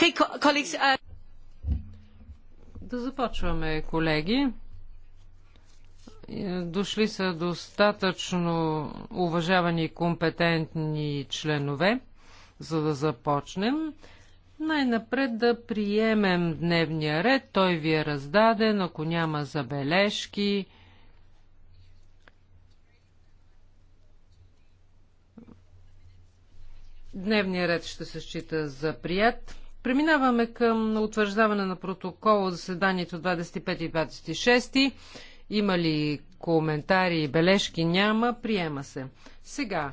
Okay, uh... Да започваме, колеги. Е, дошли са достатъчно уважавани и компетентни членове, за да започнем. Най-напред да приемем дневния ред. Той ви е раздаден, ако няма забележки. Дневният ред ще се счита за прият. Преминаваме към утвърждаване на протокола за заседанието 25 и 26. Има ли коментари и бележки? Няма. Приема се. Сега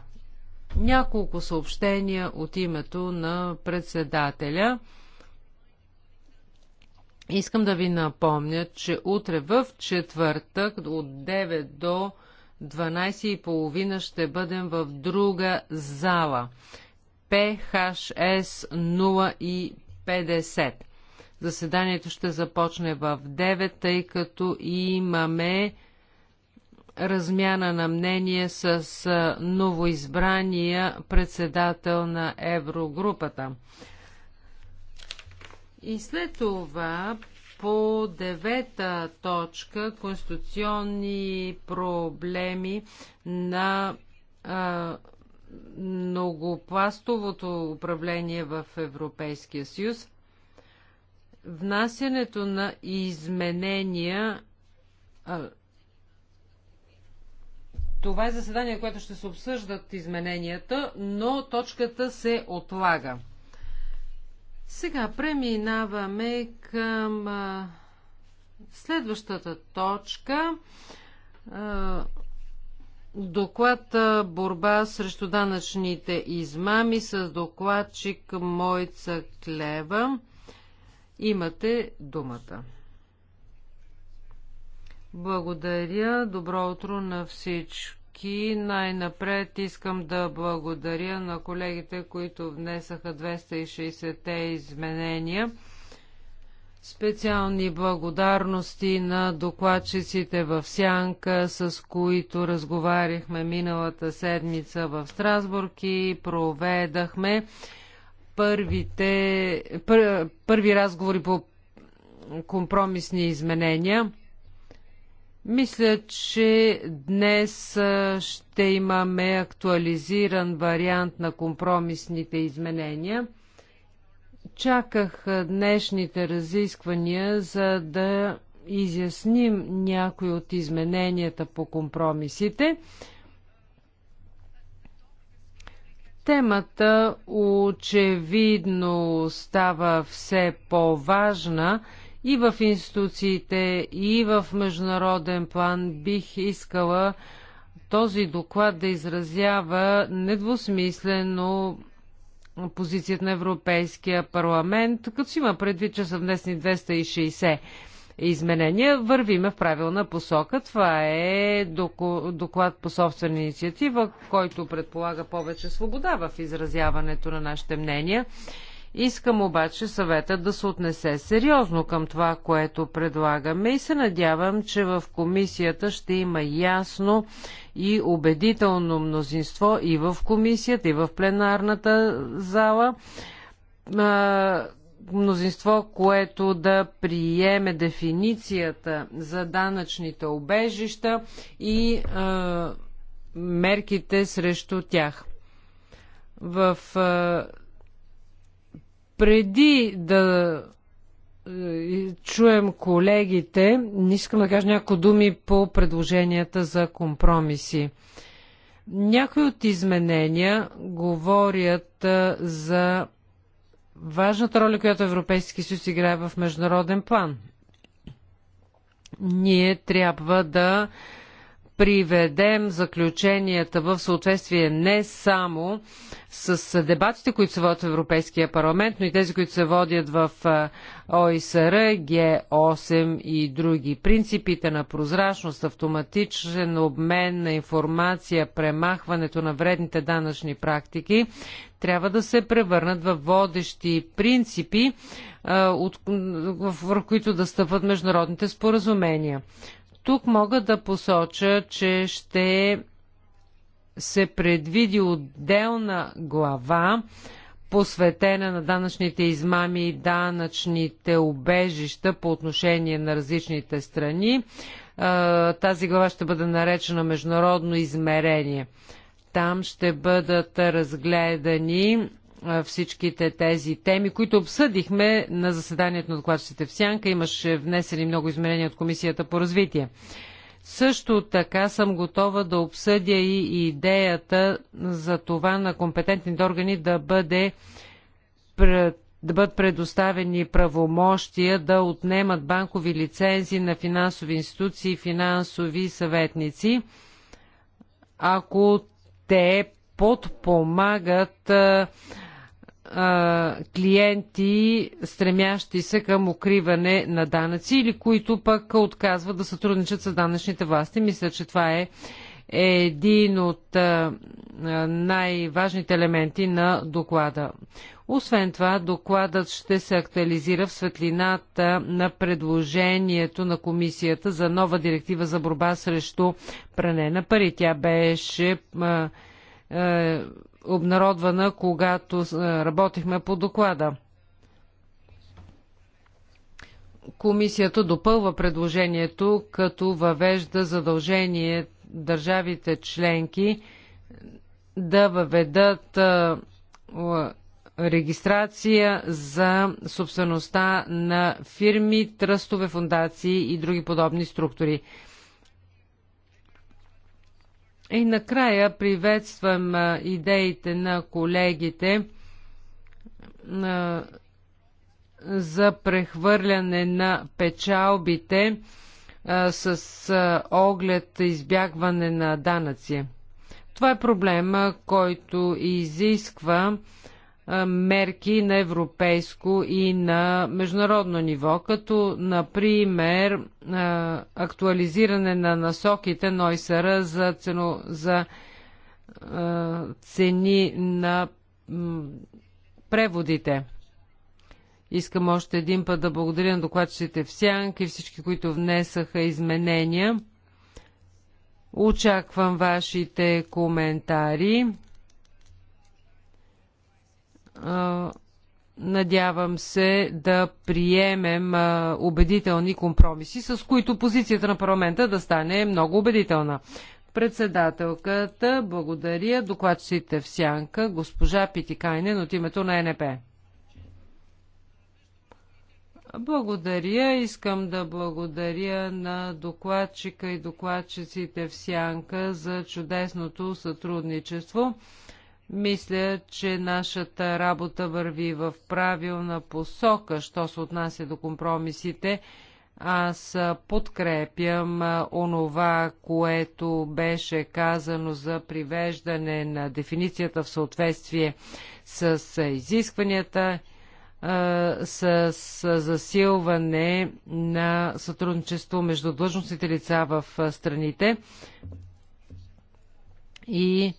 няколко съобщения от името на председателя. Искам да ви напомня, че утре в четвъртък от 9 до 12.30 ще бъдем в друга зала. PHS 0 и 50. Заседанието ще започне в 9, тъй като имаме размяна на мнение с новоизбрания председател на Еврогрупата. И след това по девета точка конституционни проблеми на а, многопластовото управление в Европейския съюз, внасянето на изменения. това е заседание, което ще се обсъждат измененията, но точката се отлага. Сега преминаваме към а, следващата точка. А, Доклад борба срещу данъчните измами с докладчик Мойца Клева. Имате думата. Благодаря. Добро утро на всички. Най-напред искам да благодаря на колегите, които внесаха 260-те изменения Специални благодарности на докладчиците в Сянка, с които разговаряхме миналата седмица в Страсбург и проведахме първите, пър, първи разговори по компромисни изменения. Мисля, че днес ще имаме актуализиран вариант на компромисните изменения – Чаках днешните разисквания, за да изясним някои от измененията по компромисите. Темата очевидно става все по-важна и в институциите, и в международен план бих искала този доклад да изразява недвусмислено позицията на Европейския парламент, като си има предвид, че са внесени 260 изменения, вървиме в правилна посока. Това е доклад по собствена инициатива, който предполага повече свобода в изразяването на нашите мнения. Искам обаче съвета да се отнесе сериозно към това, което предлагаме и се надявам, че в комисията ще има ясно и убедително мнозинство и в комисията, и в пленарната зала мнозинство, което да приеме дефиницията за данъчните обежища и е, мерките срещу тях. В е, преди да е, чуем колегите, не искам да кажа някои думи по предложенията за компромиси. Някои от изменения говорят е, за важната роля, която Европейски съюз играе в международен план. Ние трябва да приведем заключенията в съответствие не само с дебатите, които се водят в Европейския парламент, но и тези, които се водят в ОИСР, Г8 и други. Принципите на прозрачност, автоматичен обмен на информация, премахването на вредните данъчни практики трябва да се превърнат в водещи принципи, върху които да стъпват международните споразумения. Тук мога да посоча, че ще се предвиди отделна глава, посветена на данъчните измами и данъчните обежища по отношение на различните страни. Тази глава ще бъде наречена Международно измерение. Там ще бъдат разгледани всичките тези теми, които обсъдихме на заседанието на докладчиците в Сянка. Имаше внесени много изменения от Комисията по развитие. Също така съм готова да обсъдя и идеята за това на компетентните органи да бъде да бъдат предоставени правомощия да отнемат банкови лицензи на финансови институции и финансови съветници, ако те подпомагат а, клиенти, стремящи се към укриване на данъци или които пък отказват да сътрудничат с данъчните власти. Мисля, че това е един от най-важните елементи на доклада. Освен това, докладът ще се актуализира в светлината на предложението на комисията за нова директива за борба срещу пране на пари. Тя беше обнародвана, когато работихме по доклада. Комисията допълва предложението, като въвежда задължение държавите членки да въведат регистрация за собствеността на фирми, тръстове, фундации и други подобни структури. И накрая приветствам идеите на колегите за прехвърляне на печалбите с оглед избягване на данъци. Това е проблема, който изисква мерки на европейско и на международно ниво, като например актуализиране на насоките Нойсера за, цено, за цени на преводите. Искам още един път да благодаря на докладчите в Сянк и всички, които внесаха изменения. Очаквам вашите коментари. Надявам се да приемем убедителни компромиси, с които позицията на парламента да стане много убедителна. Председателката, благодаря. Докладчите в сянка, госпожа Питикайнен от името на НП. Благодаря. Искам да благодаря на докладчика и докладчиците в Сянка за чудесното сътрудничество. Мисля, че нашата работа върви в правилна посока, що се отнася до компромисите. Аз подкрепям онова, което беше казано за привеждане на дефиницията в съответствие с изискванията, с засилване на сътрудничество между длъжностните лица в страните и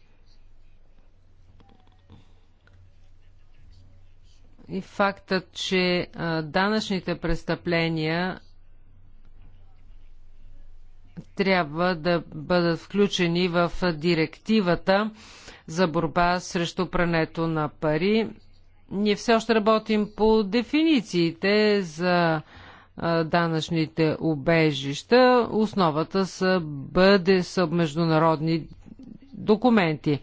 и фактът, че данъчните престъпления трябва да бъдат включени в директивата за борба срещу прането на пари. Ние все още работим по дефинициите за данъчните убежища. Основата са бъде са международни документи.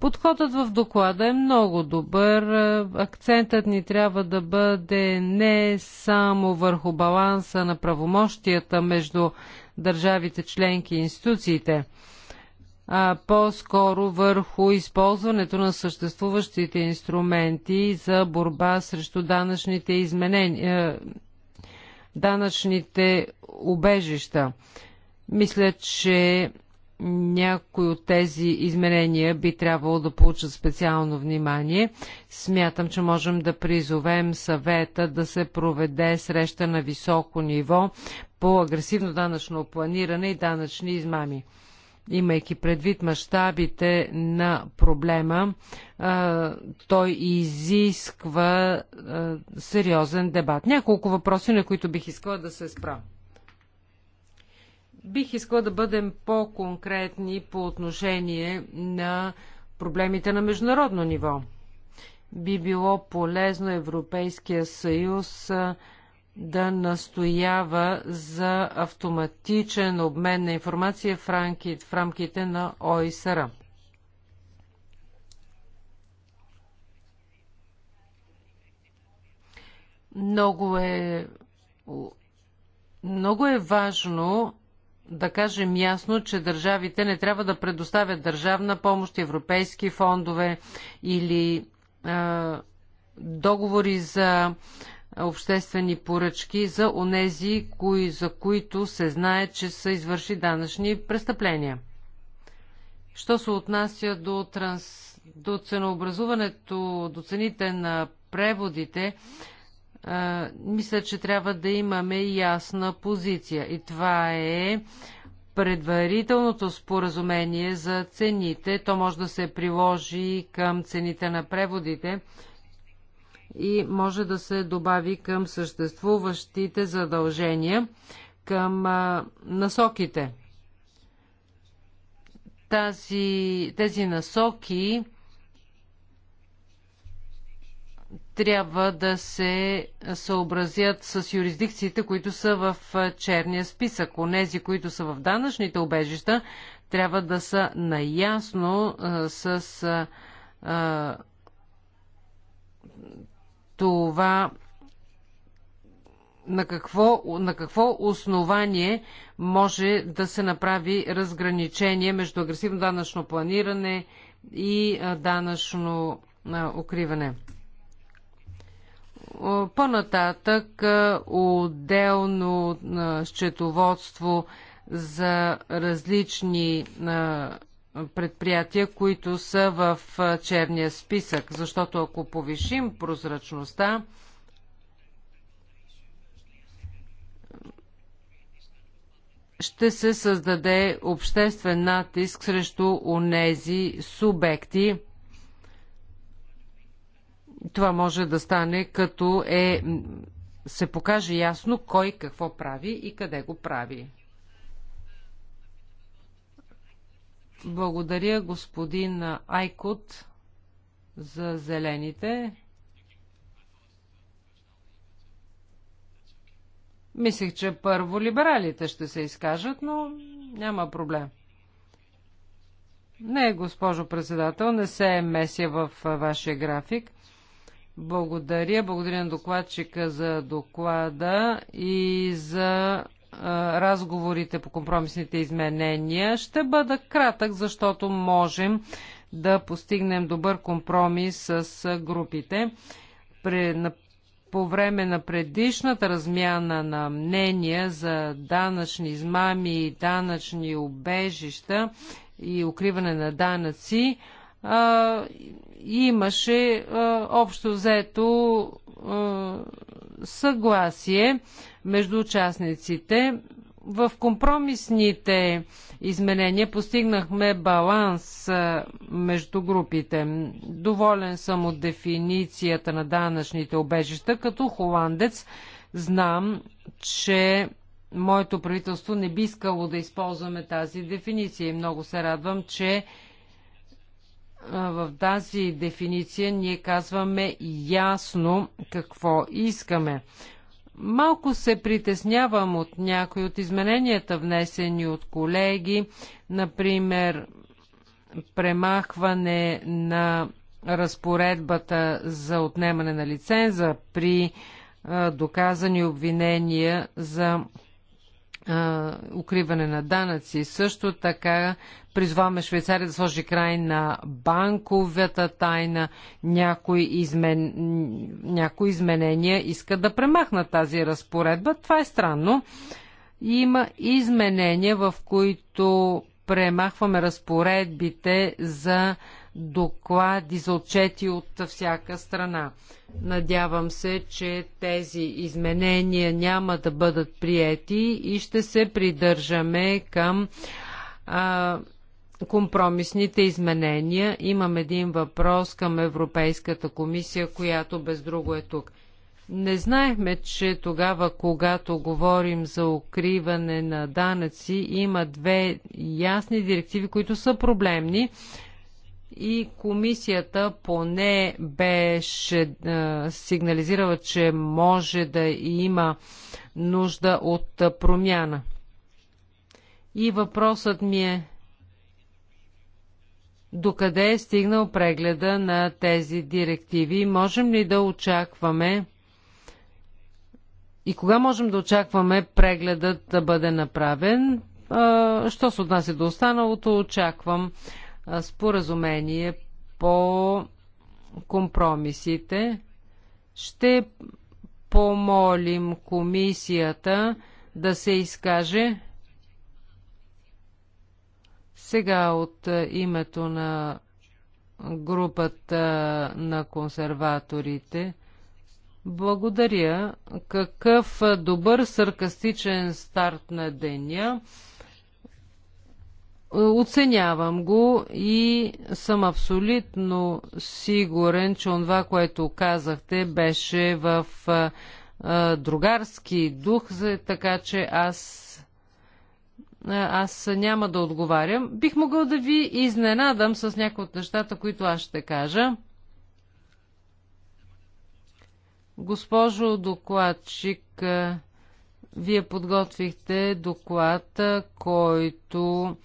Подходът в доклада е много добър. Е, акцентът ни трябва да бъде не само върху баланса на правомощията между държавите членки и институциите, а по-скоро върху използването на съществуващите инструменти за борба срещу данъчните изменения, е, данъчните убежища. Мисля, че някои от тези изменения би трябвало да получат специално внимание. Смятам, че можем да призовем съвета да се проведе среща на високо ниво по агресивно данъчно планиране и данъчни измами. Имайки предвид мащабите на проблема, той изисква сериозен дебат. Няколко въпроси, на които бих искала да се спра. Бих искала да бъдем по-конкретни по отношение на проблемите на международно ниво. Би било полезно Европейския съюз да настоява за автоматичен обмен на информация в, рамки, в рамките на ОИСР. Много е, много е важно да кажем ясно, че държавите не трябва да предоставят държавна помощ, европейски фондове или а, договори за обществени поръчки за онези, кои, за които се знае, че са извърши данъчни престъпления. Що се отнася до, транс, до ценообразуването, до цените на преводите, мисля, че трябва да имаме ясна позиция. И това е предварителното споразумение за цените. То може да се приложи към цените на преводите и може да се добави към съществуващите задължения към а, насоките. Тази, тези насоки трябва да се съобразят с юрисдикциите, които са в черния списък. Онези, които са в данъчните обежища, трябва да са наясно с а, това на какво, на какво основание може да се направи разграничение между агресивно данъчно планиране и данъчно укриване. Е, по-нататък е, отделно е, счетоводство за различни предприятия, които са в черния списък, защото ако повишим прозрачността, ще се създаде обществен натиск срещу онези субекти, това може да стане като е, се покаже ясно кой какво прави и къде го прави. Благодаря господин Айкот за зелените. Мислих, че първо либералите ще се изкажат, но няма проблем. Не, госпожо председател, не се меся в вашия график. Благодаря. Благодаря на докладчика за доклада и за а, разговорите по компромисните изменения. Ще бъда кратък, защото можем да постигнем добър компромис с групите. на, по време на предишната размяна на мнения за данъчни измами и данъчни убежища и укриване на данъци, а, имаше а, общо взето а, съгласие между участниците. В компромисните изменения постигнахме баланс между групите. Доволен съм от дефиницията на данъчните обежища. Като холандец знам, че моето правителство не би искало да използваме тази дефиниция и много се радвам, че в тази дефиниция ние казваме ясно какво искаме. Малко се притеснявам от някои от измененията, внесени от колеги, например премахване на разпоредбата за отнемане на лиценза при доказани обвинения за а, укриване на данъци. Също така призваваме Швейцария да сложи край на банковата тайна. Някои, измен... Някои изменения искат да премахнат тази разпоредба. Това е странно. Има изменения, в които премахваме разпоредбите за доклади за отчети от всяка страна. Надявам се, че тези изменения няма да бъдат приети и ще се придържаме към а, компромисните изменения. Имам един въпрос към Европейската комисия, която без друго е тук. Не знаехме, че тогава, когато говорим за укриване на данъци, има две ясни директиви, които са проблемни и комисията поне беше сигнализирала, че може да има нужда от промяна. И въпросът ми е докъде е стигнал прегледа на тези директиви? Можем ли да очакваме и кога можем да очакваме прегледът да бъде направен? Що се отнася до останалото, очаквам споразумение по компромисите. Ще помолим комисията да се изкаже сега от името на групата на консерваторите. Благодаря. Какъв добър саркастичен старт на деня. Оценявам го и съм абсолютно сигурен, че това, което казахте, беше в а, а, другарски дух, така че аз аз няма да отговарям. Бих могъл да ви изненадам с някои от нещата, които аз ще кажа. Госпожо докладчик, вие подготвихте доклад, който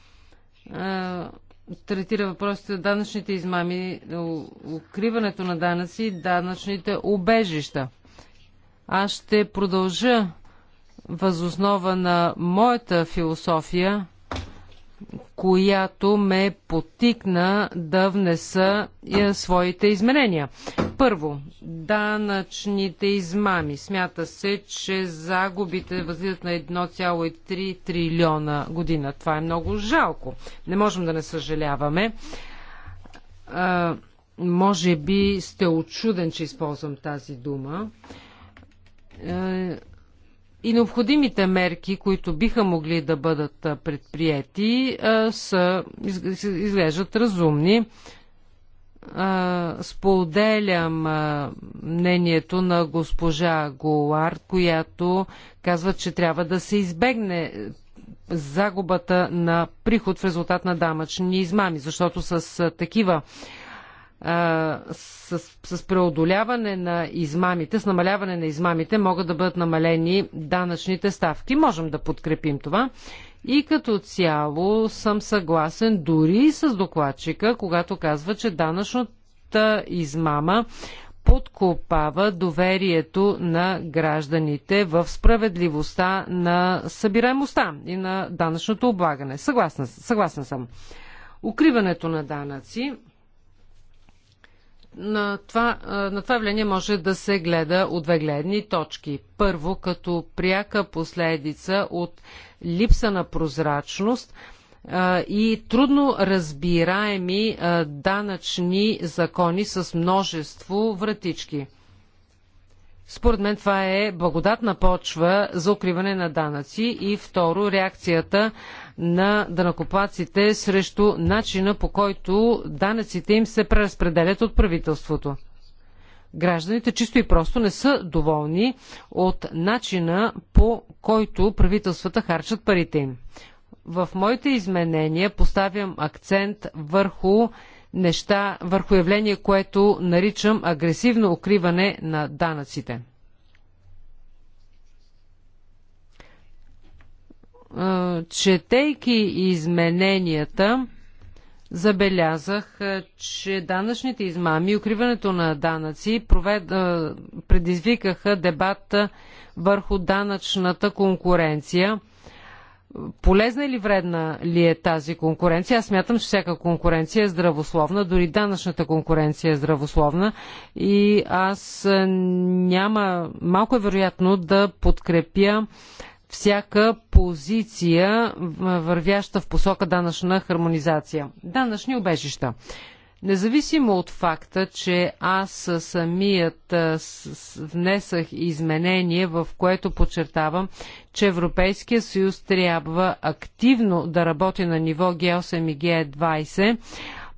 третира въпросите за данъчните измами, укриването на данъци и данъчните убежища. Аз ще продължа възоснова на моята философия, която ме потикна да внеса своите изменения. Първо, данъчните измами. Смята се, че загубите възлизат на 1,3 трилиона година. Това е много жалко. Не можем да не съжаляваме. А, може би сте очуден, че използвам тази дума. А, и необходимите мерки, които биха могли да бъдат предприяти, са, изглеждат разумни а, споделям а, мнението на госпожа Голар, която казва, че трябва да се избегне загубата на приход в резултат на дамъчни измами, защото с а, такива с, с преодоляване на измамите, с намаляване на измамите могат да бъдат намалени данъчните ставки. Можем да подкрепим това и като цяло съм съгласен дори и с докладчика, когато казва, че данъчната измама подкопава доверието на гражданите в справедливостта на събираемостта и на данъчното облагане. Съгласна, съгласна съм. Укриването на данъци на това, на това явление може да се гледа от две гледни точки. Първо, като пряка последица от липса на прозрачност и трудно разбираеми данъчни закони с множество вратички – според мен това е благодатна почва за укриване на данъци и второ реакцията на данакоплаците срещу начина по който данъците им се преразпределят от правителството. Гражданите чисто и просто не са доволни от начина по който правителствата харчат парите им. В моите изменения поставям акцент върху неща върху явление, което наричам агресивно укриване на данъците. Четейки измененията, забелязах, че данъчните измами и укриването на данъци провед... предизвикаха дебата върху данъчната конкуренция полезна или вредна ли е тази конкуренция? Аз смятам, че всяка конкуренция е здравословна, дори данъчната конкуренция е здравословна и аз е, няма, малко е вероятно да подкрепя всяка позиция, вървяща в посока данъчна хармонизация. Данъчни обежища. Независимо от факта, че аз самият внесах изменение, в което подчертавам, че Европейския съюз трябва активно да работи на ниво Г8 и Г20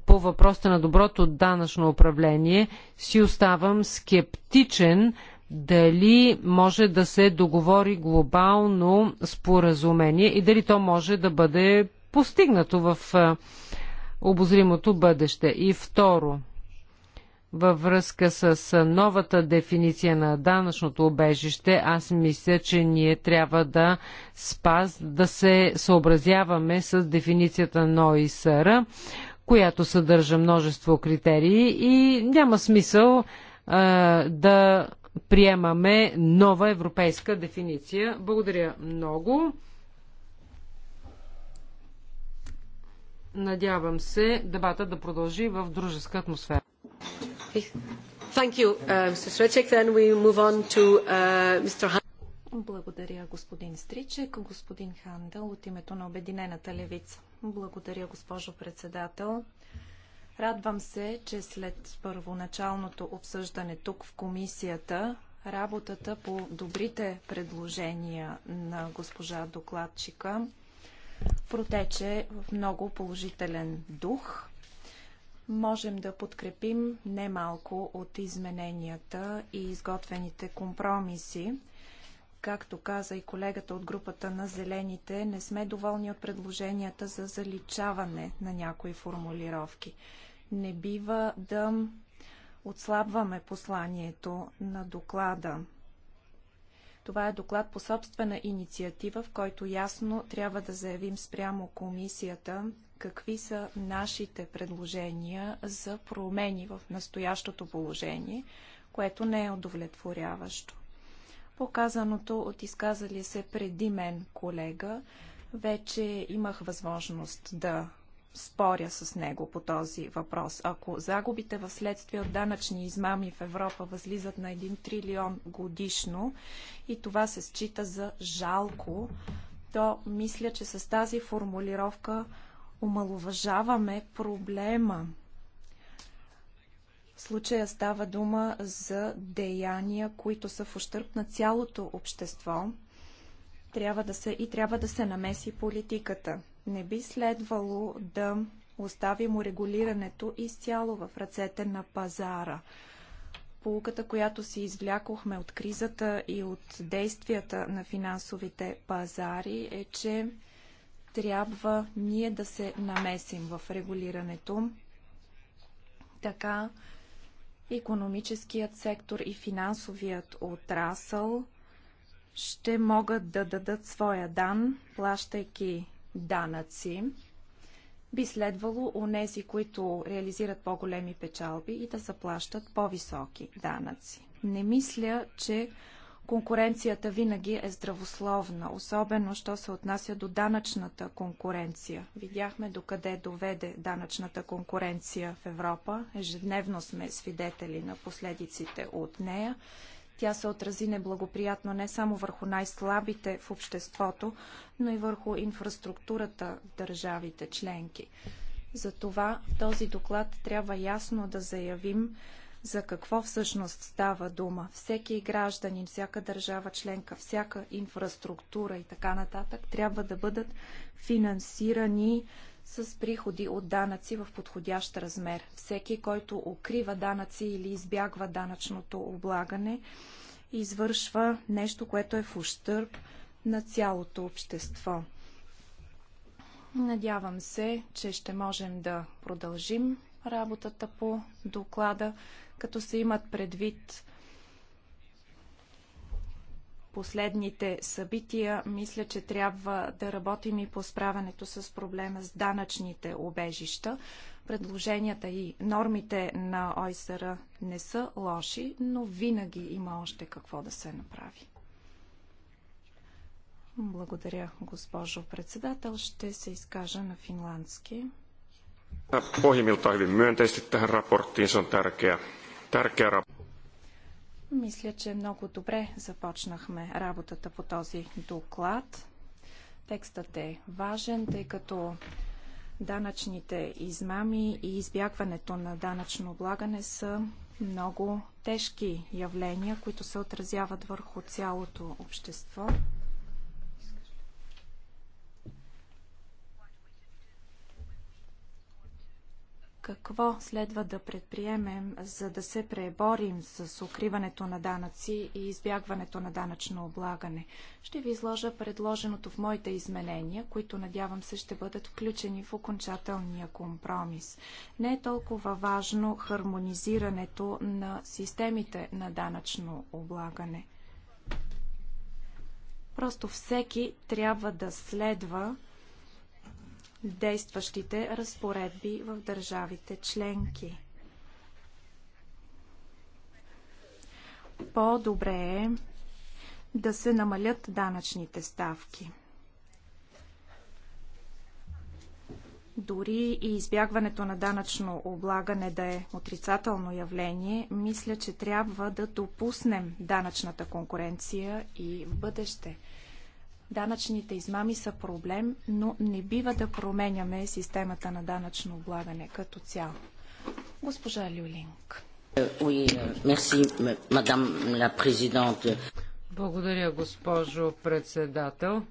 по въпроса на доброто данъчно управление, си оставам скептичен дали може да се договори глобално споразумение и дали то може да бъде постигнато в обозримото бъдеще. И второ, във връзка с новата дефиниция на данъчното обежище, аз мисля, че ние трябва да спаз, да се съобразяваме с дефиницията на ОИСР, която съдържа множество критерии и няма смисъл а, е, да приемаме нова европейска дефиниция. Благодаря много. Надявам се дебата да продължи в дружеска атмосфера. Благодаря, господин Стричек. Господин Хандел от името на Обединената левица. Благодаря, госпожо председател. Радвам се, че след първоначалното обсъждане тук в комисията, работата по добрите предложения на госпожа докладчика – протече в много положителен дух. Можем да подкрепим немалко от измененията и изготвените компромиси. Както каза и колегата от групата на Зелените, не сме доволни от предложенията за заличаване на някои формулировки. Не бива да отслабваме посланието на доклада. Това е доклад по собствена инициатива, в който ясно трябва да заявим спрямо комисията какви са нашите предложения за промени в настоящото положение, което не е удовлетворяващо. Показаното от изказали се преди мен колега, вече имах възможност да споря с него по този въпрос. Ако загубите в следствие от данъчни измами в Европа възлизат на 1 трилион годишно и това се счита за жалко, то мисля, че с тази формулировка омалуважаваме проблема. В случая става дума за деяния, които са в ущърп на цялото общество. Трябва да се, и трябва да се намеси политиката. Не би следвало да оставим урегулирането изцяло в ръцете на пазара. Полуката, която си извлякохме от кризата и от действията на финансовите пазари е, че трябва ние да се намесим в регулирането. Така економическият сектор и финансовият отрасъл ще могат да дадат своя дан, плащайки данъци, би следвало онези, които реализират по-големи печалби и да заплащат по-високи данъци. Не мисля, че конкуренцията винаги е здравословна, особено що се отнася до данъчната конкуренция. Видяхме докъде доведе данъчната конкуренция в Европа. Ежедневно сме свидетели на последиците от нея. Тя се отрази неблагоприятно не само върху най-слабите в обществото, но и върху инфраструктурата в държавите членки. Затова в този доклад трябва ясно да заявим за какво всъщност става дума. Всеки гражданин, всяка държава членка, всяка инфраструктура и така нататък трябва да бъдат финансирани с приходи от данъци в подходящ размер. Всеки, който укрива данъци или избягва данъчното облагане, извършва нещо, което е в ущърб на цялото общество. Надявам се, че ще можем да продължим работата по доклада, като се имат предвид последните събития, мисля, че трябва да работим и по справянето с проблема с данъчните обежища. Предложенията и нормите на ОИСР не са лоши, но винаги има още какво да се направи. Благодаря, госпожо председател. Ще се изкажа на финландски. Pohjimmiltaan hyvin myönteisesti tähän raporttiin. Se on tärkeä, tärkeä raportti. Мисля, че много добре започнахме работата по този доклад. Текстът е важен, тъй като данъчните измами и избягването на данъчно облагане са много тежки явления, които се отразяват върху цялото общество. Какво следва да предприемем, за да се преборим с укриването на данъци и избягването на данъчно облагане? Ще ви изложа предложеното в моите изменения, които надявам се ще бъдат включени в окончателния компромис. Не е толкова важно хармонизирането на системите на данъчно облагане. Просто всеки трябва да следва действащите разпоредби в държавите членки. По-добре е да се намалят данъчните ставки. Дори и избягването на данъчно облагане да е отрицателно явление, мисля, че трябва да допуснем данъчната конкуренция и в бъдеще – Данъчните измами са проблем, но не бива да променяме системата на данъчно облагане като цяло. Госпожа Люлинг. Euh, Благодаря, госпожо председател.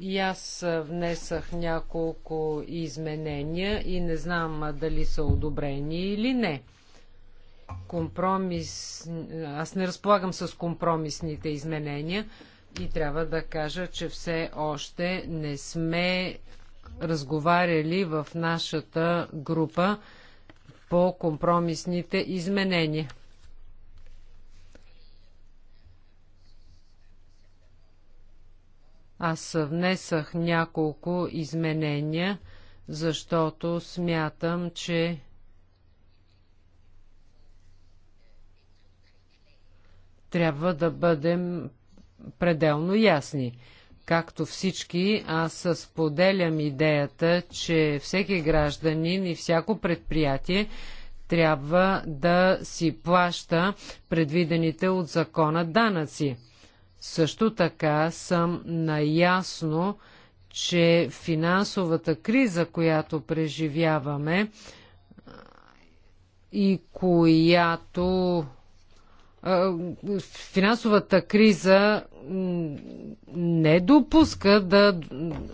И аз внесах няколко изменения и не знам дали са одобрени или не. Компромис... Аз не разполагам с компромисните изменения и трябва да кажа, че все още не сме разговаряли в нашата група по компромисните изменения. Аз внесах няколко изменения, защото смятам, че трябва да бъдем пределно ясни. Както всички, аз споделям идеята, че всеки гражданин и всяко предприятие трябва да си плаща предвидените от закона данъци. Също така съм наясно, че финансовата криза, която преживяваме и която финансовата криза не допуска да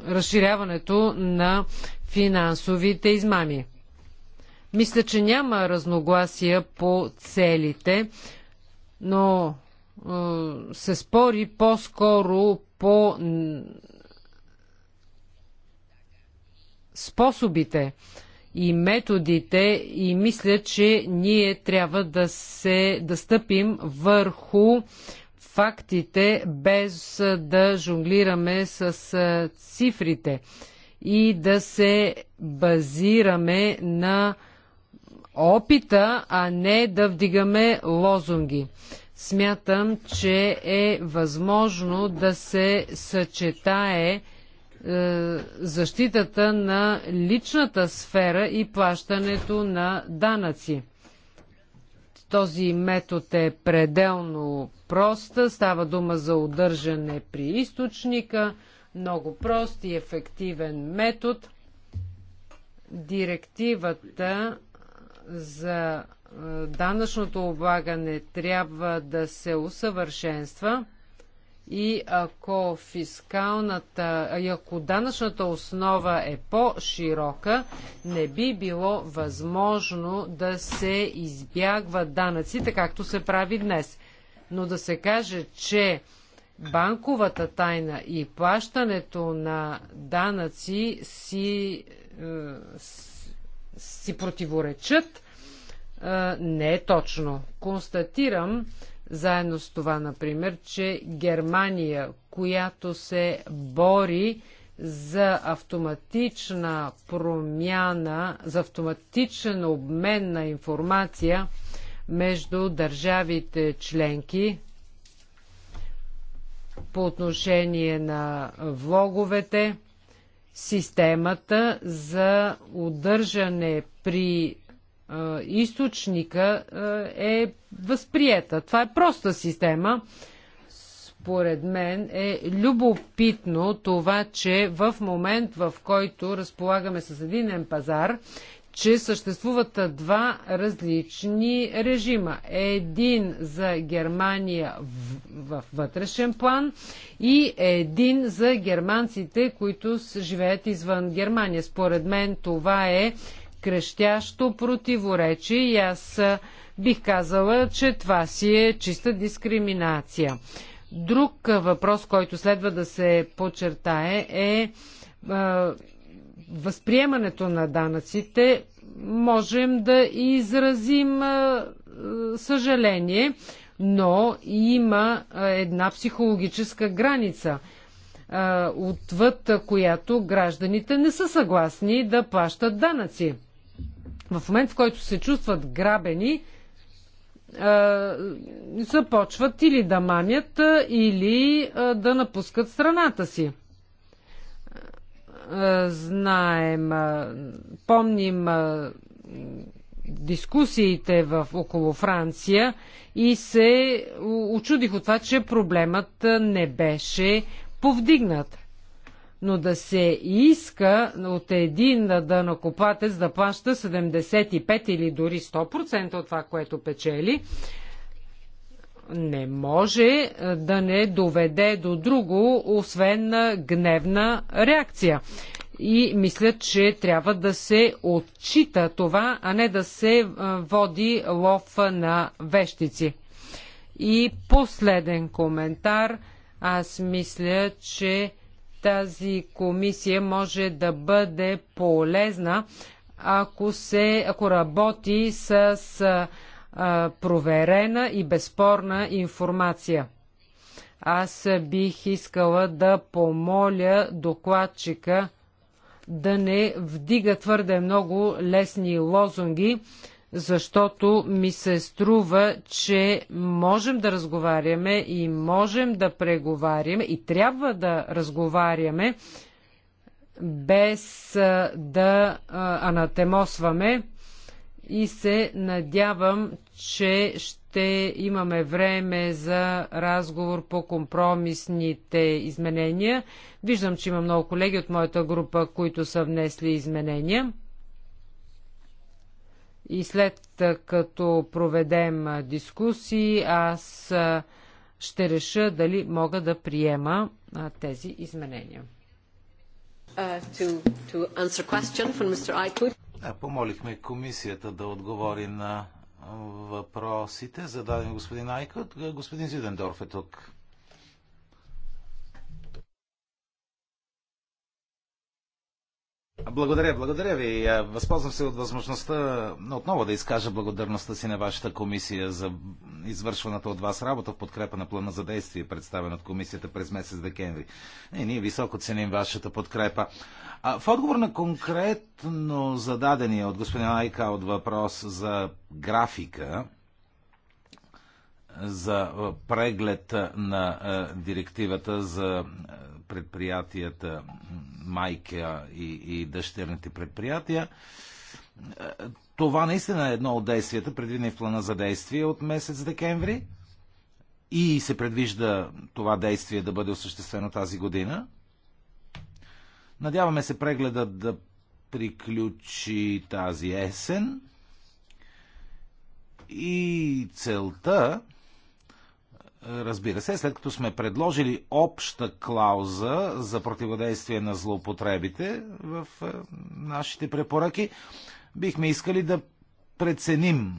разширяването на финансовите измами. Мисля, че няма разногласия по целите, но се спори по-скоро по способите и методите и мисля, че ние трябва да се да стъпим върху фактите, без да жонглираме с цифрите и да се базираме на опита, а не да вдигаме лозунги. Смятам, че е възможно да се съчетае е, защитата на личната сфера и плащането на данъци. Този метод е пределно прост. Става дума за удържане при източника. Много прост и ефективен метод. Директивата за е, данъчното облагане трябва да се усъвършенства – и ако фискалната, и ако данъчната основа е по-широка, не би било възможно да се избягва данъците, както се прави днес. Но да се каже, че банковата тайна и плащането на данъци си, е, си противоречат, е, не е точно. Констатирам, заедно с това, например, че Германия, която се бори за автоматична промяна, за автоматичен обмен на информация между държавите членки по отношение на влоговете, системата за удържане при източника е възприета. Това е проста система. Според мен е любопитно това, че в момент, в който разполагаме с единен пазар, че съществуват два различни режима. Един за Германия в, в вътрешен план и един за германците, които живеят извън Германия. Според мен това е крещящо противоречие и аз бих казала, че това си е чиста дискриминация. Друг въпрос, който следва да се подчертае е възприемането на данъците. Можем да изразим съжаление, но има една психологическа граница отвъд която гражданите не са съгласни да плащат данъци в момент, в който се чувстват грабени, започват или да мамят, или да напускат страната си. Знаем, помним дискусиите в, около Франция и се очудих от това, че проблемът не беше повдигнат но да се иска от един данакопатец да плаща 75 или дори 100% от това, което печели, не може е, да не доведе до друго, освен е, гневна реакция. И мисля, че трябва да се отчита това, а не да се е, води лов на вещици. И последен коментар. Аз мисля, че тази комисия може да бъде полезна, ако, се, ако работи с а, проверена и безспорна информация. Аз бих искала да помоля докладчика да не вдига твърде много лесни лозунги, защото ми се струва, че можем да разговаряме и можем да преговаряме и трябва да разговаряме без да анатемосваме и се надявам, че ще имаме време за разговор по компромисните изменения. Виждам, че има много колеги от моята група, които са внесли изменения. И след като проведем дискусии, аз ще реша дали мога да приема тези изменения. Uh, да, помолихме комисията да отговори на въпросите, зададени господин Айкот. Господин Зидендорф е тук. Благодаря, благодаря ви. Е, възползвам се от възможността отново да изкажа благодарността си на вашата комисия за извършваната от вас работа в подкрепа на плана за действие, представен от комисията през месец декември. И е, ние високо ценим вашата подкрепа. А, в отговор на конкретно зададения от господин Айка от въпрос за графика, за преглед на директивата за предприятията майка и, и дъщерните предприятия. Това наистина е едно от действията, предвидени в плана за действие от месец декември. И се предвижда това действие да бъде осъществено тази година. Надяваме се прегледа да приключи тази есен. И целта Разбира се, след като сме предложили обща клауза за противодействие на злоупотребите в е, нашите препоръки, бихме искали да преценим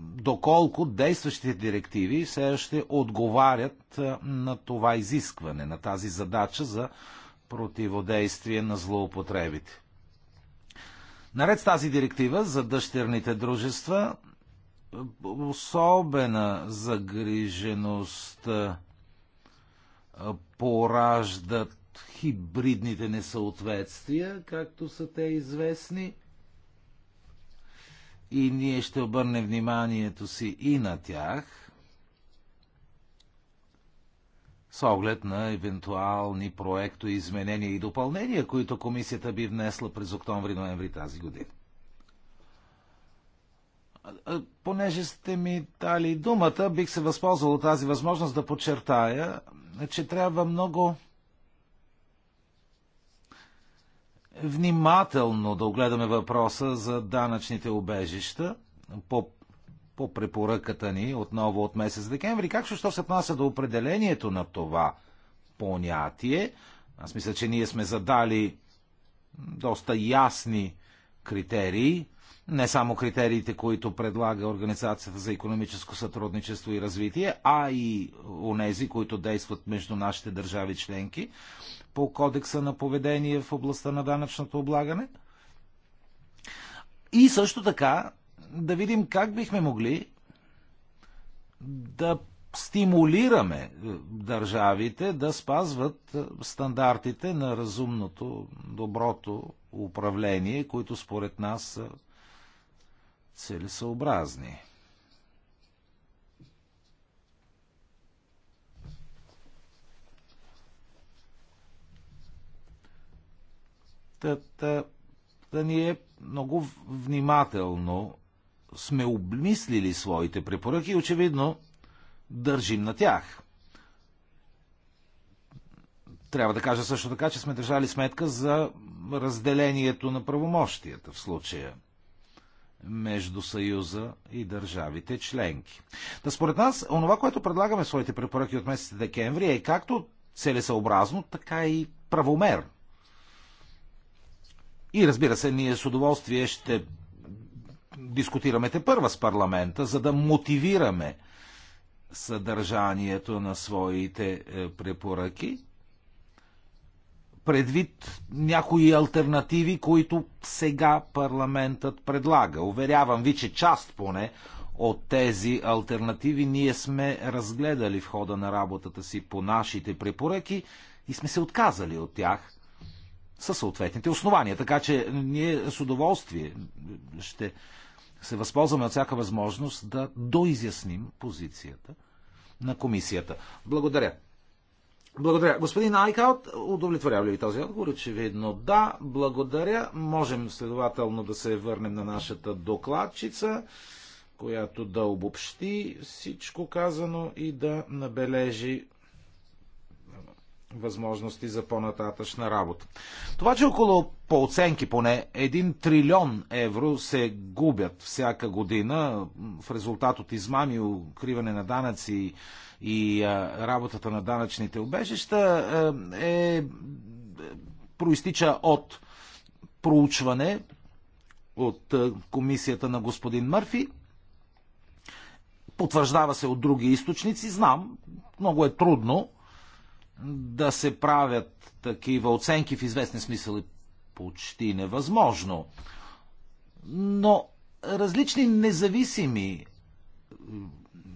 доколко действащите директиви все още отговарят е, на това изискване, на тази задача за противодействие на злоупотребите. Наред с тази директива за дъщерните дружества, особена загриженост пораждат хибридните несъответствия, както са те известни. И ние ще обърнем вниманието си и на тях, с оглед на евентуални проекто изменения и допълнения, които комисията би внесла през октомври-ноември тази година. Понеже сте ми дали думата, бих се възползвал от тази възможност да подчертая, че трябва много внимателно да огледаме въпроса за данъчните обежища по, по препоръката ни отново от месец декември. Как ще се отнася до определението на това понятие? Аз мисля, че ние сме задали доста ясни критерии не само критериите, които предлага Организацията за економическо сътрудничество и развитие, а и онези, които действат между нашите държави членки по кодекса на поведение в областта на данъчното облагане. И също така да видим как бихме могли да стимулираме държавите да спазват стандартите на разумното, доброто управление, които според нас са целесообразни. Тата да да ние много внимателно сме обмислили своите препоръки и очевидно държим на тях. Трябва да кажа също така, че сме държали сметка за разделението на правомощията в случая – между Съюза и държавите членки. Да, според нас, онова, което предлагаме в своите препоръки от месец декември е както целесъобразно, така и правомерно. И разбира се, ние с удоволствие ще дискутираме те първа с парламента, за да мотивираме съдържанието на своите е, препоръки предвид някои альтернативи, които сега парламентът предлага. Уверявам ви, че част поне от тези альтернативи ние сме разгледали в хода на работата си по нашите препоръки и сме се отказали от тях със съответните основания. Така че ние с удоволствие ще се възползваме от всяка възможност да доизясним позицията на комисията. Благодаря. Благодаря. Господин Айкаут, удовлетворява ли ви този отговор? Очевидно да. Благодаря. Можем следователно да се върнем на нашата докладчица, която да обобщи всичко казано и да набележи възможности за по-нататъчна работа. Това, че около по оценки поне 1 трилион евро се губят всяка година в резултат от измами, укриване на данъци и работата на данъчните убежища е, проистича от проучване от комисията на господин Мърфи. Потвърждава се от други източници. Знам, много е трудно да се правят такива оценки в известен смисъл е почти невъзможно. Но различни независими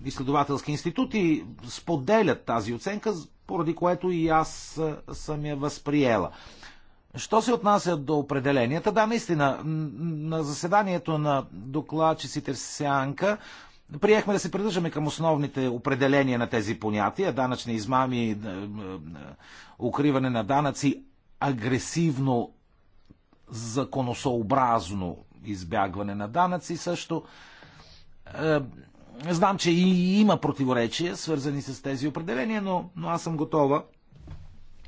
изследователски институти споделят тази оценка, поради което и аз съм я възприела. Що се отнася до определенията, да, наистина, на заседанието на докладчиците в Сянка приехме да се придържаме към основните определения на тези понятия данъчни измами, укриване на данъци, агресивно, законосообразно избягване на данъци също. Е, Знам, че и има противоречия, свързани с тези определения, но, но аз съм готова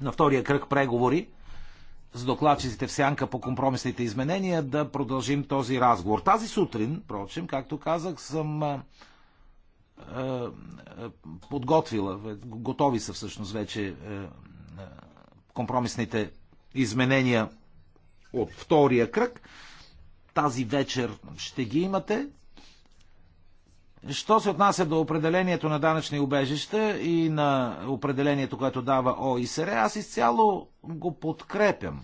на втория кръг преговори с докладчиците в сянка по компромисните изменения да продължим този разговор. Тази сутрин, впрочем, както казах, съм е, е, подготвила, готови са всъщност вече е, компромисните изменения от втория кръг. Тази вечер ще ги имате. Що се отнася до определението на данъчни убежища и на определението, което дава ОИСР, аз изцяло го подкрепям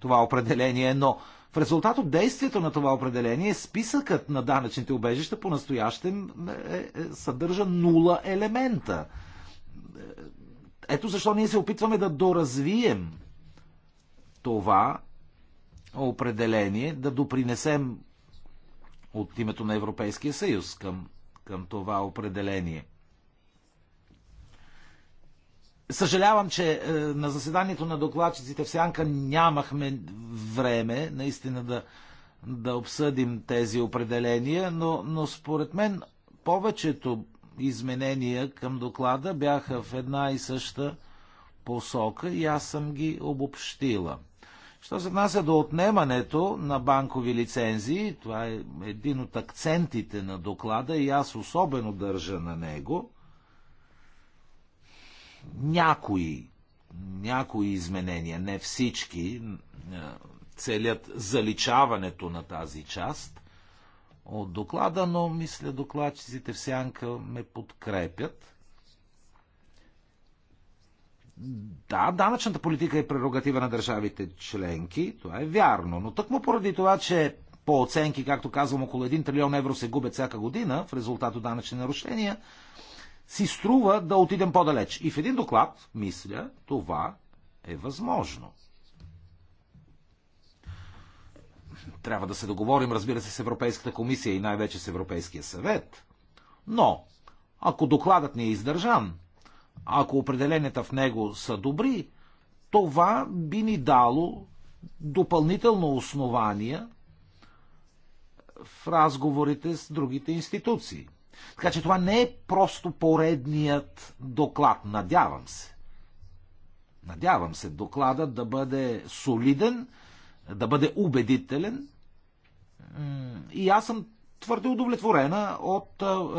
това определение, но в резултат от действието на това определение списъкът на данъчните убежища по-настоящем е, е, съдържа нула елемента. Ето защо ние се опитваме да доразвием това определение, да допринесем от името на Европейския съюз към, към това определение. Съжалявам, че е, на заседанието на докладчиците в Сянка нямахме време наистина да, да обсъдим тези определения, но, но според мен повечето изменения към доклада бяха в една и съща посока и аз съм ги обобщила – Що се отнася до отнемането на банкови лицензии, това е един от акцентите на доклада и аз особено държа на него, някои, някои изменения, не всички, целят заличаването на тази част от доклада, но мисля докладчиците в сянка ме подкрепят – да, данъчната политика е прерогатива на държавите членки, това е вярно, но тъкмо поради това, че по оценки, както казвам, около 1 трилион евро се губят всяка година в резултат от данъчни нарушения, си струва да отидем по-далеч. И в един доклад, мисля, това е възможно. Трябва да се договорим, разбира се, с Европейската комисия и най-вече с Европейския съвет. Но, ако докладът ни е издържан, ако определенията в него са добри, това би ни дало допълнително основание в разговорите с другите институции. Така че това не е просто поредният доклад, надявам се. Надявам се докладът да бъде солиден, да бъде убедителен. И аз съм твърде удовлетворена от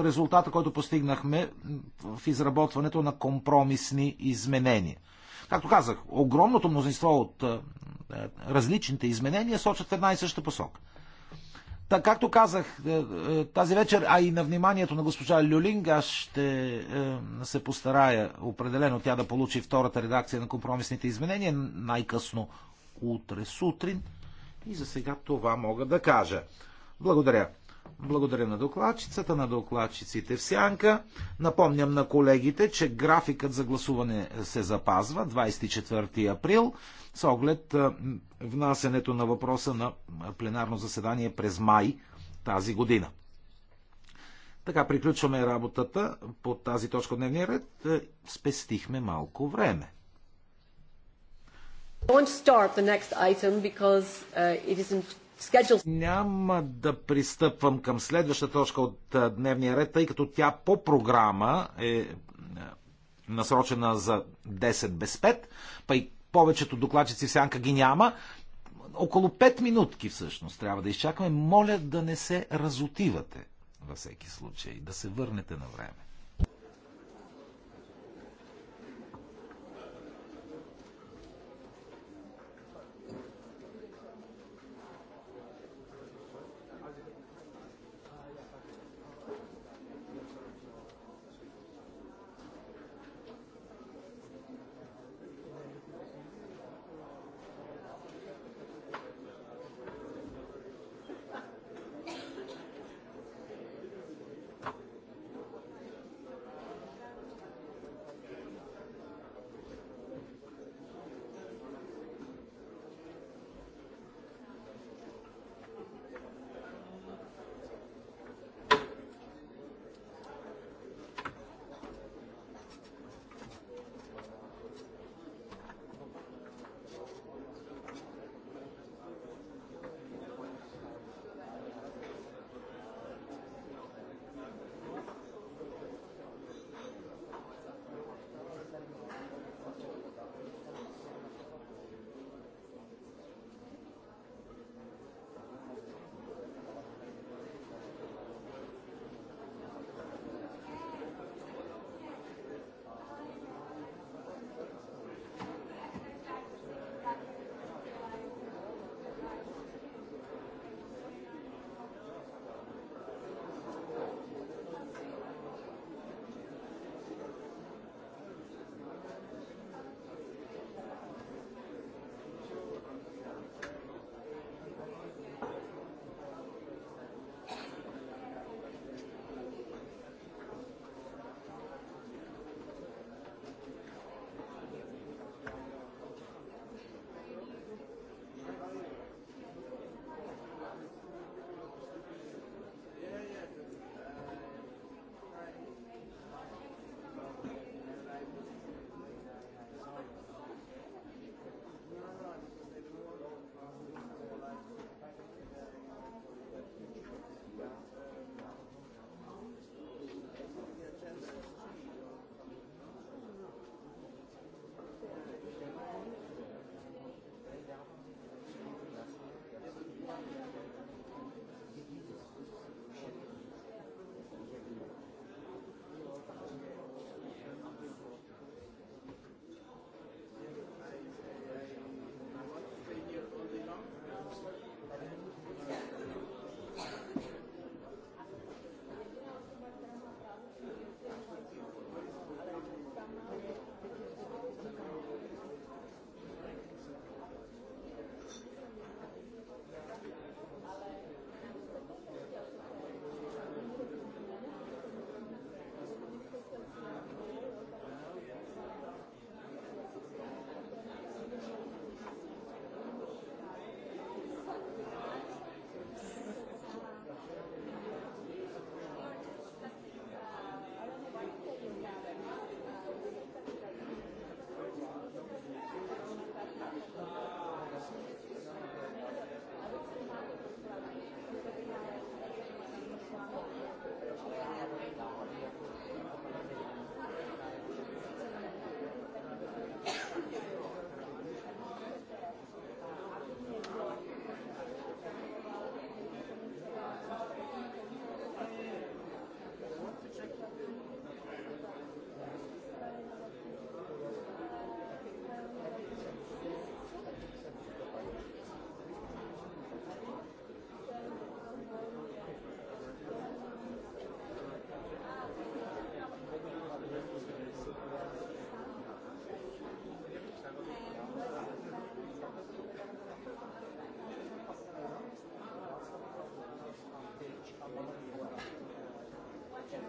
резултата, който постигнахме в изработването на компромисни изменения. Както казах, огромното мнозинство от различните изменения сочат в една и съща посока. Так, както казах тази вечер, а и на вниманието на госпожа Люлинг, аз ще се постарая определено тя да получи втората редакция на компромисните изменения, най-късно утре сутрин. И за сега това мога да кажа. Благодаря. Благодаря на докладчицата, на докладчиците в Сянка. Напомням на колегите, че графикът за гласуване се запазва 24 април с оглед внасенето на въпроса на пленарно заседание през май тази година. Така приключваме работата по тази точка от дневния ред. Е, спестихме малко време. I start the next item because uh, it isn't няма да пристъпвам към следващата точка от дневния ред, тъй като тя по програма е, е насрочена за 10 без 5, па и повечето докладчици в сянка ги няма. Около 5 минутки всъщност трябва да изчакаме. Моля да не се разотивате във всеки случай, да се върнете на време. Ja,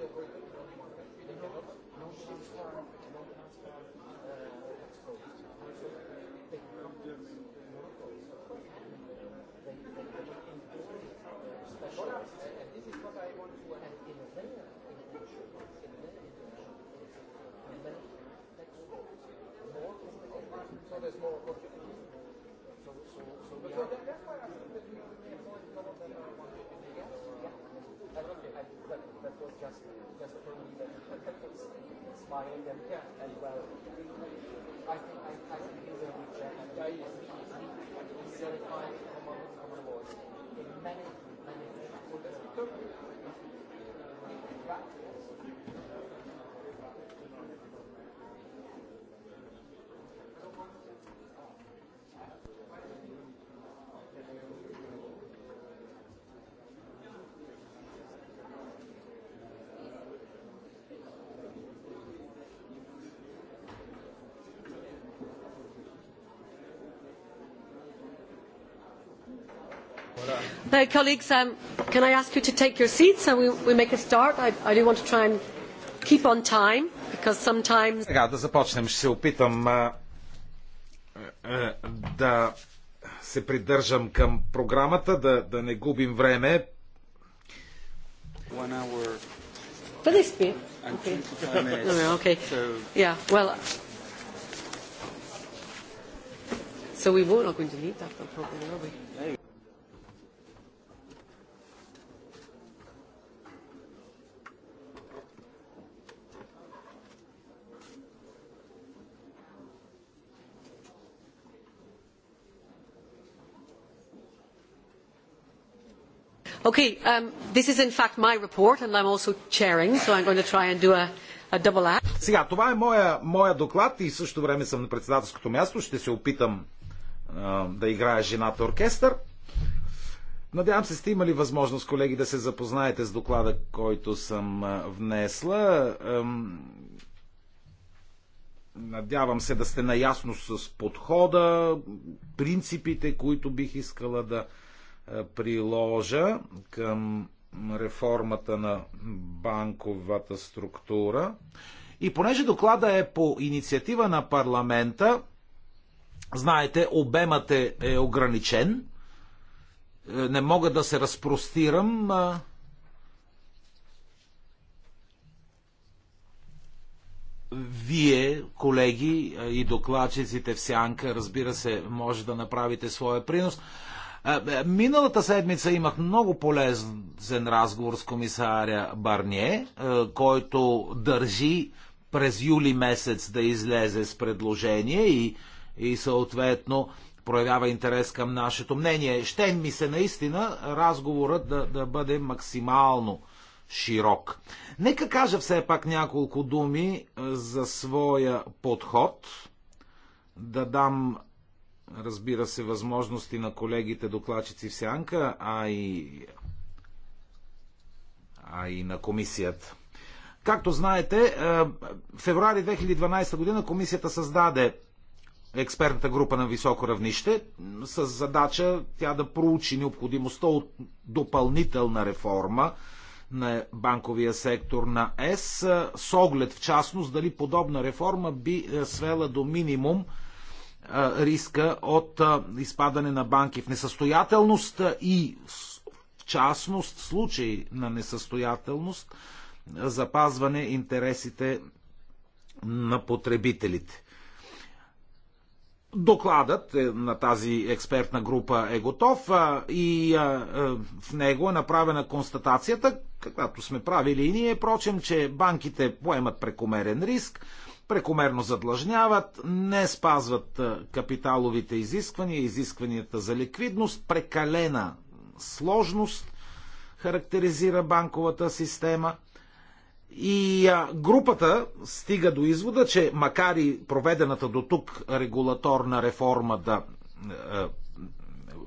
So, so, so so that that's why I think that you we have more in common than I wanted. buying them as well. I think I, I think he's a very he's certified among awards in many many colleagues, um, can I ask you to take your seats and we, we make a start? I, I do want to try and keep on time because sometimes... Сега да започнем. Ще се опитам а, а, да се придържам към програмата, да, да не губим време. One hour. For this bit? Okay. okay. So... Yeah, well... So we were not going to need that, problem, are we? Um, this is in fact my report and I'm also chairing, so I'm going to try and do a, a double act. Сега, това е моя, моя доклад и също време съм на председателското място. Ще се опитам а, да играя жената оркестър. Надявам се, сте имали възможност, колеги, да се запознаете с доклада, който съм внесла. Надявам се да сте наясно с подхода, принципите, които бих искала да приложа към реформата на банковата структура. И понеже доклада е по инициатива на парламента, знаете, обемът е, е ограничен. Е, не мога да се разпростирам. вие, колеги и докладчиците в Сянка, разбира се, може да направите своя принос. Миналата седмица имах много полезен разговор с комисаря Барние, е, който държи през юли месец да излезе с предложение и, и съответно проявява интерес към нашето мнение. Ще ми се наистина разговорът да, да бъде максимално широк. Нека кажа все пак няколко думи е, за своя подход, да дам разбира се, възможности на колегите докладчици в Сянка, а и, а и на комисията. Както знаете, в е, февруари 2012 година комисията създаде експертната група на високо равнище с задача тя да проучи необходимостта от допълнителна реформа на банковия сектор на ЕС, е, с оглед в частност дали подобна реформа би е, свела до минимум риска от изпадане на банки в несъстоятелност и в частност в случай на несъстоятелност запазване интересите на потребителите. Докладът е на тази експертна група е готов и в него е направена констатацията, каквато сме правили и ние, прочим, че банките поемат прекомерен риск, прекомерно задлъжняват, не спазват капиталовите изисквания, изискванията за ликвидност, прекалена сложност характеризира банковата система. И групата стига до извода, че макар и проведената до тук регулаторна реформа да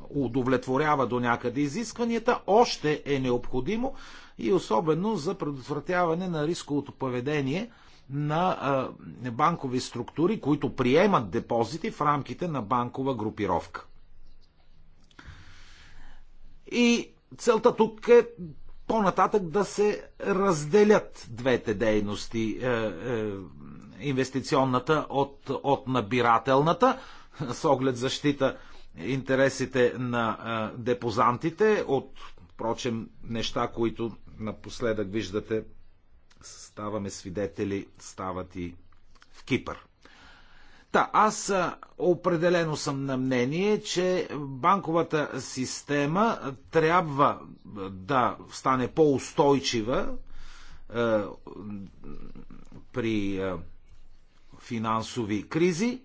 удовлетворява до някъде изискванията, още е необходимо и особено за предотвратяване на рисковото поведение – на банкови структури, които приемат депозити в рамките на банкова групировка. И целта тук е по-нататък да се разделят двете дейности е, е, инвестиционната от, от набирателната, с оглед защита интересите на е, депозантите от, впрочем, неща, които напоследък виждате ставаме свидетели, стават и в Кипър. Та, аз определено съм на мнение, че банковата система трябва да стане по-устойчива при финансови кризи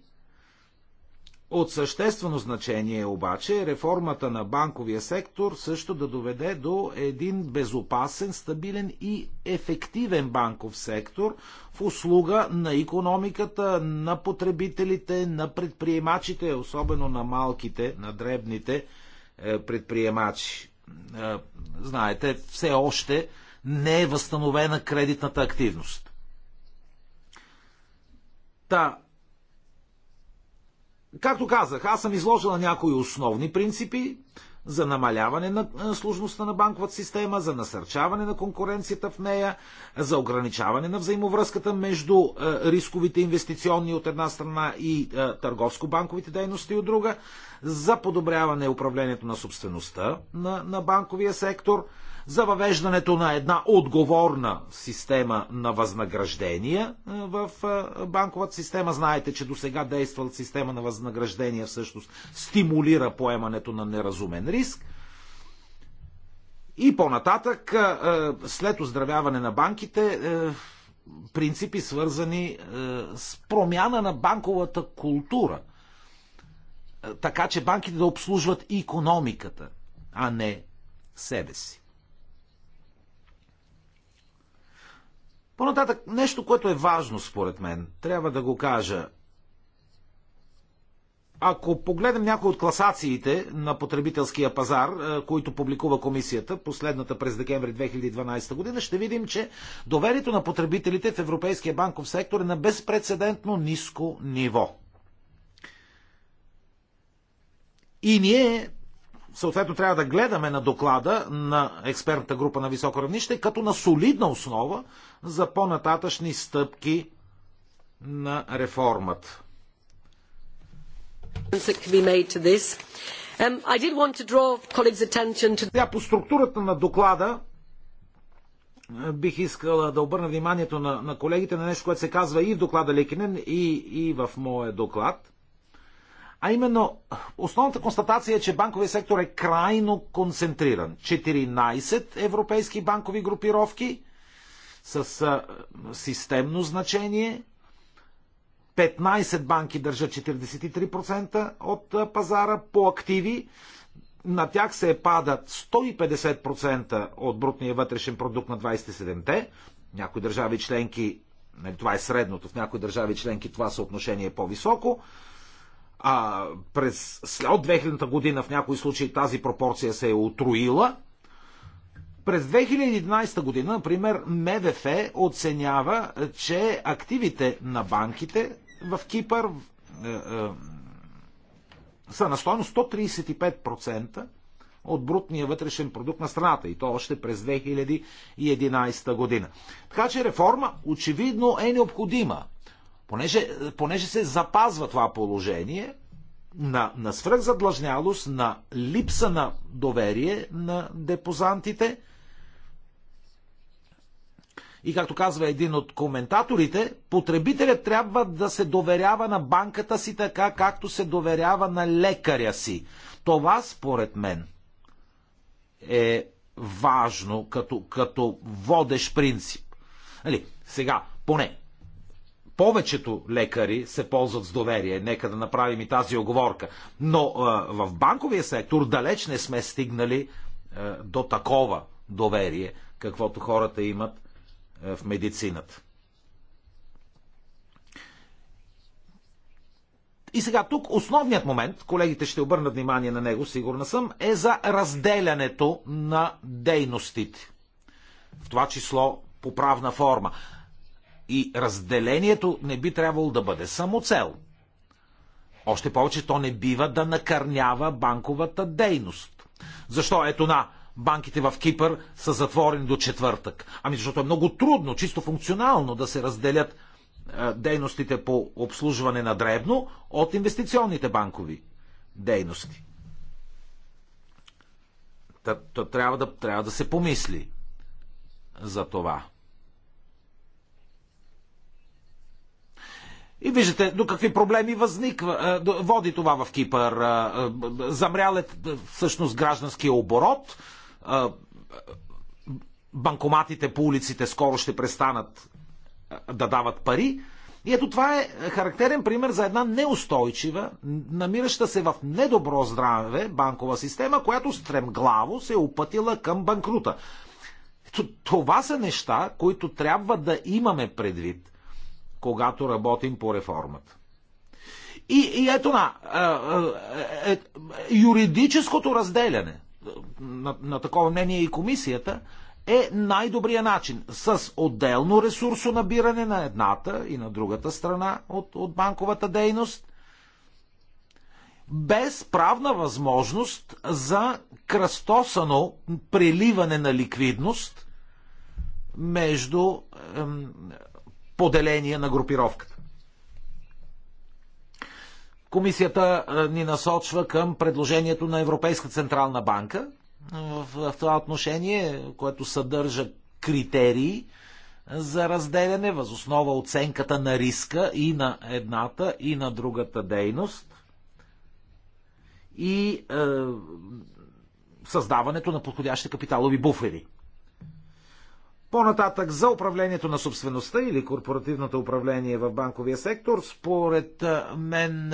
от съществено значение е обаче реформата на банковия сектор също да доведе до един безопасен, стабилен и ефективен банков сектор в услуга на економиката, на потребителите, на предприемачите, особено на малките, на дребните е, предприемачи. Е, знаете, все още не е възстановена кредитната активност. Та, Както казах, аз съм изложила някои основни принципи за намаляване на е, сложността на банковата система, за насърчаване на конкуренцията в нея, за ограничаване на взаимовръзката между е, рисковите инвестиционни от една страна и е, търговско-банковите дейности от друга, за подобряване управлението на собствеността на, на банковия сектор, за въвеждането на една отговорна система на възнаграждения в банковата система. Знаете, че до сега действала система на възнаграждения всъщност стимулира поемането на неразумен риск. И по-нататък, след оздравяване на банките, принципи свързани с промяна на банковата култура. Така че банките да обслужват и економиката, а не себе си. Понататък, нещо, което е важно според мен, трябва да го кажа. Ако погледнем някои от класациите на потребителския пазар, е, които публикува комисията, последната през декември 2012 година, ще видим, че доверието на потребителите в Европейския банков сектор е на безпредседентно ниско ниво. И ние съответно трябва да гледаме на доклада на експертната група на високо равнище като на солидна основа за по-нататъчни стъпки на реформата. Um, Сега по структурата на доклада е, бих искала да обърна вниманието на, на колегите на нещо, което се казва и в доклада Лекинен, и, и в моя доклад – а именно, основната констатация е, че банковия сектор е крайно концентриран. 14 европейски банкови групировки с системно значение. 15 банки държат 43% от пазара по активи. На тях се падат 150% от брутния вътрешен продукт на 27-те. Някои държави членки, нали, това е средното, в някои държави членки това съотношение е по-високо а през от 2000-та година в някои случаи тази пропорция се е отруила. През 2011 година, например, МВФ оценява, че активите на банките в Кипър е, е, са на стойност 135% от брутния вътрешен продукт на страната и то още през 2011 година. Така че реформа очевидно е необходима понеже, понеже се запазва това положение на, на свръхзадлъжнялост, на липса на доверие на депозантите, и както казва един от коментаторите, потребителят трябва да се доверява на банката си така, както се доверява на лекаря си. Това, според мен, е важно като, като водещ принцип. Нали, сега, поне повечето лекари се ползват с доверие. Нека да направим и тази оговорка. Но в банковия сектор далеч не сме стигнали до такова доверие, каквото хората имат в медицината. И сега тук основният момент, колегите ще обърнат внимание на него, сигурна съм, е за разделянето на дейностите. В това число по правна форма. И разделението не би трябвало да бъде само цел. Още повече то не бива да накърнява банковата дейност. Защо ето на банките в Кипър са затворени до четвъртък? Ами защото е много трудно, чисто функционално да се разделят е, дейностите по обслужване на дребно от инвестиционните банкови дейности. трябва, да, трябва да се помисли за това. И виждате до какви проблеми възниква, е, води това в Кипър. Е, е, Замрял е всъщност гражданския оборот, банкоматите по улиците скоро ще престанат да дават пари. И ето това е характерен пример за една неустойчива, намираща се в недобро здраве банкова система, която стремглаво се е опътила към банкрута. това са неща, които трябва да имаме предвид – когато работим по реформата. И, и ето на е, е, е, юридическото разделяне на, на такова мнение и комисията е най-добрия начин с отделно ресурсо набиране на едната и на другата страна от, от банковата дейност, без правна възможност за кръстосано преливане на ликвидност между поделение на групировката. Комисията ни насочва към предложението на Европейска централна банка в, в това отношение, което съдържа критерии за разделяне възоснова оценката на риска и на едната, и на другата дейност и е, създаването на подходящи капиталови буфери. По-нататък за управлението на собствеността или корпоративното управление в банковия сектор, според мен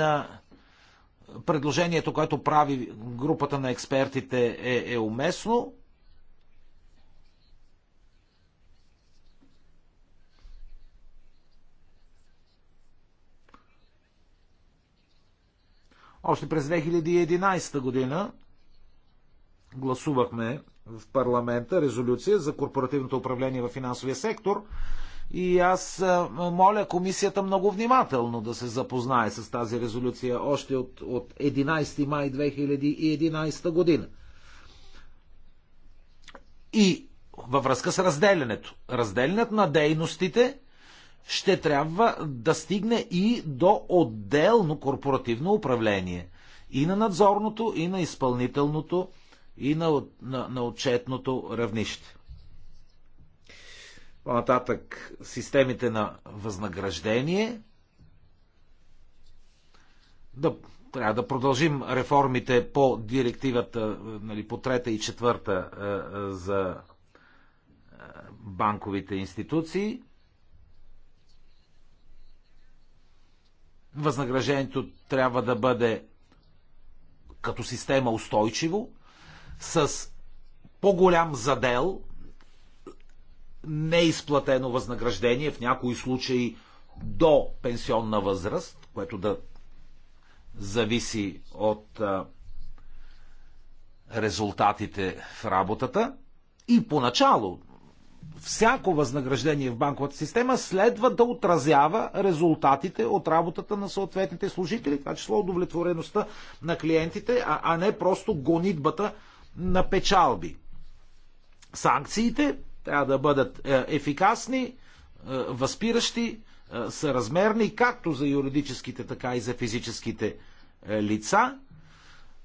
предложението, което прави групата на експертите е, е уместно. Още през 2011 година гласувахме в парламента резолюция за корпоративното управление в финансовия сектор. И аз моля комисията много внимателно да се запознае с тази резолюция още от, от 11 май 2011 година. И във връзка с разделянето. Разделянето на дейностите ще трябва да стигне и до отделно корпоративно управление. И на надзорното, и на изпълнителното и на, на, на отчетното равнище. По-нататък системите на възнаграждение. Да, трябва да продължим реформите по директивата нали, по трета и четвърта е, е, за е, банковите институции. Възнаграждението трябва да бъде като система устойчиво, с по-голям задел, неизплатено възнаграждение, в някои случаи до пенсионна възраст, което да зависи от резултатите в работата. И поначало всяко възнаграждение в банковата система следва да отразява резултатите от работата на съответните служители, това число удовлетвореността на клиентите, а, а не просто гонитбата на печалби. Санкциите трябва да бъдат е, ефикасни, е, възпиращи, е, съразмерни, както за юридическите, така и за физическите лица.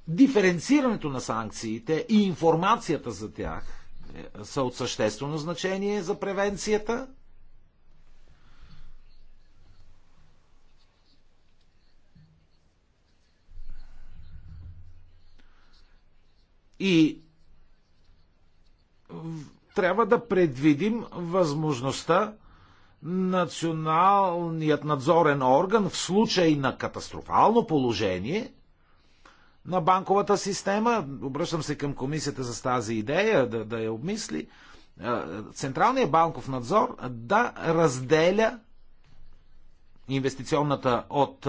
Диференцирането на санкциите и информацията за тях са от съществено значение за превенцията – И трябва да предвидим възможността националният надзорен орган в случай на катастрофално положение на банковата система, обръщам се към комисията с тази идея да, да я обмисли, Централният банков надзор да разделя инвестиционната от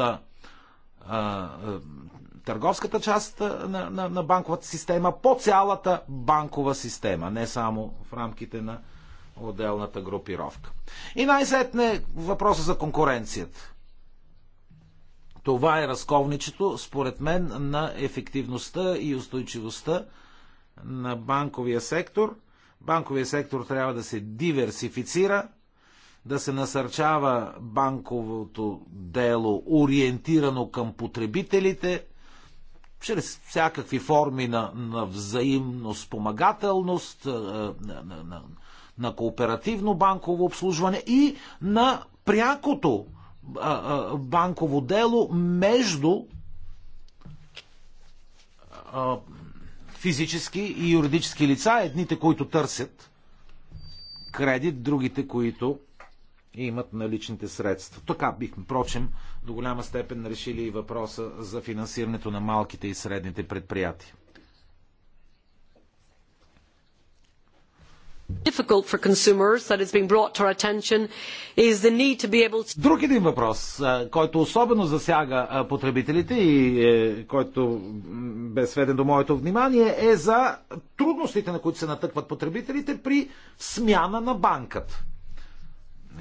търговската част на, на, на банковата система по цялата банкова система, не само в рамките на отделната групировка. И най-сетне въпроса за конкуренцията. Това е разковничето, според мен, на ефективността и устойчивостта на банковия сектор. Банковия сектор трябва да се диверсифицира, да се насърчава банковото дело ориентирано към потребителите, чрез всякакви форми на, на взаимно спомагателност, на, на, на, на кооперативно банково обслужване и на прякото банково дело между физически и юридически лица, едните, които търсят кредит, другите, които и имат наличните средства. Така бихме, прочим, до голяма степен решили и въпроса за финансирането на малките и средните предприятия. difficult for consumers that brought to our attention is the need to be able to... Друг един въпрос, който особено засяга потребителите и е, който бе сведен до моето внимание е за трудностите, на които се натъкват потребителите при смяна на банката.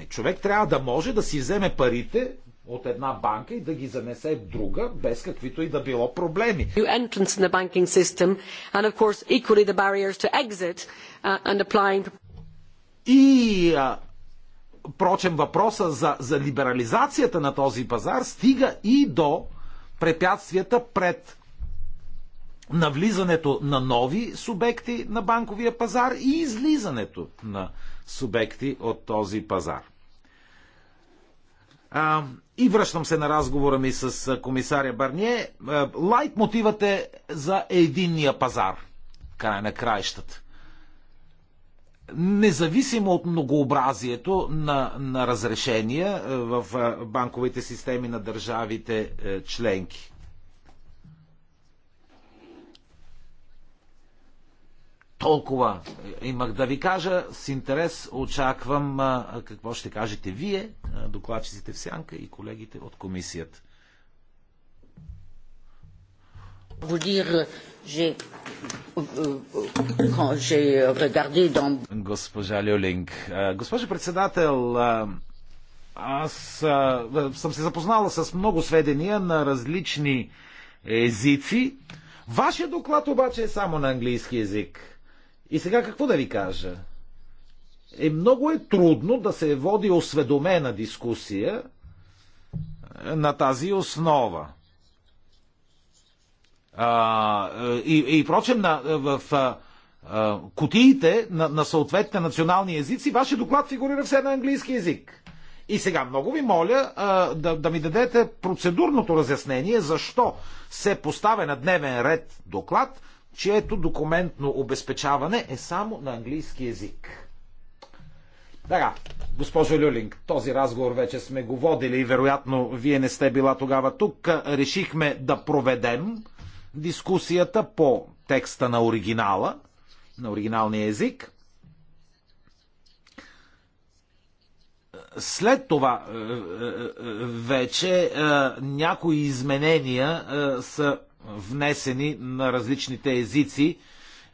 Не, ами, човек трябва да може да си вземе парите от една банка и да ги занесе в друга, без каквито и да било проблеми. Uh, и прочем въпроса за, за либерализацията на този пазар стига и до препятствията пред навлизането на нови субекти на банковия пазар и излизането на субекти от този пазар. А, и връщам се на разговора ми с комисаря Барние. Лайт мотивът е за единния пазар. край на краищата. Независимо от многообразието на, на разрешения в банковите системи на държавите членки. Толкова е, имах да ви кажа. С интерес очаквам какво ще кажете вие, докладчиците в Сянка и колегите от комисията. Euh, euh, Госпожа Люлинг. Госпожа председател, аз съм се запознала с много сведения на различни езици. Вашия доклад обаче е само на английски език. И сега какво да ви кажа? Е, много е трудно да се води осведомена дискусия е, на тази основа. А, е, и, и прочем, на, е, в а, кутиите на, на съответните национални езици, вашия доклад фигурира все на английски язик. И сега много ви моля а, да, да ми дадете процедурното разяснение защо се поставя на дневен ред доклад, чието документно обезпечаване е само на английски язик. Така, госпожо Люлинг, този разговор вече сме го водили и вероятно вие не сте била тогава тук. Решихме да проведем дискусията по текста на оригинала, на оригиналния език. След това е, е, е, вече някои изменения са внесени на различните езици.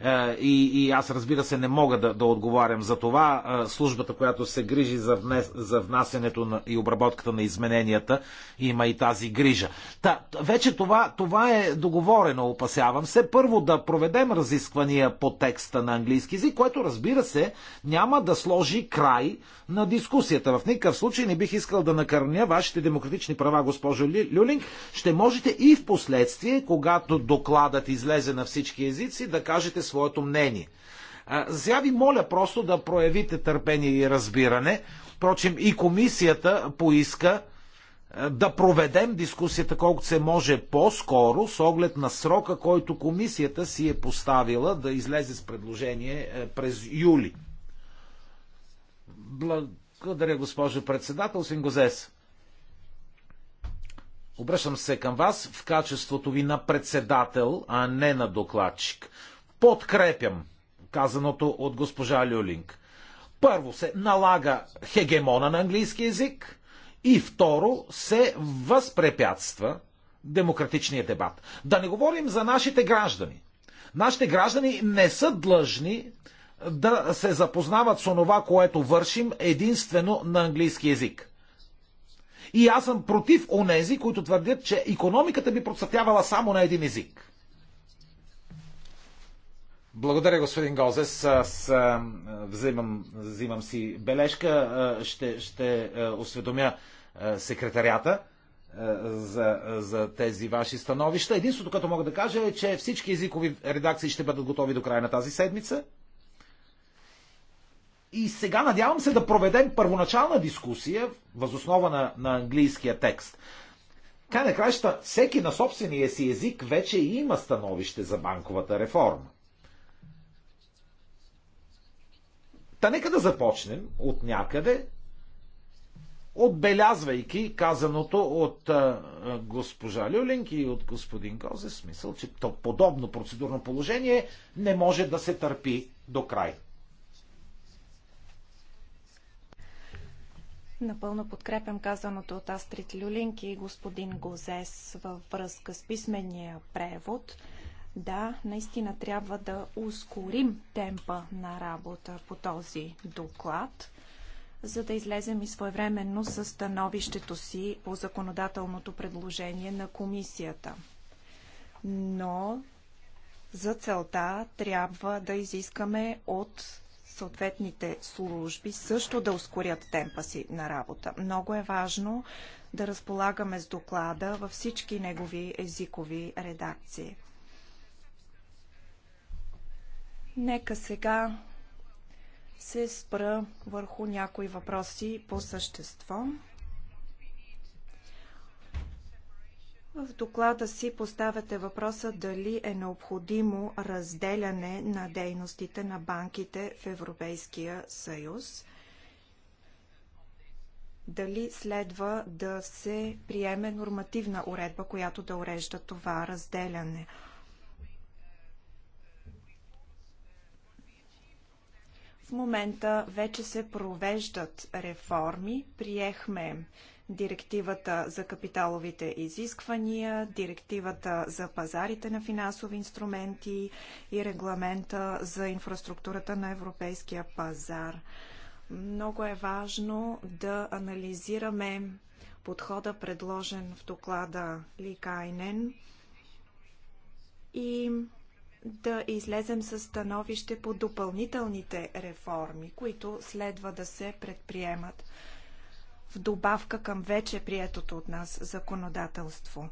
Е, и, и аз разбира се не мога да, да отговарям за това. Е, службата, която се грижи за, внес, за внасенето на, и обработката на измененията, има и тази грижа. Та, вече това, това е договорено, опасявам се. Първо да проведем разисквания по текста на английски език, което разбира се няма да сложи край на дискусията. В никакъв случай не бих искал да накърня вашите демократични права, госпожо Люлинг. Ще можете и в последствие, когато докладът излезе на всички езици, да кажете своето мнение. Сега ви моля просто да проявите търпение и разбиране. Впрочем, и комисията поиска да проведем дискусията колкото се може по-скоро, с оглед на срока, който комисията си е поставила да излезе с предложение е, през юли. Благодаря, госпожо председател. Сингозес. Обръщам се към вас в качеството ви на председател, а не на докладчик подкрепям казаното от госпожа Люлинг. Първо се налага хегемона на английски язик и второ се възпрепятства демократичния дебат. Да не говорим за нашите граждани. Нашите граждани не са длъжни да се запознават с онова, което вършим единствено на английски язик. И аз съм против онези, които твърдят, че економиката би процъфтявала само на един език. Благодаря, господин Гозес. Аз взимам, взимам си бележка. Ще, ще осведомя секретарята за, за тези ваши становища. Единството, което мога да кажа е, че всички езикови редакции ще бъдат готови до края на тази седмица. И сега надявам се да проведем първоначална дискусия възоснова на, на английския текст. Край на краща, всеки на собствения си език вече има становище за банковата реформа. Та нека да започнем от някъде, отбелязвайки казаното от а, госпожа Люлинг и от господин Козе, смисъл, че то подобно процедурно положение не може да се търпи до край. Напълно подкрепям казаното от Астрид Люлинг и господин Гозес във връзка с писмения превод. Да, наистина трябва да ускорим темпа на работа по този доклад, за да излезем и своевременно с становището си по законодателното предложение на комисията. Но за целта трябва да изискаме от съответните служби също да ускорят темпа си на работа. Много е важно да разполагаме с доклада във всички негови езикови редакции. Нека сега се спра върху някои въпроси по същество. В доклада си поставяте въпроса дали е необходимо разделяне на дейностите на банките в Европейския съюз. Дали следва да се приеме нормативна уредба, която да урежда това разделяне. В момента вече се провеждат реформи. Приехме директивата за капиталовите изисквания, директивата за пазарите на финансови инструменти и регламента за инфраструктурата на европейския пазар. Много е важно да анализираме подхода, предложен в доклада Ликайнен и да излезем с становище по допълнителните реформи, които следва да се предприемат в добавка към вече приетото от нас законодателство.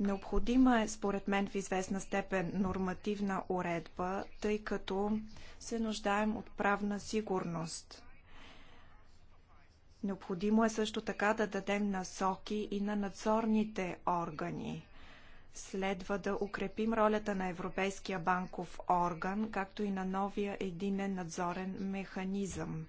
Необходима е, според мен, в известна степен нормативна уредба, тъй като се нуждаем от правна сигурност. Необходимо е също така да дадем насоки и на надзорните органи. Следва да укрепим ролята на Европейския банков орган, както и на новия единен надзорен механизъм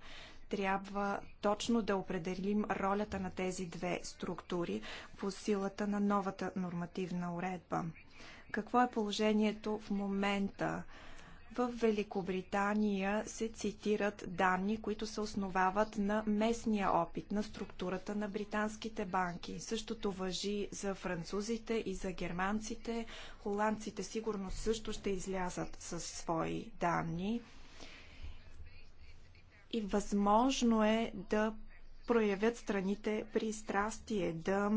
трябва точно да определим ролята на тези две структури по силата на новата нормативна уредба. Какво е положението в момента? В Великобритания се цитират данни, които се основават на местния опит, на структурата на британските банки. Същото въжи за французите и за германците. Холандците сигурно също ще излязат със свои данни. И възможно е да проявят страните пристрастие, да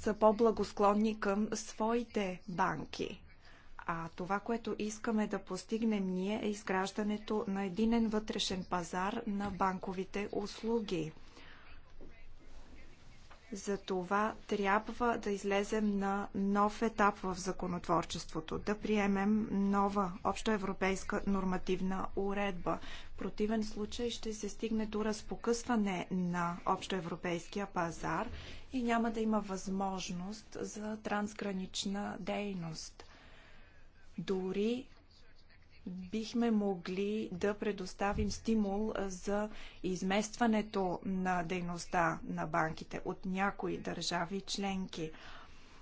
са по-благосклонни към своите банки. А това, което искаме да постигнем ние е изграждането на единен вътрешен пазар на банковите услуги. За това трябва да излезем на нов етап в законотворчеството, да приемем нова общоевропейска нормативна уредба. В противен случай ще се стигне до разпокъсване на общоевропейския пазар и няма да има възможност за трансгранична дейност. Дори бихме могли да предоставим стимул за изместването на дейността на банките от някои държави членки.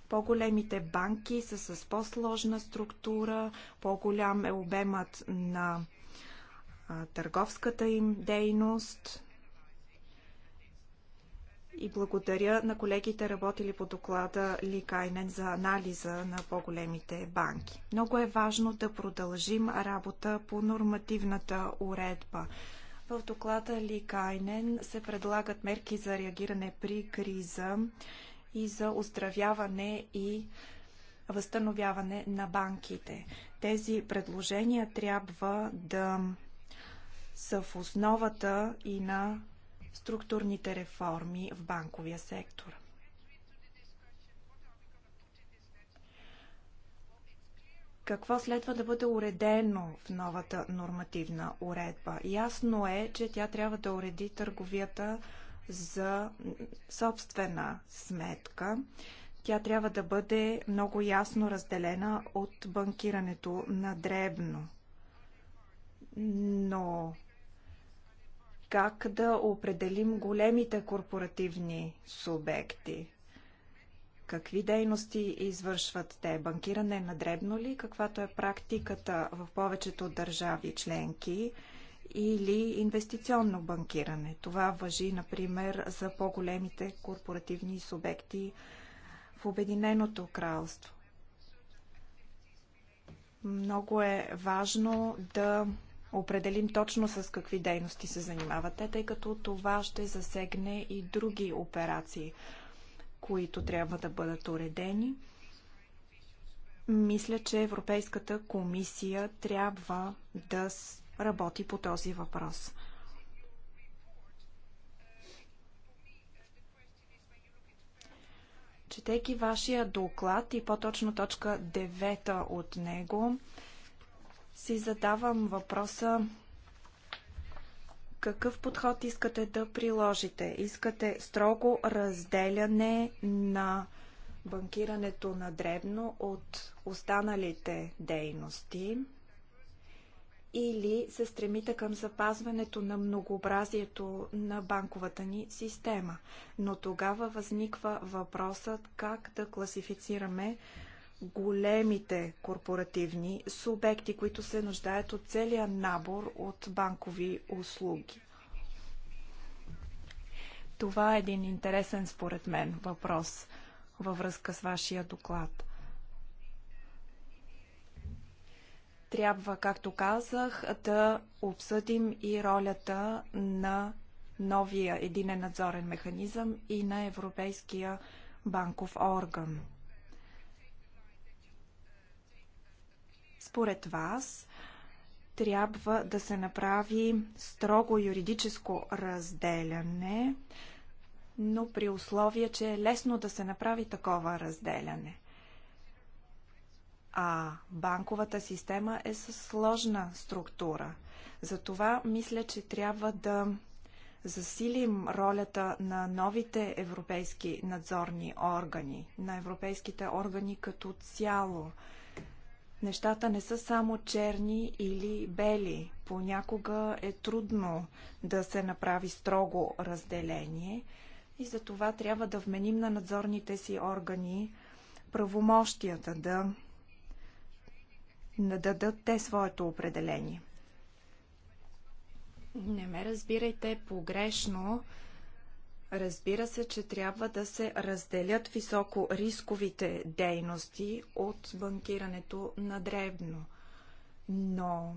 По-големите банки са с по-сложна структура, по-голям е обемът на търговската им дейност, и благодаря на колегите, работили по доклада Кайнен за анализа на по-големите банки. Много е важно да продължим работа по нормативната уредба. В доклада Ликайнен се предлагат мерки за реагиране при криза и за оздравяване и възстановяване на банките. Тези предложения трябва да са в основата и на структурните реформи в банковия сектор. Какво следва да бъде уредено в новата нормативна уредба? Ясно е, че тя трябва да уреди търговията за собствена сметка. Тя трябва да бъде много ясно разделена от банкирането на дребно. Но как да определим големите корпоративни субекти? Какви дейности извършват те? Банкиране на дребно ли, каквато е практиката в повечето държави членки? или инвестиционно банкиране. Това въжи, например, за по-големите корпоративни субекти в Обединеното кралство. Много е важно да определим точно с какви дейности се занимавате, тъй като това ще засегне и други операции, които трябва да бъдат уредени. Мисля, че Европейската комисия трябва да работи по този въпрос. Четейки вашия доклад и по-точно точка 9 от него, си задавам въпроса какъв подход искате да приложите? Искате строго разделяне на банкирането на дребно от останалите дейности или се стремите към запазването на многообразието на банковата ни система. Но тогава възниква въпросът как да класифицираме големите корпоративни субекти, които се нуждаят от целия набор от банкови услуги. Това е един интересен, според мен, въпрос във връзка с вашия доклад. Трябва, както казах, да обсъдим и ролята на новия единен надзорен механизъм и на Европейския банков орган. Според вас, трябва да се направи строго юридическо разделяне, но при условие, че е лесно да се направи такова разделяне. А банковата система е със сложна структура. Затова мисля, че трябва да засилим ролята на новите европейски надзорни органи, на европейските органи като цяло – Нещата не са само черни или бели. Понякога е трудно да се направи строго разделение и за това трябва да вменим на надзорните си органи правомощията да нададат те своето определение. Не ме разбирайте погрешно. Разбира се, че трябва да се разделят високо рисковите дейности от банкирането на дребно. Но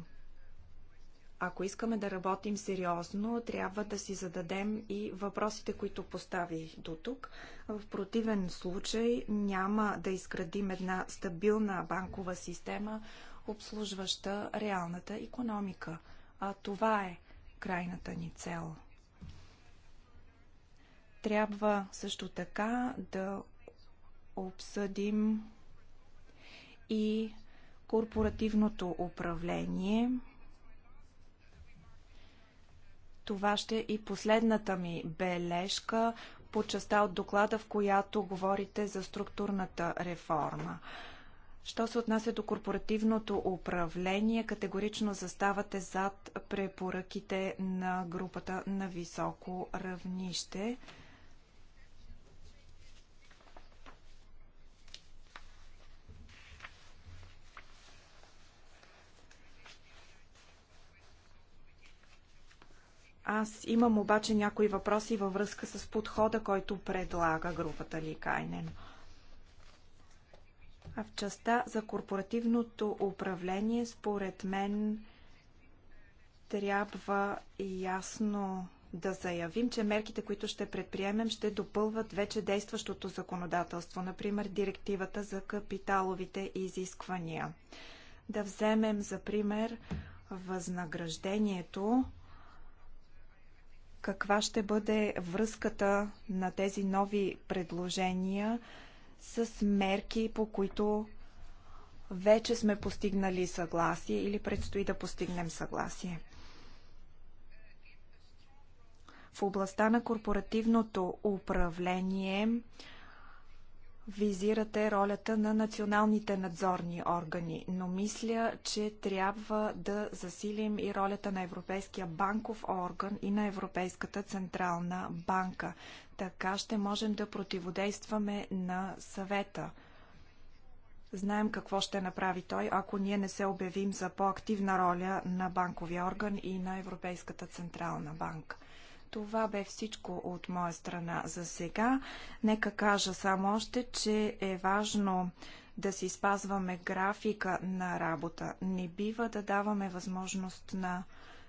ако искаме да работим сериозно, трябва да си зададем и въпросите, които поставих до тук. В противен случай няма да изградим една стабилна банкова система, обслужваща реалната економика. А това е крайната ни цел. Трябва също така да обсъдим и корпоративното управление. Това ще е и последната ми бележка по частта от доклада, в която говорите за структурната реформа. Що се отнася до корпоративното управление, категорично заставате зад препоръките на групата на високо равнище. Аз имам обаче някои въпроси във връзка с подхода, който предлага групата Ликайнен. А в частта за корпоративното управление, според мен, трябва ясно да заявим, че мерките, които ще предприемем, ще допълват вече действащото законодателство, например директивата за капиталовите изисквания. Да вземем за пример възнаграждението, каква ще бъде връзката на тези нови предложения с мерки, по които вече сме постигнали съгласие или предстои да постигнем съгласие. В областта на корпоративното управление визирате ролята на националните надзорни органи, но мисля, че трябва да засилим и ролята на Европейския банков орган и на Европейската централна банка. Така ще можем да противодействаме на съвета. Знаем какво ще направи той, ако ние не се обявим за по-активна роля на банковия орган и на Европейската централна банка. Това бе всичко от моя страна за сега. Нека кажа само още, че е важно да си спазваме графика на работа. Не бива да даваме възможност на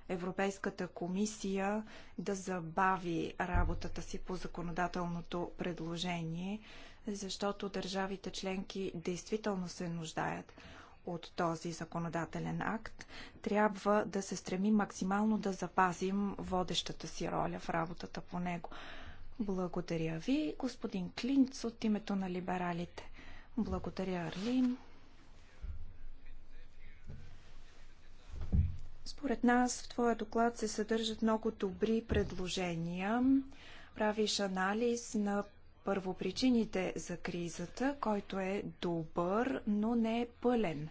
Европейската комисия да забави работата си по законодателното предложение, защото държавите членки действително се нуждаят от този законодателен акт, трябва да се стремим максимално да запазим водещата си роля в работата по него. Благодаря ви, господин Клинц, от името на либералите. Благодаря, Арлин. Според нас в твоя доклад се съдържат много добри предложения. Правиш анализ на първопричините за кризата, който е добър, но не е пълен.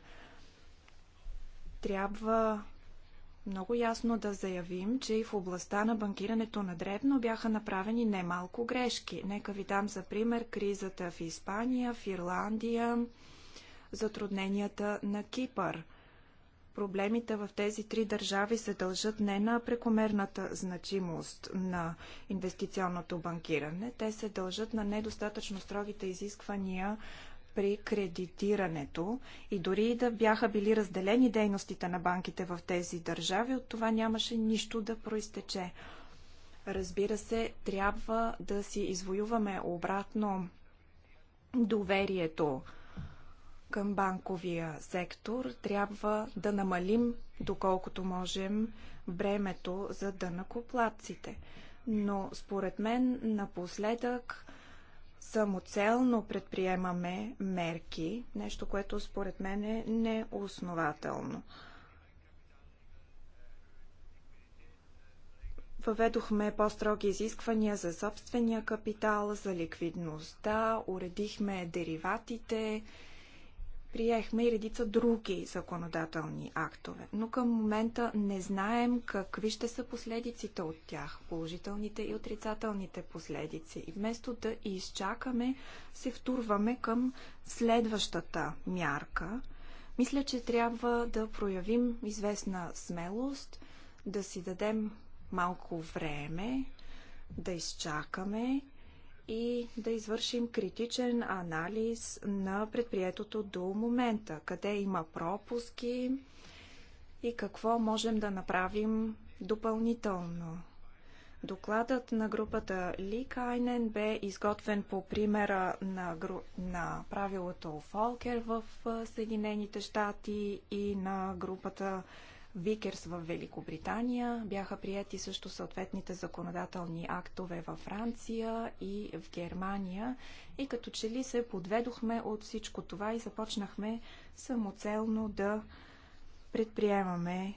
Трябва много ясно да заявим, че и в областта на банкирането на дребно бяха направени немалко грешки. Нека ви дам за пример кризата в Испания, в Ирландия, затрудненията на Кипър. Проблемите в тези три държави се дължат не на прекомерната значимост на инвестиционното банкиране, те се дължат на недостатъчно строгите изисквания при кредитирането и дори да бяха били разделени дейностите на банките в тези държави, от това нямаше нищо да проистече. Разбира се, трябва да си извоюваме обратно доверието към банковия сектор. Трябва да намалим, доколкото можем, бремето за дънакоплатците. Но според мен напоследък самоцелно предприемаме мерки, нещо, което според мен е неоснователно. Въведохме по-строги изисквания за собствения капитал, за ликвидността, уредихме дериватите, Приехме и редица други законодателни актове, но към момента не знаем какви ще са последиците от тях, положителните и отрицателните последици. И вместо да изчакаме, се втурваме към следващата мярка. Мисля, че трябва да проявим известна смелост, да си дадем малко време, да изчакаме и да извършим критичен анализ на предприетото до момента, къде има пропуски и какво можем да направим допълнително. Докладът на групата Ликайнен бе изготвен по примера на, гру... на правилото Фолкер в Съединените щати и на групата Викерс в Великобритания, бяха прияти също съответните законодателни актове във Франция и в Германия и като че ли се подведохме от всичко това и започнахме самоцелно да предприемаме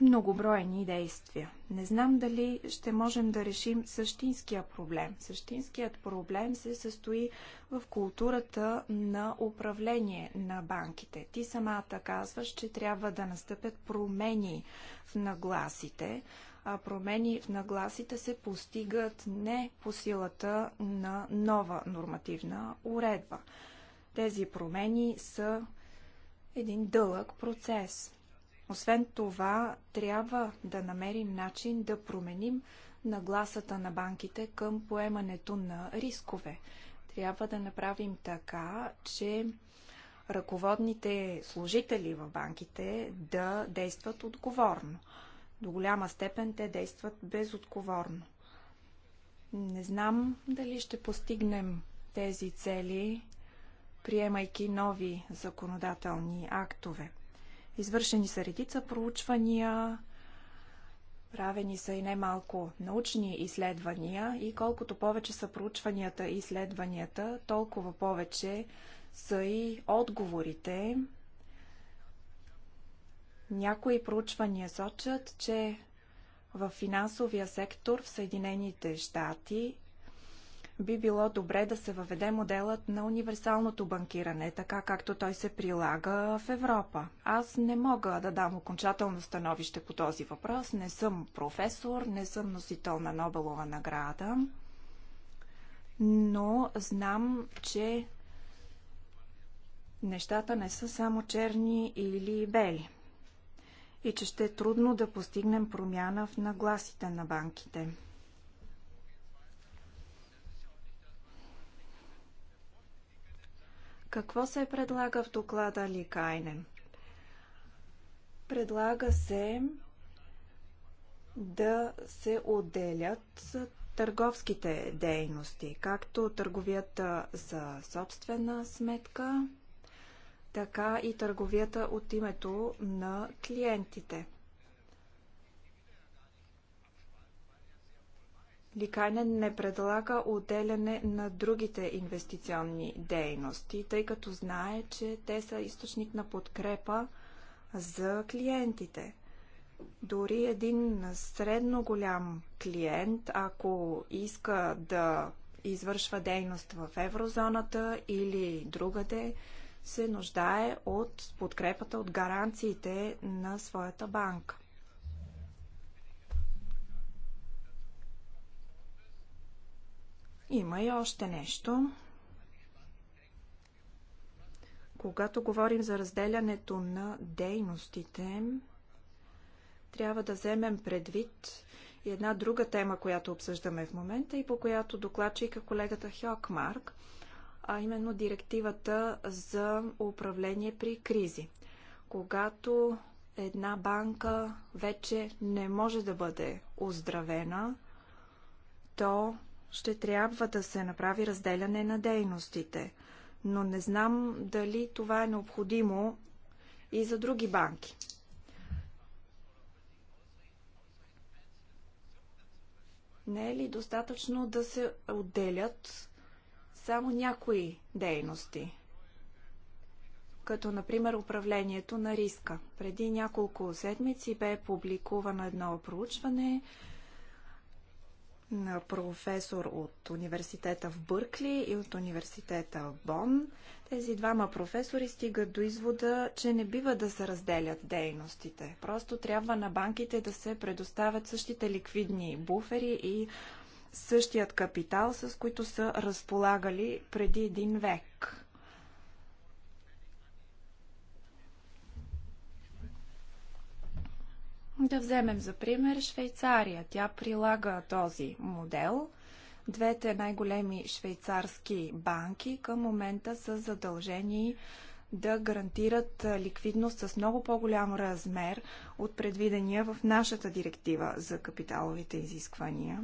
многобройни действия. Не знам дали ще можем да решим същинския проблем. Същинският проблем се състои в културата на управление на банките. Ти самата казваш, че трябва да настъпят промени в нагласите, а промени в нагласите се постигат не по силата на нова нормативна уредба. Тези промени са един дълъг процес. Освен това, трябва да намерим начин да променим нагласата на банките към поемането на рискове. Трябва да направим така, че ръководните служители в банките да действат отговорно. До голяма степен те действат безотговорно. Не знам дали ще постигнем тези цели, приемайки нови законодателни актове. Извършени са редица проучвания, правени са и немалко научни изследвания и колкото повече са проучванията и изследванията, толкова повече са и отговорите. Някои проучвания сочат, че в финансовия сектор в Съединените щати би било добре да се въведе моделът на универсалното банкиране, така както той се прилага в Европа. Аз не мога да дам окончателно становище по този въпрос. Не съм професор, не съм носител на Нобелова награда, но знам, че нещата не са само черни или бели и че ще е трудно да постигнем промяна в нагласите на банките. Какво се предлага в доклада Ликайнен? Предлага се да се отделят търговските дейности, както търговията за собствена сметка, така и търговията от името на клиентите. Ликайнен не предлага отделяне на другите инвестиционни дейности, тъй като знае, че те са източник на подкрепа за клиентите. Дори един средно голям клиент, ако иска да извършва дейност в еврозоната или другаде, се нуждае от подкрепата, от гаранциите на своята банка. Има и още нещо. Когато говорим за разделянето на дейностите, трябва да вземем предвид и една друга тема, която обсъждаме в момента и по която докладчика колегата Хьокмарк, а именно директивата за управление при кризи. Когато една банка вече не може да бъде оздравена, то ще трябва да се направи разделяне на дейностите, но не знам дали това е необходимо и за други банки. Не е ли достатъчно да се отделят само някои дейности? като например управлението на риска. Преди няколко седмици бе публикувано едно проучване, на професор от университета в Бъркли и от университета в Бон. Тези двама професори стигат до извода, че не бива да се разделят дейностите. Просто трябва на банките да се предоставят същите ликвидни буфери и същият капитал, с които са разполагали преди един век. Да вземем за пример Швейцария. Тя прилага този модел. Двете най-големи швейцарски банки към момента са задължени да гарантират ликвидност с много по-голям размер от предвидения в нашата директива за капиталовите изисквания.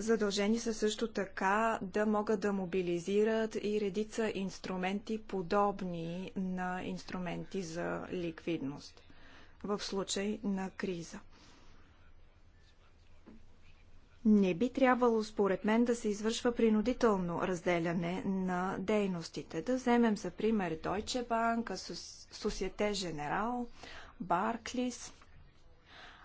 Задължени са също така да могат да мобилизират и редица инструменти, подобни на инструменти за ликвидност в случай на криза. Не би трябвало, според мен, да се извършва принудително разделяне на дейностите. Да вземем за пример Deutsche Bank, Societe General, Barclays –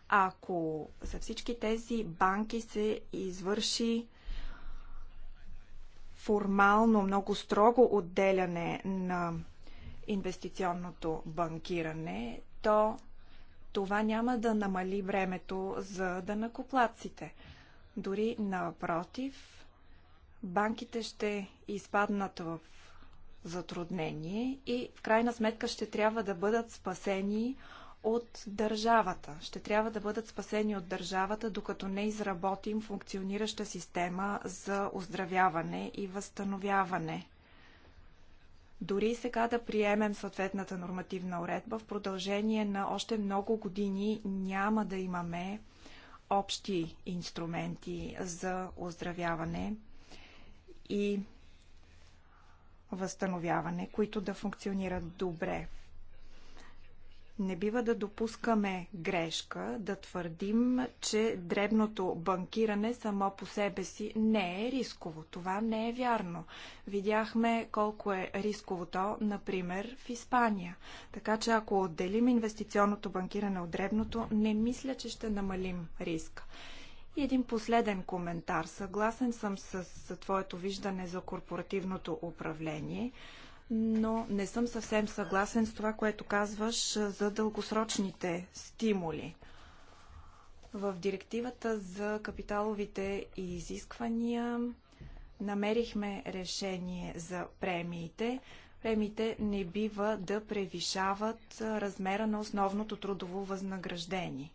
ако за всички тези банки се извърши формално, много строго отделяне на инвестиционното банкиране, то това няма да намали времето за данакоплаците. Дори напротив, банките ще изпаднат в затруднение и в крайна сметка ще трябва да бъдат спасени от държавата. Ще трябва да бъдат спасени от държавата, докато не изработим функционираща система за оздравяване и възстановяване. Дори сега да приемем съответната нормативна уредба, в продължение на още много години няма да имаме общи инструменти за оздравяване и възстановяване, които да функционират добре. Не бива да допускаме грешка, да твърдим, че дребното банкиране само по себе си не е рисково. Това не е вярно. Видяхме колко е рисково то, например, в Испания. Така че ако отделим инвестиционното банкиране от дребното, не мисля, че ще намалим риска. И един последен коментар. Съгласен съм с твоето виждане за корпоративното управление но не съм съвсем съгласен с това, което казваш за дългосрочните стимули. В директивата за капиталовите изисквания намерихме решение за премиите. Премиите не бива да превишават размера на основното трудово възнаграждение.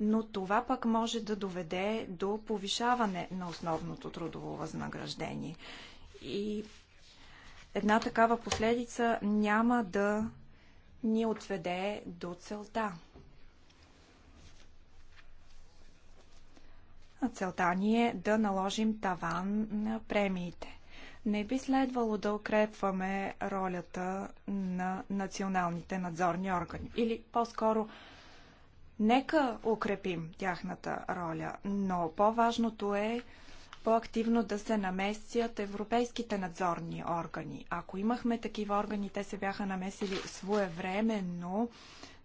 Но това пък може да доведе до повишаване на основното трудово възнаграждение. И една такава последица няма да ни отведе до целта. А Целта ни е да наложим таван на премиите. Не би следвало да укрепваме ролята на националните надзорни органи. Или по-скоро, нека укрепим тяхната роля, но по-важното е по-активно да се намесят европейските надзорни органи. Ако имахме такива органи, те се бяха намесили своевременно,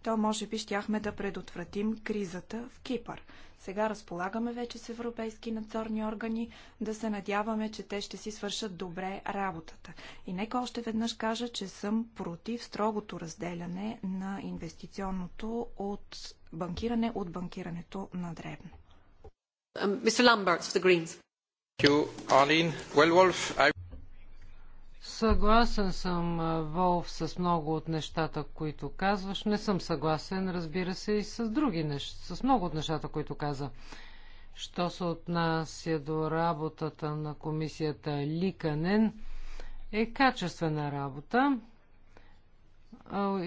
то може би щяхме да предотвратим кризата в Кипър. Сега разполагаме вече с европейски надзорни органи, да се надяваме, че те ще си свършат добре работата. И нека още веднъж кажа, че съм против строгото разделяне на инвестиционното от банкиране от банкирането на дребно. Мистер Ламбертс, the Greens. Съгласен съм, Волф, с много от нещата, които казваш. Не съм съгласен, разбира се, и с други неща, с много от нещата, които каза. Що се отнася до работата на комисията Ликанен, е качествена работа.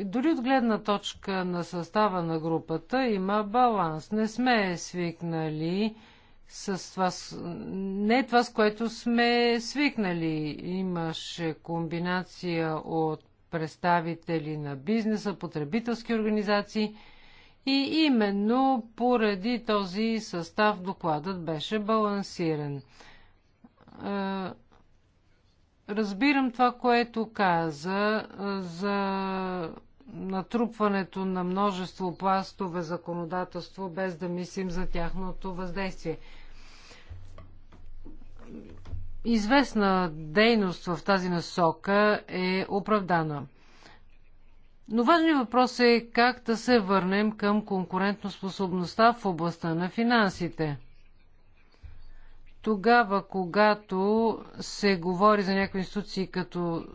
Дори от гледна точка на състава на групата има баланс. Не сме свикнали с това, не това, с което сме свикнали. Имаше комбинация от представители на бизнеса, потребителски организации и именно поради този състав докладът беше балансиран. Е, разбирам това, което каза е, за натрупването на множество пластове законодателство, без да мислим за тяхното въздействие известна дейност в тази насока е оправдана. Но важният въпрос е как да се върнем към конкурентоспособността в областта на финансите. Тогава, когато се говори за някои институции като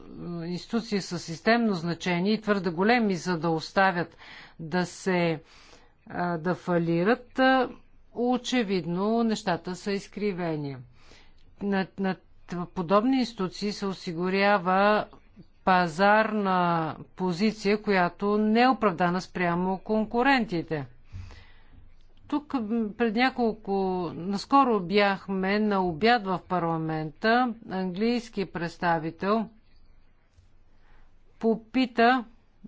е, институции с системно значение и твърде големи, за да оставят да се е, да фалират, е, очевидно нещата са изкривени на, на подобни институции се осигурява пазарна позиция, която не е оправдана спрямо конкурентите. Тук пред няколко... Наскоро бяхме на обяд в парламента. Английски представител попита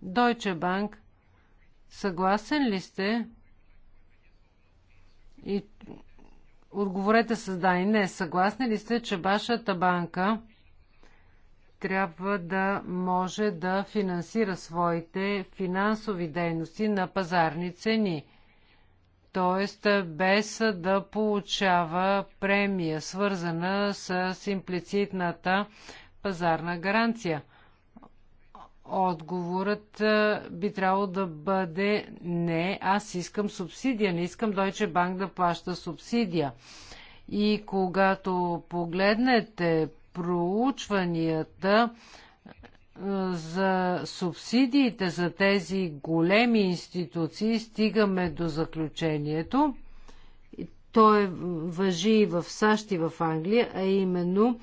Deutsche Bank съгласен ли сте и Отговорете с да и не. Съгласни ли сте, че вашата банка трябва да може да финансира своите финансови дейности на пазарни цени? т.е. без да получава премия, свързана с имплицитната пазарна гаранция. Отговорът би трябвало да бъде не, аз искам субсидия, не искам Deutsche Bank да плаща субсидия. И когато погледнете проучванията за субсидиите за тези големи институции, стигаме до заключението, той е, въжи и в САЩ и в Англия, а именно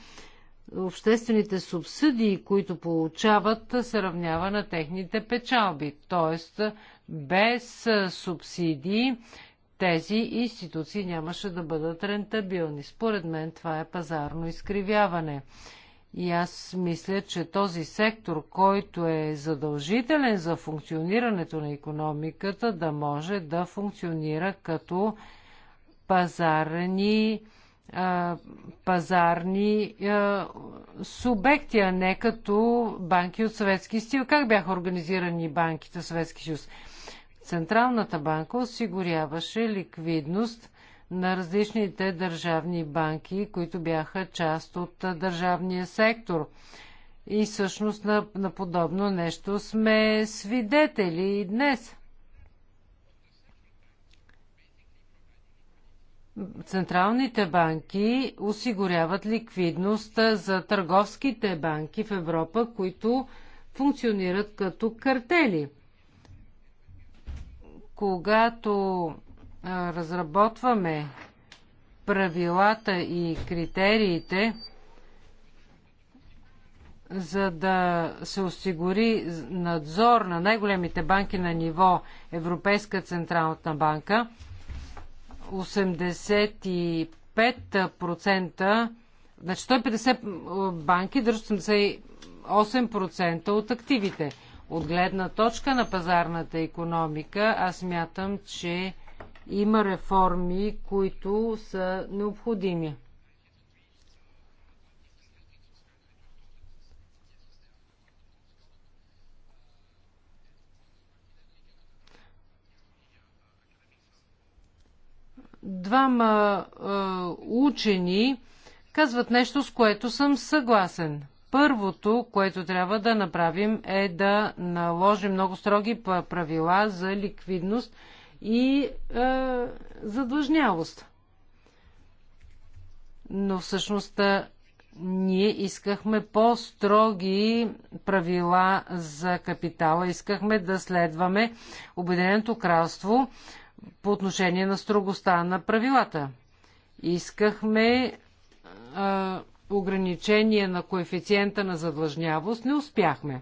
обществените субсидии, които получават, се равнява на техните печалби. Тоест, без субсидии тези институции нямаше да бъдат рентабилни. Според мен това е пазарно изкривяване. И аз мисля, че този сектор, който е задължителен за функционирането на економиката, да може да функционира като пазарни пазарни субекти, а не като банки от Съветски стил. Как бяха организирани банките в Съветски съюз? Централната банка осигуряваше ликвидност на различните държавни банки, които бяха част от държавния сектор. И всъщност на, на подобно нещо сме свидетели и днес. Централните банки осигуряват ликвидност за търговските банки в Европа, които функционират като картели. Когато разработваме правилата и критериите, за да се осигури надзор на най-големите банки на ниво Европейска Централна банка, 85%, значи 150 банки държат 88% от активите. От гледна точка на пазарната економика, аз мятам, че има реформи, които са необходими. двама учени казват нещо, с което съм съгласен. Първото, което трябва да направим е да наложим много строги правила за ликвидност и е, задлъжнявост. Но всъщност ние искахме по-строги правила за капитала. Искахме да следваме Обединеното кралство по отношение на строгостта на правилата. Искахме а, ограничение на коефициента на задлъжнявост, не успяхме.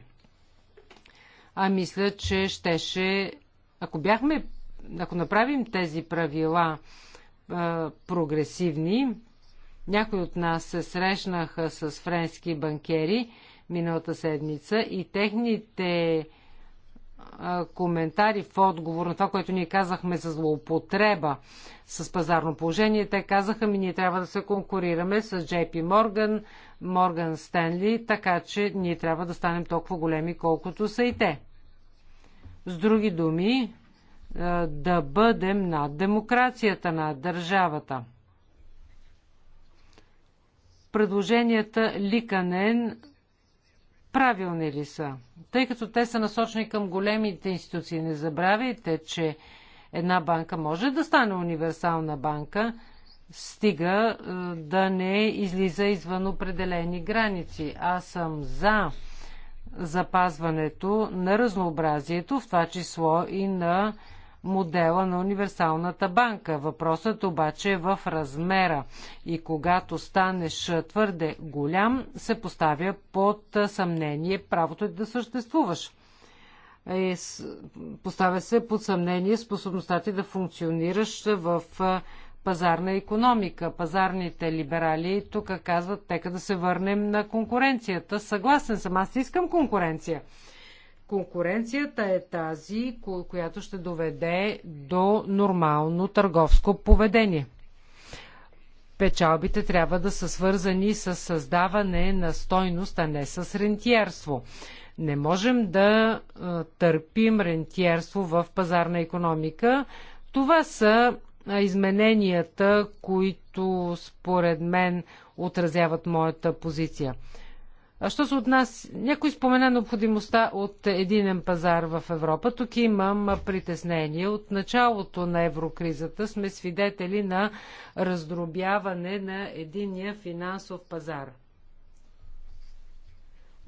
А мисля, че щеше, ако бяхме, ако направим тези правила а, прогресивни, някои от нас се срещнаха с френски банкери миналата седмица и техните коментари в отговор на това, което ние казахме за злоупотреба с пазарно положение. Те казаха ми, ние трябва да се конкурираме с JP Morgan, Morgan Stanley, така че ние трябва да станем толкова големи, колкото са и те. С други думи, да бъдем над демокрацията, на държавата. Предложенията Ликанен правилни ли са? Тъй като те са насочени към големите институции, не забравяйте, че една банка може да стане универсална банка, стига е, да не излиза извън определени граници. Аз съм за запазването на разнообразието, в това число и на модела на универсалната банка. Въпросът обаче е в размера и когато станеш твърде голям, се поставя под съмнение правото да съществуваш. Е, поставя се под съмнение способността ти да функционираш в пазарна економика. Пазарните либерали тук казват, тека да се върнем на конкуренцията. Съгласен съм, аз искам конкуренция. Конкуренцията е тази, която ще доведе до нормално търговско поведение. Печалбите трябва да са свързани с създаване на стойност, а не с рентиерство. Не можем да търпим рентиерство в пазарна економика. Това са измененията, които според мен отразяват моята позиция. А що се от нас? Някой спомена необходимостта от единен пазар в Европа. Тук имам притеснение. От началото на еврокризата сме свидетели на раздробяване на единия финансов пазар.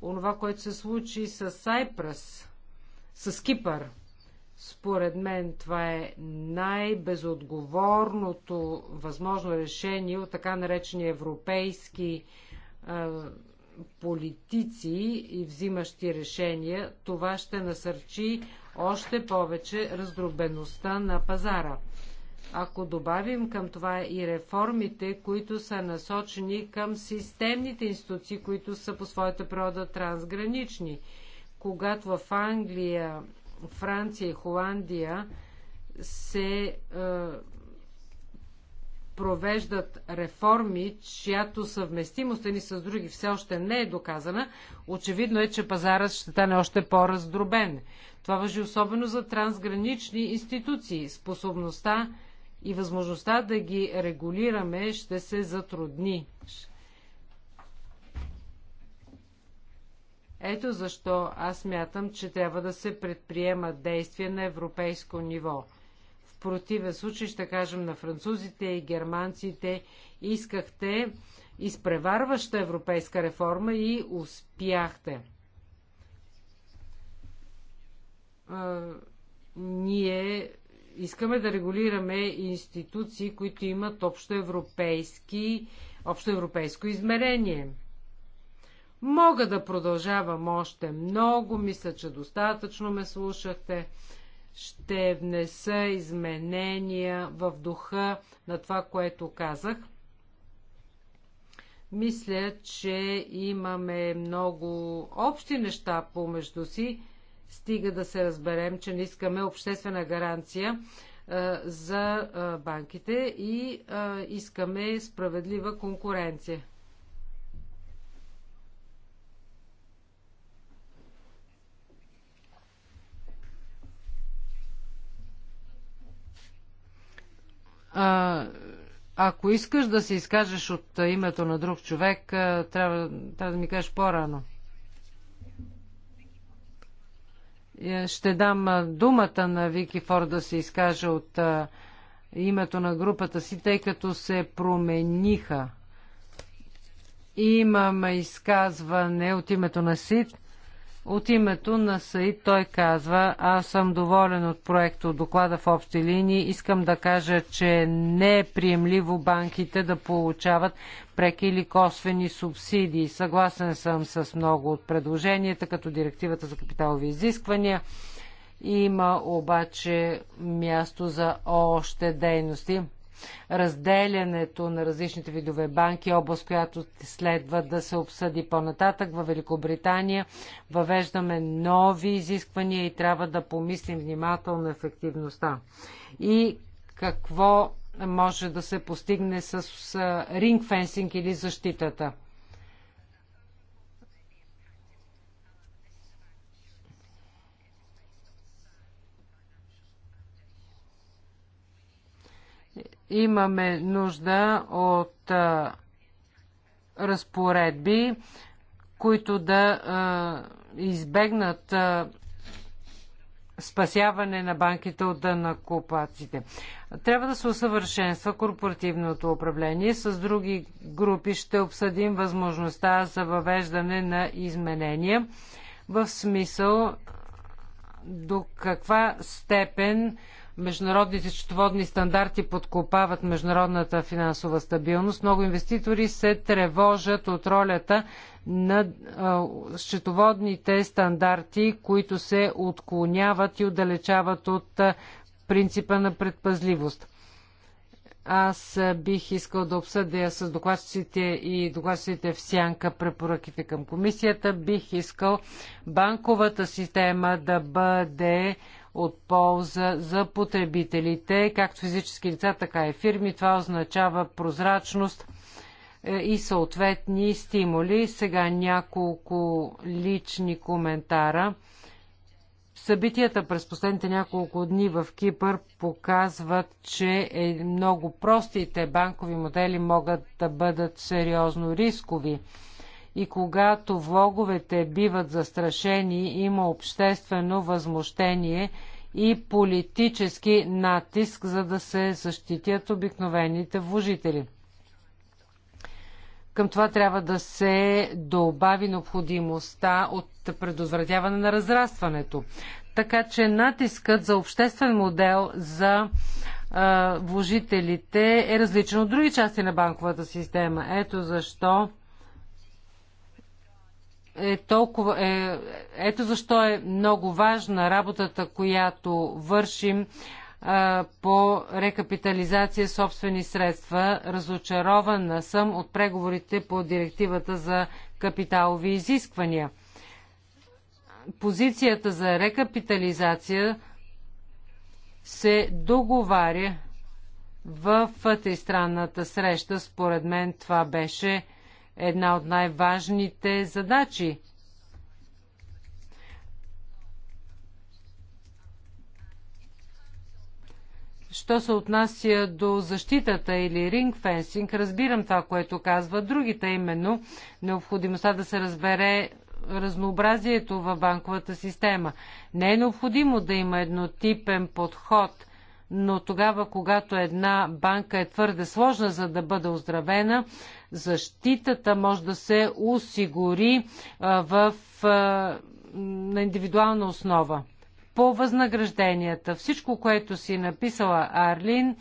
Онова, което се случи с Сайпрас, с Кипър, според мен това е най-безотговорното възможно решение от така наречения европейски политици и взимащи решения, това ще насърчи още повече раздробеността на пазара. Ако добавим към това и реформите, които са насочени към системните институции, които са по своята природа трансгранични, когато в Англия, Франция и Холандия се е, провеждат реформи, чиято съвместимост ни с други все още не е доказана, очевидно е, че пазарът ще стане още по-раздробен. Това въжи особено за трансгранични институции. Способността и възможността да ги регулираме ще се затрудни. Ето защо аз мятам, че трябва да се предприемат действия на европейско ниво – противен случай ще кажем на французите и германците, искахте изпреварваща европейска реформа и успяхте. А, ние искаме да регулираме институции, които имат общоевропейски, общоевропейско измерение. Мога да продължавам още много, мисля, че достатъчно ме слушахте ще внеса изменения в духа на това, което казах. Мисля, че имаме много общи неща помежду си, стига да се разберем, че не искаме обществена гаранция а, за а, банките и а, искаме справедлива конкуренция. А, ако искаш да се изкажеш от името на друг човек, трябва, трябва да ми кажеш по-рано. Е, ще дам думата на Вики Фор да се изкаже от името на групата си, тъй като се промениха. Имам изказване от името на СИД. От името на САИД той казва, аз съм доволен от проекта, от доклада в общи линии. Искам да кажа, че не е приемливо банките да получават преки или косвени субсидии. Съгласен съм с много от предложенията, като директивата за капиталови изисквания. Има обаче място за още дейности разделянето на различните видове банки, област, която следва да се обсъди по-нататък. в Великобритания въвеждаме нови изисквания и трябва да помислим внимателно ефективността. И какво може да се постигне с ринг фенсинг или защитата. Имаме нужда от а, разпоредби, които да а, избегнат а, спасяване на банките от дънакопаците. Трябва да се усъвършенства корпоративното управление. С други групи ще обсъдим възможността за въвеждане на изменения в смисъл до каква степен Международните счетоводни стандарти подкопават международната финансова стабилност. Много инвеститори се тревожат от ролята на счетоводните стандарти, които се отклоняват и отдалечават от принципа на предпазливост. Аз бих искал да обсъдя с докладчиците и докладчиците в сянка препоръките към комисията. Бих искал банковата система да бъде от полза за потребителите, както физически лица, така и фирми. Това означава прозрачност е, и съответни стимули. Сега няколко лични коментара. Събитията през последните няколко дни в Кипър показват, че е много простите банкови модели могат да бъдат сериозно рискови и когато влоговете биват застрашени, има обществено възмущение и политически натиск, за да се защитят обикновените вложители. Към това трябва да се добави необходимостта от предотвратяване на разрастването. Така че натискът за обществен модел за а, вложителите е различен от други части на банковата система. Ето защо е толкова. Е, ето защо е много важна работата, която вършим по рекапитализация собствени средства. Разочарована съм от преговорите по директивата за капиталови изисквания. Позицията за рекапитализация се договаря в тристранната среща. Според мен това беше една от най-важните задачи. Що се отнася до защитата или ринг фенсинг, разбирам това, което казва другите, именно необходимостта да се разбере разнообразието в банковата система. Не е необходимо да има еднотипен подход, но тогава, когато една банка е твърде сложна за да бъде оздравена, Защитата може да се осигури в, на индивидуална основа. По възнагражденията, всичко, което си написала Арлин,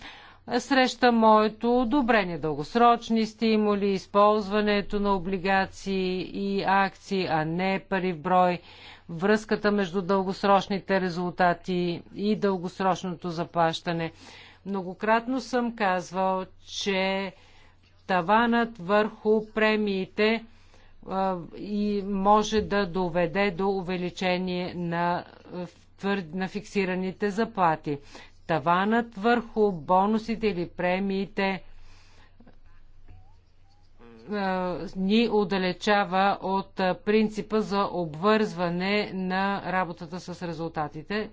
среща моето одобрение. Дългосрочни стимули, използването на облигации и акции, а не пари в брой, връзката между дългосрочните резултати и дългосрочното заплащане. Многократно съм казвал, че таванът върху премиите и може да доведе до увеличение на, на фиксираните заплати. Таванът върху бонусите или премиите ни отдалечава от принципа за обвързване на работата с резултатите.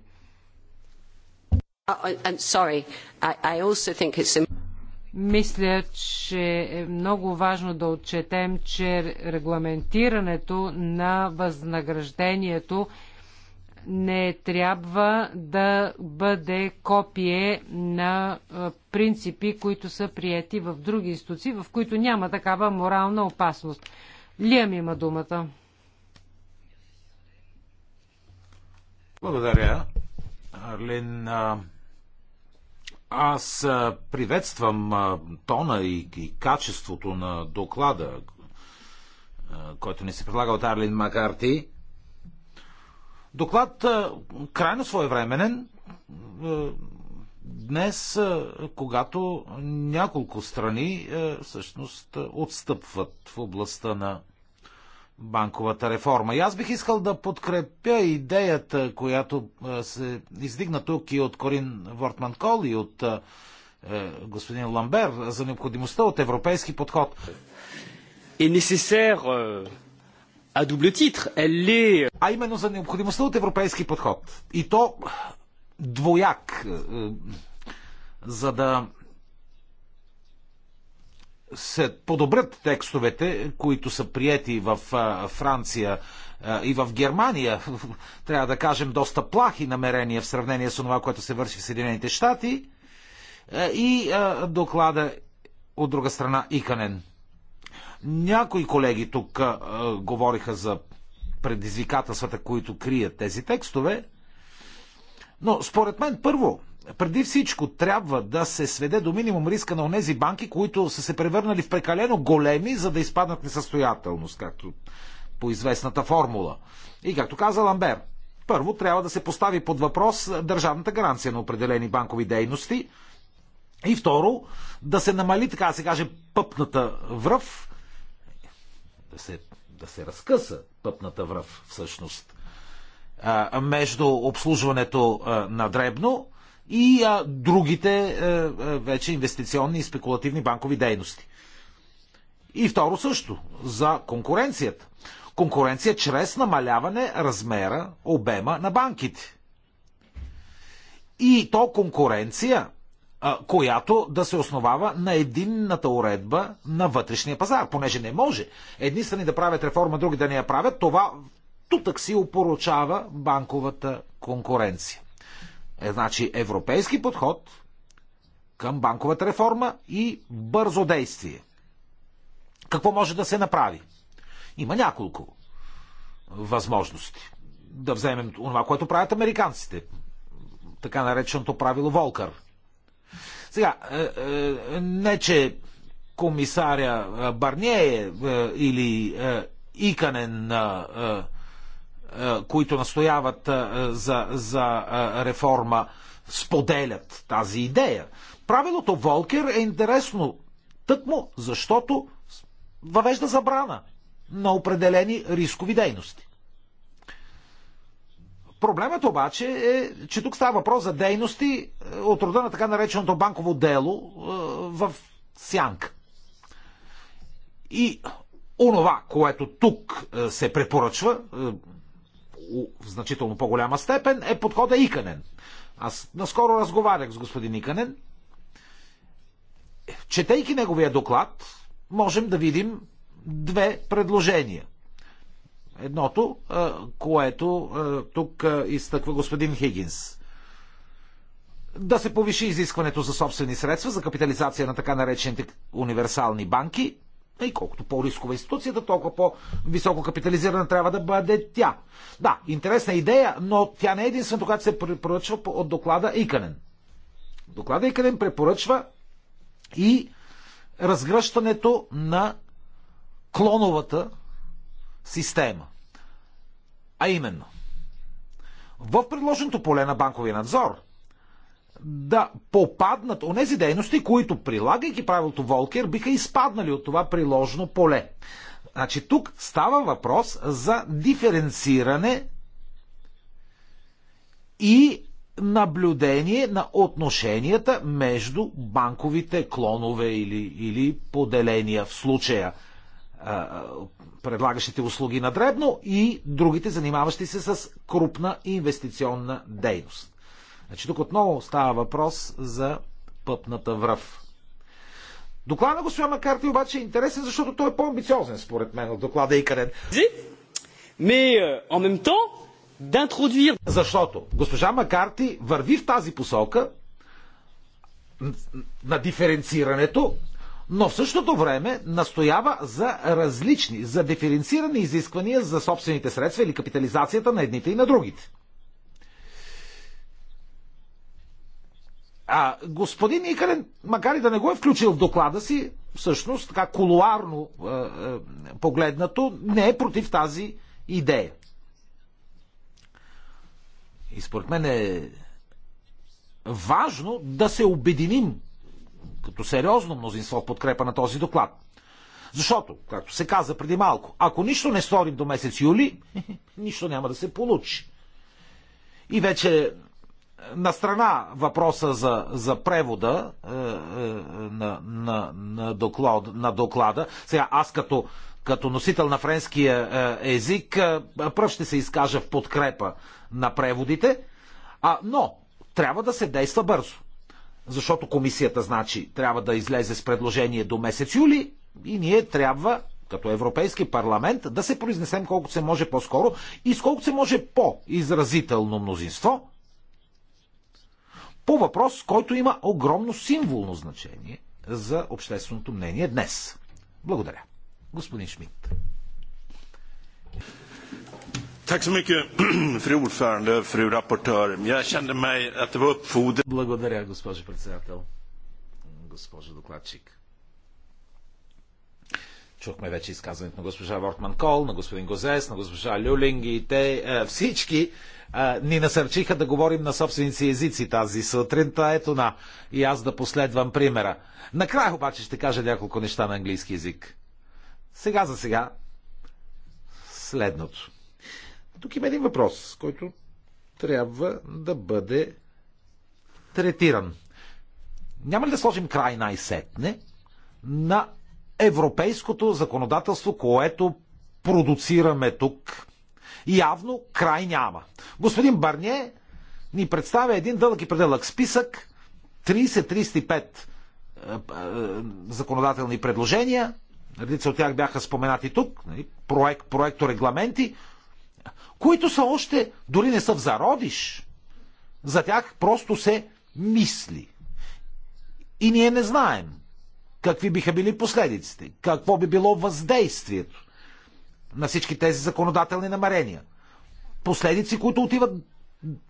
Мисля, че е много важно да отчетем, че регламентирането на възнаграждението не трябва да бъде копие на принципи, които са приети в други институции, в които няма такава морална опасност. Лиам има думата. Благодаря. Арлин, аз приветствам тона и, и качеството на доклада, който ни се предлага от Арлин Макарти. Доклад крайно своевременен. Днес, когато няколко страни всъщност отстъпват в областта на банковата реформа. И аз бих искал да подкрепя идеята, която се издигна тук и от Корин Вортман Кол и от е, господин Ламбер за необходимостта от европейски подход. Е несесер а double euh, А именно за необходимостта от европейски подход. И то двояк, е, е, за да се подобрят текстовете, които са приети в Франция и в Германия, трябва да кажем, доста плахи намерения в сравнение с това, което се върши в Съединените щати, е, и доклада от друга страна Иканен. Някои колеги тук говориха за предизвикателствата, които крият тези текстове, но според мен първо преди всичко трябва да се сведе до минимум риска на онези банки, които са се превърнали в прекалено големи, за да изпаднат несъстоятелност, както по известната формула. И както каза Ламбер, първо трябва да се постави под въпрос държавната гаранция на определени банкови дейности и второ да се намали, така да се каже, пъпната връв, да се, да се разкъса пъпната връв всъщност, между обслужването на дребно и а, другите а, е, е, вече инвестиционни и спекулативни банкови дейности. И второ също, за конкуренцията. Конкуренция чрез намаляване размера, обема на банките. И то конкуренция, която да се основава на единната уредба на вътрешния пазар, понеже не може едни страни да правят реформа, други да не я правят, това тутък си опоручава банковата конкуренция. Е, значи европейски подход към банковата реформа и бързо действие. Какво може да се направи? Има няколко възможности. Да вземем това, което правят американците. Така нареченото правило Волкър. Сега, е, е, не че комисаря е, Барние или Иканен е, които настояват е, за, за е, реформа, споделят тази идея. Правилото Волкер е интересно тъкмо, защото въвежда забрана на определени рискови дейности. Проблемът обаче е, че тук става въпрос за дейности от рода на така нареченото банково дело в сянка. И онова, което тук се препоръчва, в значително по-голяма степен, е подхода Иканен. Аз наскоро разговарях с господин Иканен. Четейки неговия доклад, можем да видим две предложения. Едното, което тук изтъква господин Хигинс. Да се повиши изискването за собствени средства за капитализация на така наречените универсални банки, и колкото по-рискова институцията, толкова по-високо капитализирана трябва да бъде тя. Да, интересна идея, но тя не е единствената, която се препоръчва от доклада Иканен. Доклада Иканен препоръчва и разгръщането на клоновата система. А именно, в предложеното поле на банковия надзор – да попаднат онези дейности, които прилагайки правилото Волкер, биха изпаднали от това приложно поле. Значи тук става въпрос за диференциране и наблюдение на отношенията между банковите клонове или, или поделения в случая предлагащите услуги на дребно и другите занимаващи се с крупна инвестиционна дейност. Значи тук отново става въпрос за пъпната връв. Доклада на госпожа Макарти обаче е интересен, защото той е по-амбициозен, според мен, от доклада Икарен. Е, защото госпожа Макарти върви в тази посока на диференцирането, но в същото време настоява за различни, за диференцирани изисквания за собствените средства или капитализацията на едните и на другите. А господин Икарен, макар и да не го е включил в доклада си, всъщност, така колуарно е, е, погледнато, не е против тази идея. И според мен е важно да се обединим като сериозно мнозинство в подкрепа на този доклад. Защото, както се каза преди малко, ако нищо не сторим до месец юли, нищо няма да се получи. И вече на страна въпроса за, за превода е, е, на, на, на, доклад, на доклада, сега аз като, като носител на френския е, език е, пръв ще се изкажа в подкрепа на преводите, а, но трябва да се действа бързо. Защото комисията, значи, трябва да излезе с предложение до месец юли и ние трябва, като Европейски парламент, да се произнесем колкото се може по-скоро и с колкото се може по-изразително мнозинство по въпрос, който има огромно символно значение за общественото мнение днес. Благодаря. Господин Шмидт. Благодаря, госпожо председател. Госпожо докладчик. Чухме вече изказването на госпожа Вортман Кол, на господин Гозес, на госпожа Люлинг и те е, всички ни насърчиха да говорим на собственици езици тази сутрин, та е ето на и аз да последвам примера. Накрая обаче ще кажа няколко неща на английски язик. Сега за сега следното. Тук има един въпрос, който трябва да бъде третиран. Няма ли да сложим край най-сетне на европейското законодателство, което продуцираме тук Явно край няма. Господин Барние ни представя един дълъг и пределък списък 30-35 е, е, законодателни предложения. Редица от тях бяха споменати тук. Нали, проект, регламенти, които са още, дори не са в зародиш. За тях просто се мисли. И ние не знаем какви биха били последиците, какво би било въздействието на всички тези законодателни намерения. Последици, които отиват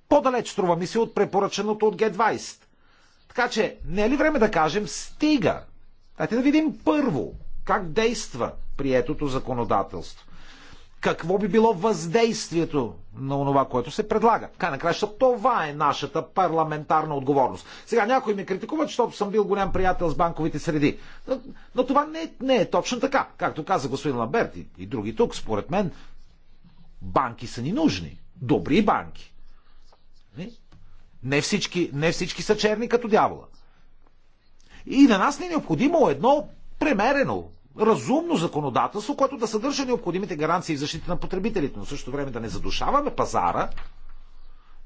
по-далеч, струва ми се, от препоръченото от Г20. Така че, не е ли време да кажем стига? Дайте да видим първо как действа приетото законодателство какво би било въздействието на това, което се предлага. Кай на краща, това е нашата парламентарна отговорност. Сега някой ме критикуват, защото съм бил голям приятел с банковите среди. Но, но това не, не е точно така. Както каза господин Ламберт и, и други тук, според мен, банки са ни нужни. Добри банки. Нали? Не всички, не всички са черни като дявола. И на нас не е необходимо едно премерено, разумно законодателство, което да съдържа необходимите гаранции в защита на потребителите, но в същото време да не задушаваме пазара.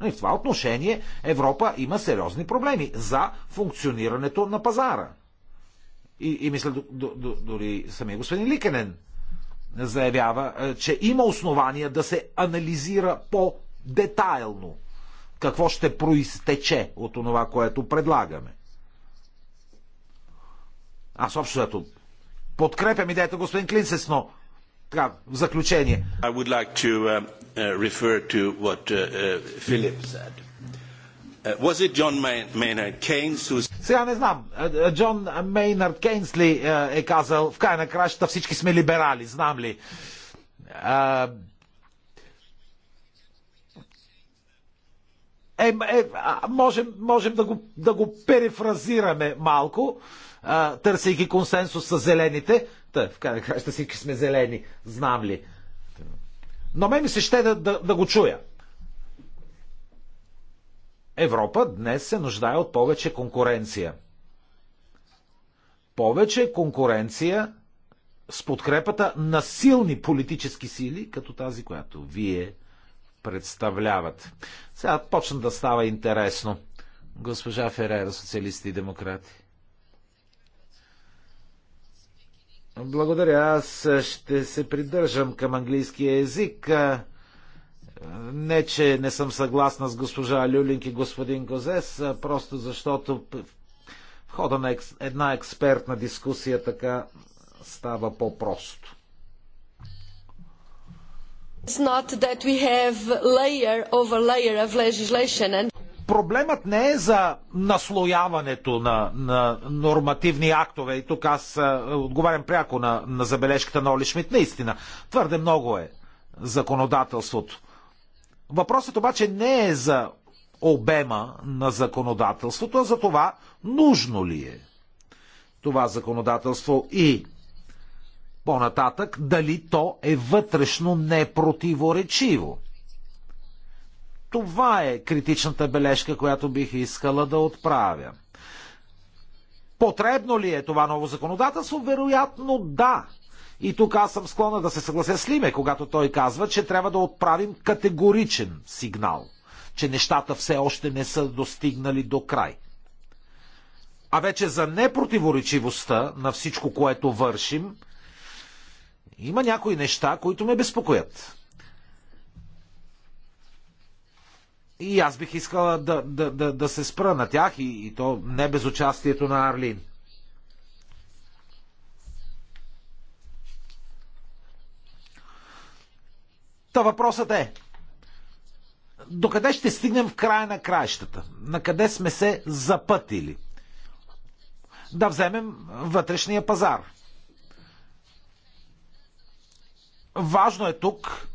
И в това отношение Европа има сериозни проблеми за функционирането на пазара. И, и мисля, до, до, до, дори самия господин Ликенен заявява, е, че има основания да се анализира по-детайлно какво ще проистече от това, което предлагаме. Аз общо подкрепям идеята господин Клинсес, но така, в заключение. I would like to uh, uh refer to what uh, uh Philip said. Uh, was it John Maynard Keynes who... Сега не знам. Е, е, Джон Мейнард Кейнс ли е, е казал, в край на кращата всички сме либерали, знам ли? Е, е, можем, можем да, го, да го перефразираме малко. Uh, търсейки консенсус с зелените. Та, в крайна краща всички сме зелени, знам ли. Но ме ми се ще да, да, да го чуя. Европа днес се нуждае от повече конкуренция. Повече конкуренция с подкрепата на силни политически сили, като тази, която вие представляват. Сега почна да става интересно. Госпожа Ферера, социалисти и демократи. Благодаря. Аз ще се придържам към английския език. Не, че не съм съгласна с госпожа Люлинг и господин Гозес, просто защото в хода на една експертна дискусия така става по-просто. It's not that we have layer over layer of legislation and проблемът не е за наслояването на, на нормативни актове. И тук аз отговарям пряко на, на забележката на Оли Шмидт. Наистина, твърде много е законодателството. Въпросът обаче не е за обема на законодателството, а за това нужно ли е това законодателство и по-нататък дали то е вътрешно непротиворечиво. Това е критичната бележка, която бих искала да отправя. Потребно ли е това ново законодателство? Вероятно да. И тук аз съм склонна да се съглася с Лиме, когато той казва, че трябва да отправим категоричен сигнал, че нещата все още не са достигнали до край. А вече за непротиворечивостта на всичко, което вършим, има някои неща, които ме безпокоят. И аз бих искала да, да, да, да се спра на тях и, и то не без участието на Арлин. Та въпросът е, докъде ще стигнем в края на краищата? На къде сме се запътили? Да вземем вътрешния пазар. Важно е тук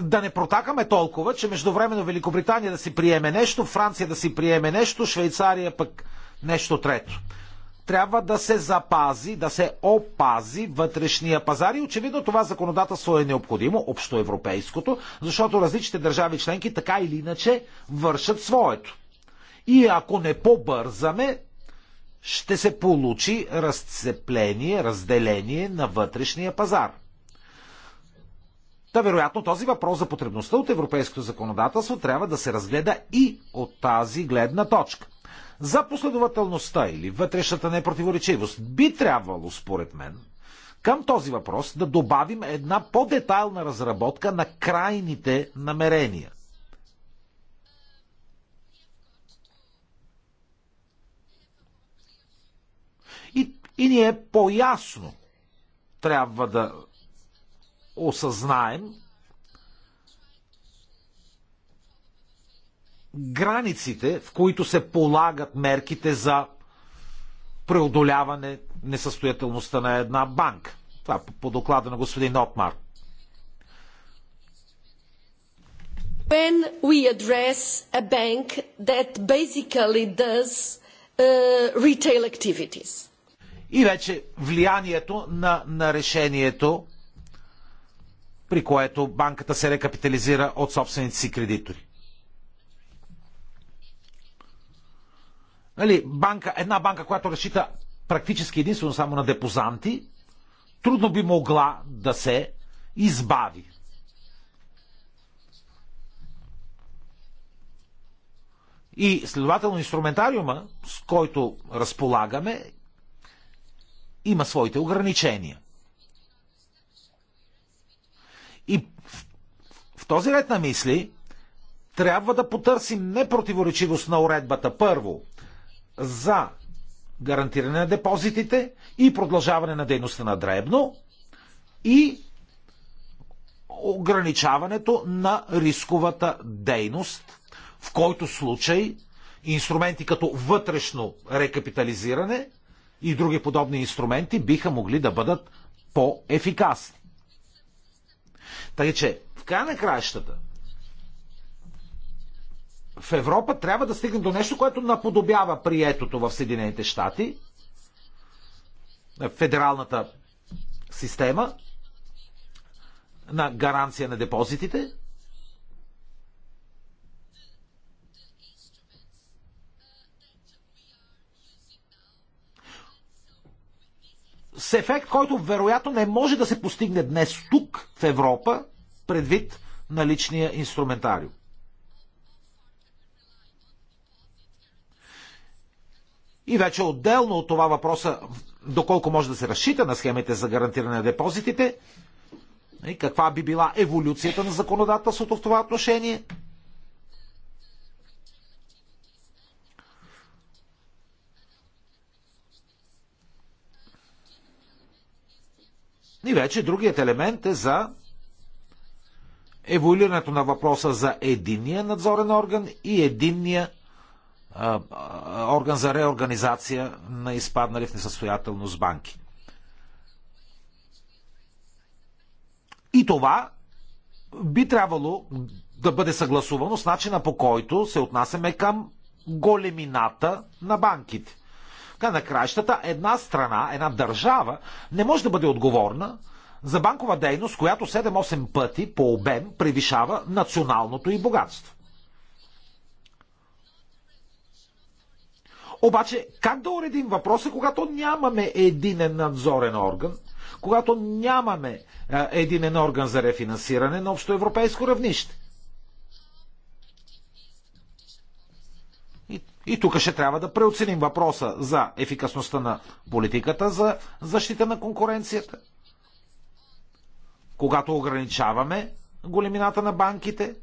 да не протакаме толкова, че междувременно Великобритания да си приеме нещо, Франция да си приеме нещо, Швейцария пък нещо трето. Трябва да се запази, да се опази вътрешния пазар и очевидно това законодателство е необходимо, общоевропейското, защото различните държави членки така или иначе вършат своето. И ако не побързаме, ще се получи разцепление, разделение на вътрешния пазар. Та вероятно този въпрос за потребността от европейското законодателство трябва да се разгледа и от тази гледна точка. За последователността или вътрешната непротиворечивост би трябвало, според мен, към този въпрос да добавим една по-детайлна разработка на крайните намерения. И, и ние по-ясно трябва да осъзнаем границите, в които се полагат мерките за преодоляване несъстоятелността на една банка. Това е по доклада на господин Отмар. when we address a bank that basically does uh, retail activities. И вече влиянието на, на решението при което банката се рекапитализира от собствените си кредитори. Нали, банка, една банка, която разчита практически единствено само на депозанти, трудно би могла да се избави. И следователно инструментариума, с който разполагаме, има своите ограничения. този ред на мисли трябва да потърсим непротиворечивост на уредбата първо за гарантиране на депозитите и продължаване на дейността на дребно и ограничаването на рисковата дейност, в който случай инструменти като вътрешно рекапитализиране и други подобни инструменти биха могли да бъдат по-ефикасни. Тъй, че така е на краищата в Европа трябва да стигне до нещо, което наподобява приетото в Съединените щати, федералната система на гаранция на депозитите. С ефект, който вероятно не може да се постигне днес тук, в Европа, предвид на личния инструментариум. И вече отделно от това въпроса, доколко може да се разчита на схемите за гарантиране на депозитите, и каква би била еволюцията на законодателството в това отношение. И вече другият елемент е за еволюирането на въпроса за единния надзорен орган и единния а, орган за реорганизация на изпаднали в несъстоятелност банки. И това би трябвало да бъде съгласувано с начина по който се отнасяме към големината на банките. Така на краищата една страна, една държава не може да бъде отговорна за банкова дейност, която 7-8 пъти по обем превишава националното и богатство. Обаче, как да уредим въпроса, когато нямаме единен надзорен орган, когато нямаме единен орган за рефинансиране на общоевропейско равнище? И, и тук ще трябва да преоценим въпроса за ефикасността на политиката за защита на конкуренцията, когато ограничаваме големината на банките,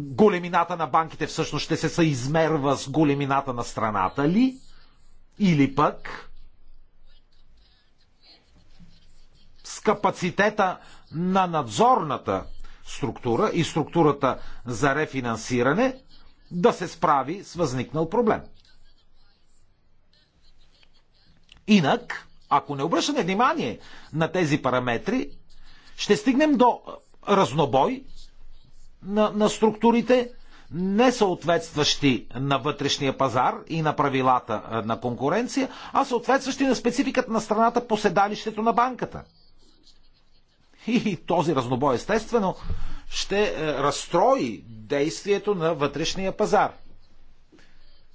големината на банките всъщност ще се съизмерва с големината на страната ли? Или пък с капацитета на надзорната структура и структурата за рефинансиране да се справи с възникнал проблем. Инак, ако не обръщаме внимание на тези параметри, ще стигнем до разнобой на, на структурите, съответстващи на вътрешния пазар и на правилата е, на конкуренция, а съответстващи на спецификата на страната по седалището на банката. И този разнобой, естествено, ще е, разстрои действието на вътрешния пазар.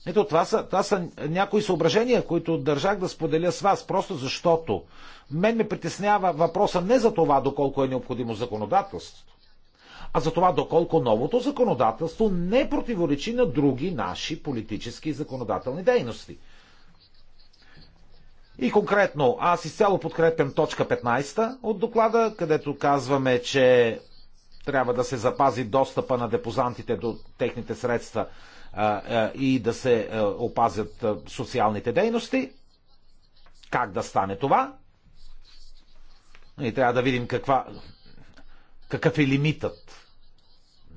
Ето, това са, това са някои съображения, които държах да споделя с вас, просто защото мен ме притеснява въпроса не за това доколко е необходимо законодателството, а за това доколко новото законодателство не противоречи на други наши политически и законодателни дейности. И конкретно, аз изцяло подкрепям точка 15 от доклада, където казваме, че трябва да се запази достъпа на депозантите до техните средства и да се опазят социалните дейности. Как да стане това? И трябва да видим каква, какъв е лимитът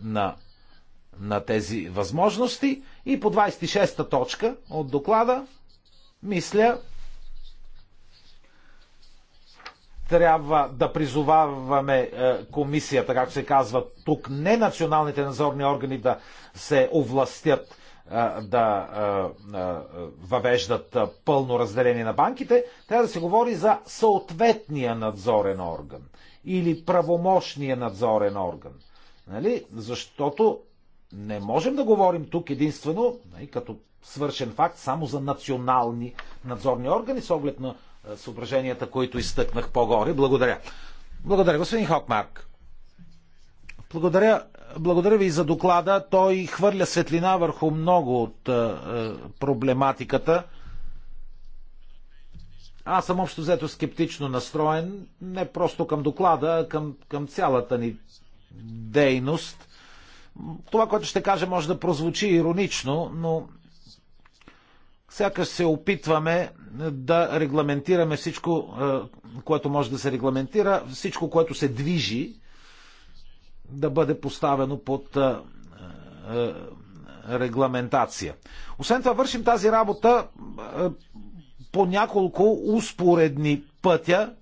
на, на тези възможности. И по 26-та точка от доклада, мисля, трябва да призоваваме е, комисията, както се казва тук, не националните надзорни органи да се овластят е, да е, въвеждат пълно разделение на банките, трябва да се говори за съответния надзорен орган или правомощния надзорен орган. Нали? Защото не можем да говорим тук единствено, нали, като свършен факт, само за национални надзорни органи с оглед на е, съображенията, които изтъкнах по-горе. Благодаря. Благодаря, господин Хокмарк. Благодаря, благодаря ви за доклада. Той хвърля светлина върху много от е, е, проблематиката. Аз съм общо взето скептично настроен, не просто към доклада, а към, към цялата ни дейност. Това, което ще кажа, може да прозвучи иронично, но сякаш се опитваме да регламентираме всичко, е, което може да се регламентира, всичко, което се движи, да бъде поставено под е, е, регламентация. Освен това, вършим тази работа по няколко успоредни пътя,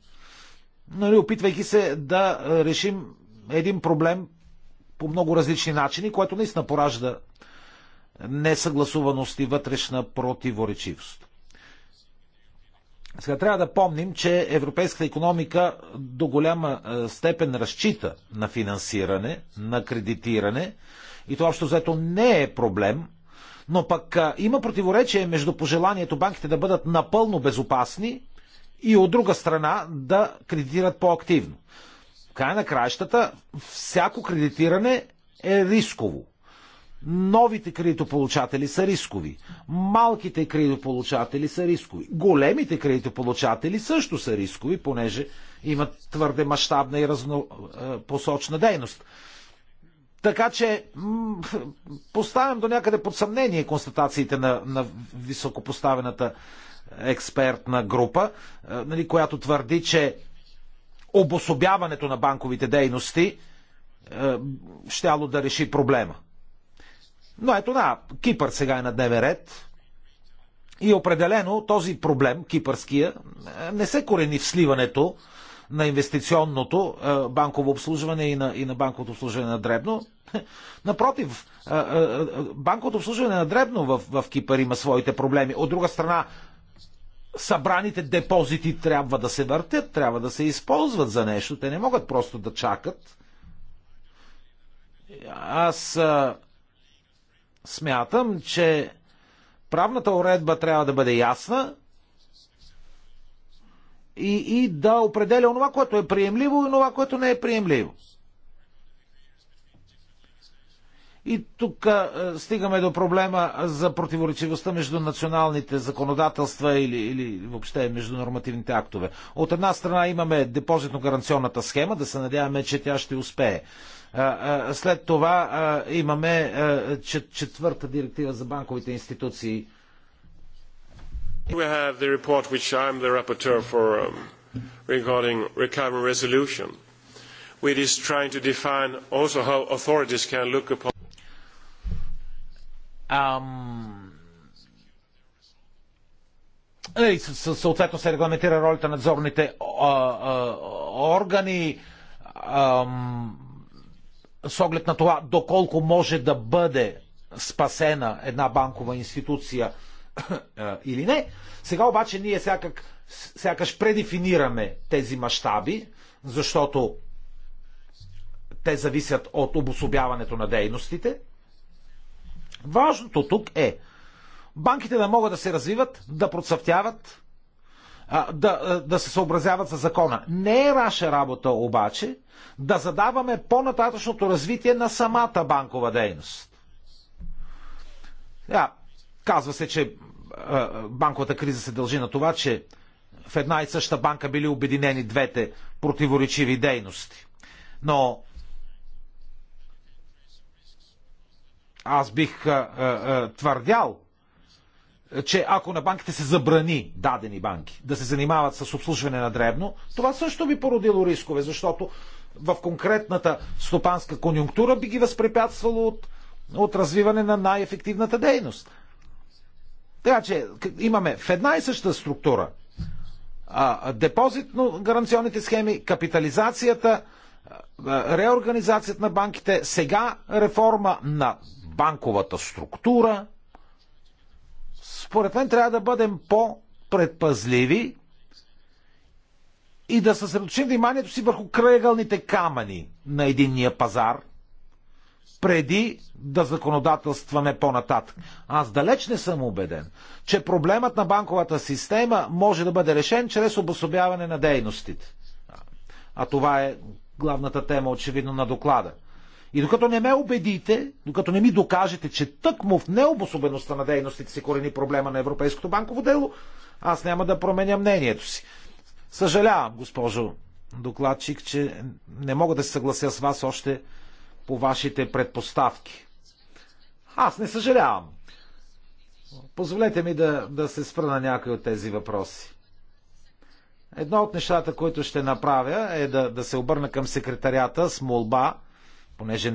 нали, опитвайки се да решим един проблем по много различни начини, което наистина поражда несъгласуваност и вътрешна противоречивост. Сега трябва да помним, че европейската економика до голяма е, степен разчита на финансиране, на кредитиране и това общо взето не е проблем, но пък е, има противоречие между пожеланието банките да бъдат напълно безопасни и от друга страна да кредитират по-активно. В края на краищата всяко кредитиране е рисково Новите кредитополучатели са рискови. Малките кредитополучатели са рискови. Големите кредитополучатели също са рискови, понеже имат твърде мащабна и разнопосочна е, дейност. Така че поставям до някъде под съмнение констатациите на, на високопоставената експертна група, е, нали, която твърди, че обособяването на банковите дейности е, щяло да реши проблема. Но ето да, Кипър сега е на дневен ред. И определено този проблем, кипърския, е, не се корени в сливането на инвестиционното е, банково обслужване и на, и на банковото обслужване на дребно. Напротив, е, банковото обслужване на дребно в, в Кипър има своите проблеми. От друга страна, събраните депозити трябва да се въртят, трябва да се използват за нещо. Те не могат просто да чакат. Аз смятам, че правната уредба трябва да бъде ясна и, и да определя онова, което е приемливо и онова, което не е приемливо. И тук а, стигаме до проблема за противоречивостта между националните законодателства или, или въобще между нормативните актове. От една страна имаме депозитно-гаранционната схема, да се надяваме, че тя ще успее след това имаме четвърта директива за банковите институции. We have the report which I'm the rapporteur for um, regarding recovery resolution, We is trying to define also how authorities can look upon. Um, И съответно се регламентира ролята на надзорните а, а, органи. Ам с оглед на това доколко може да бъде спасена една банкова институция или не. Сега обаче ние сякак, сякаш предефинираме тези мащаби, защото те зависят от обособяването на дейностите. Важното тук е банките да могат да се развиват, да процъфтяват, да, да се съобразяват с закона. Не е наша работа обаче да задаваме по-нататъчното развитие на самата банкова дейност. Да, казва се, че банковата криза се дължи на това, че в една и съща банка били обединени двете противоречиви дейности. Но аз бих а, а, твърдял, че ако на банките се забрани дадени банки да се занимават с обслужване на дребно, това също би породило рискове, защото в конкретната стопанска конюнктура би ги възпрепятствало от, от развиване на най-ефективната дейност. Така че имаме в една и съща структура а, депозитно гаранционните схеми, капитализацията, а, реорганизацията на банките, сега реформа на банковата структура. Според мен трябва да бъдем по-предпазливи и да съсредоточим вниманието си върху крайъгълните камъни на единния пазар, преди да законодателстваме по-нататък. Аз далеч не съм убеден, че проблемът на банковата система може да бъде решен чрез обособяване на дейностите. А това е главната тема, очевидно, на доклада. И докато не ме убедите, докато не ми докажете, че тъкмо в необособеността на дейностите се корени проблема на Европейското банково дело, аз няма да променя мнението си. Съжалявам, госпожо докладчик, че не мога да се съглася с вас още по вашите предпоставки. Аз не съжалявам. Позволете ми да, да се спра на някои от тези въпроси. Едно от нещата, които ще направя, е да, да се обърна към секретарята с молба, понеже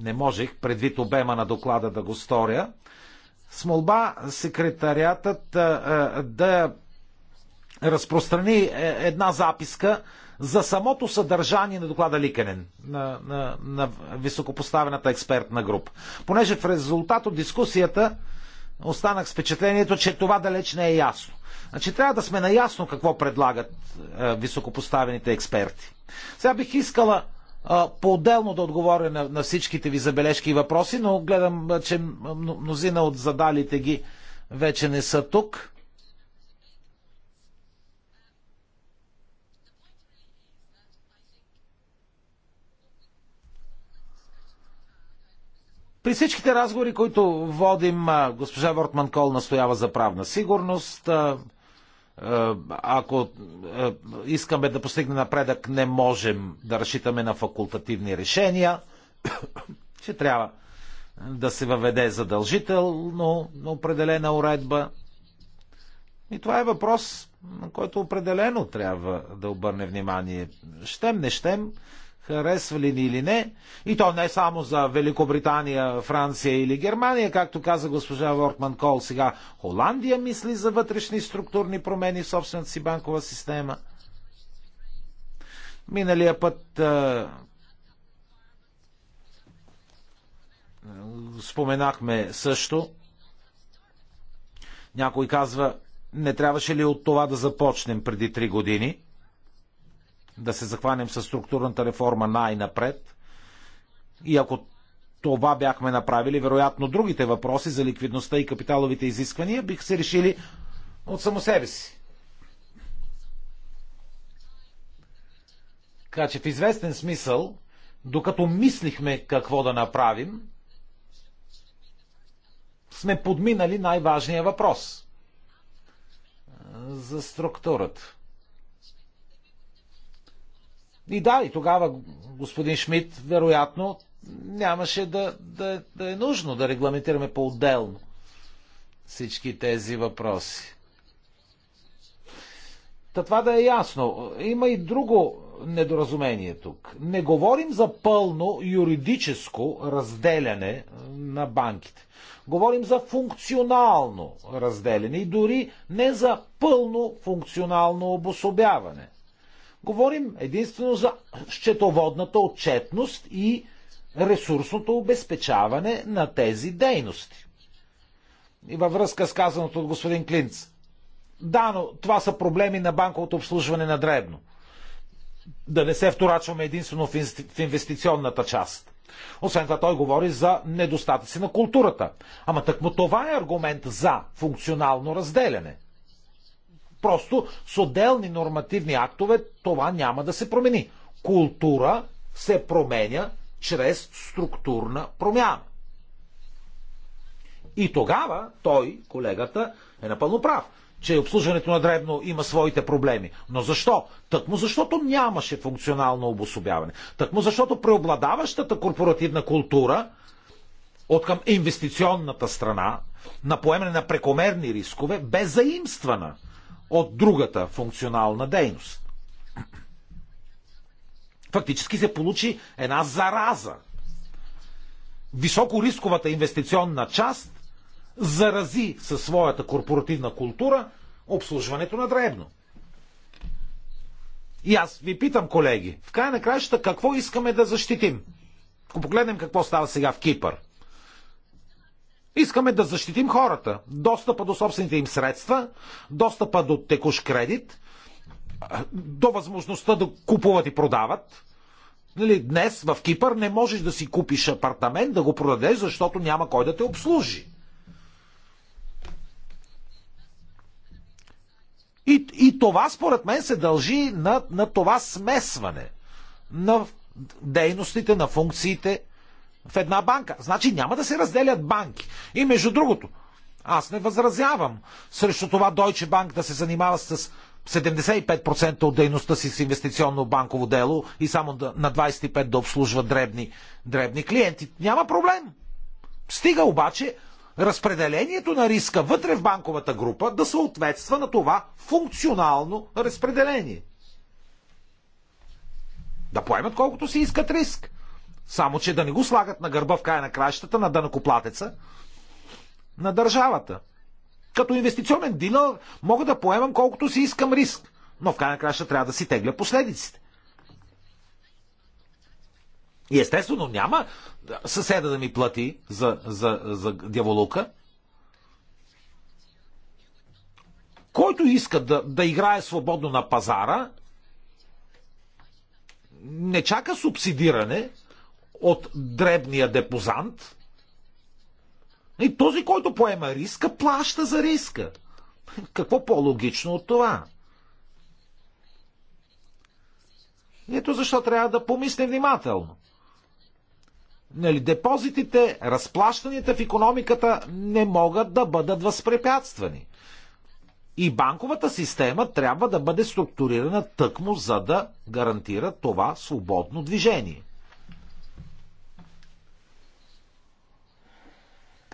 не можех предвид обема на доклада да го сторя, с молба секретариатът да разпространи е, една записка за самото съдържание на доклада Ликенен на, на, на високопоставената експертна група. Понеже в резултат от дискусията останах с впечатлението, че това далеч не е ясно. Значи трябва да сме наясно какво предлагат е, високопоставените експерти. Сега бих искала е, по-отделно да отговоря на, на всичките ви забележки и въпроси, но гледам, е, че мнозина от задалите ги вече не са тук. При всичките разговори, които водим, госпожа Вортман Кол настоява за правна сигурност. Ако искаме да постигне напредък, не можем да разчитаме на факултативни решения. Ще трябва да се въведе задължително на определена уредба. И това е въпрос, на който определено трябва да обърне внимание. Щем, не щем, харесва ли ни или не, и то не само за Великобритания, Франция или Германия, както каза госпожа Вортман Кол, сега Холандия мисли за вътрешни структурни промени в собствената си банкова система. Миналия път а... споменахме също. Някой казва, не трябваше ли от това да започнем преди три години – да се захванем с структурната реформа най-напред. И ако това бяхме направили, вероятно другите въпроси за ликвидността и капиталовите изисквания бих се решили от само себе си. Така че в известен смисъл, докато мислихме какво да направим, сме подминали най-важния въпрос за структурата. И да, и тогава господин Шмидт вероятно нямаше да, да, да е нужно да регламентираме по-отделно всички тези въпроси. Та това да е ясно. Има и друго недоразумение тук. Не говорим за пълно юридическо разделяне на банките. Говорим за функционално разделяне и дори не за пълно функционално обособяване. Говорим единствено за счетоводната отчетност и ресурсното обезпечаване на тези дейности. И във връзка с казаното от господин Клинц. Да, но това са проблеми на банковото обслужване на дребно. Да не се вторачваме единствено в инвестиционната част. Освен това той говори за недостатъци на културата. Ама тъкмо това е аргумент за функционално разделяне. Просто с отделни нормативни актове това няма да се промени. Култура се променя чрез структурна промяна. И тогава той, колегата, е напълно прав, че обслужването на дребно има своите проблеми. Но защо? Тъкмо защото нямаше функционално обособяване. Тъкмо защото преобладаващата корпоративна култура от към инвестиционната страна на поемане на прекомерни рискове бе заимствана от другата функционална дейност. Фактически се получи една зараза. Високорисковата инвестиционна част зарази със своята корпоративна култура обслужването на дребно. И аз ви питам, колеги, в край на краищата какво искаме да защитим? Ако погледнем какво става сега в Кипър – Искаме да защитим хората. Достъпа до собствените им средства, достъпа до текущ кредит, до възможността да купуват и продават. Нали, днес в Кипър не можеш да си купиш апартамент, да го продадеш, защото няма кой да те обслужи. И, и това, според мен, се дължи на, на това смесване на дейностите, на функциите в една банка. Значи няма да се разделят банки. И между другото, аз не възразявам срещу това Deutsche Bank да се занимава с 75% от дейността си с инвестиционно банково дело и само да, на 25% да обслужва дребни, дребни клиенти. Няма проблем. Стига обаче разпределението на риска вътре в банковата група да съответства на това функционално разпределение. Да поемат колкото си искат риск. Само, че да не го слагат на гърба в края на кращата на дънакоплатеца на държавата. Като инвестиционен дилър мога да поемам колкото си искам риск, но в крайна краща трябва да си тегля последиците. И естествено няма съседа да ми плати за, за, за дяволука. Който иска да, да играе свободно на пазара, не чака субсидиране, от дребния депозант. И този, който поема риска, плаща за риска. Какво по-логично от това? Ето защо трябва да помислим внимателно. Нали, депозитите, разплащанията в економиката не могат да бъдат възпрепятствани. И банковата система трябва да бъде структурирана тъкмо, за да гарантира това свободно движение.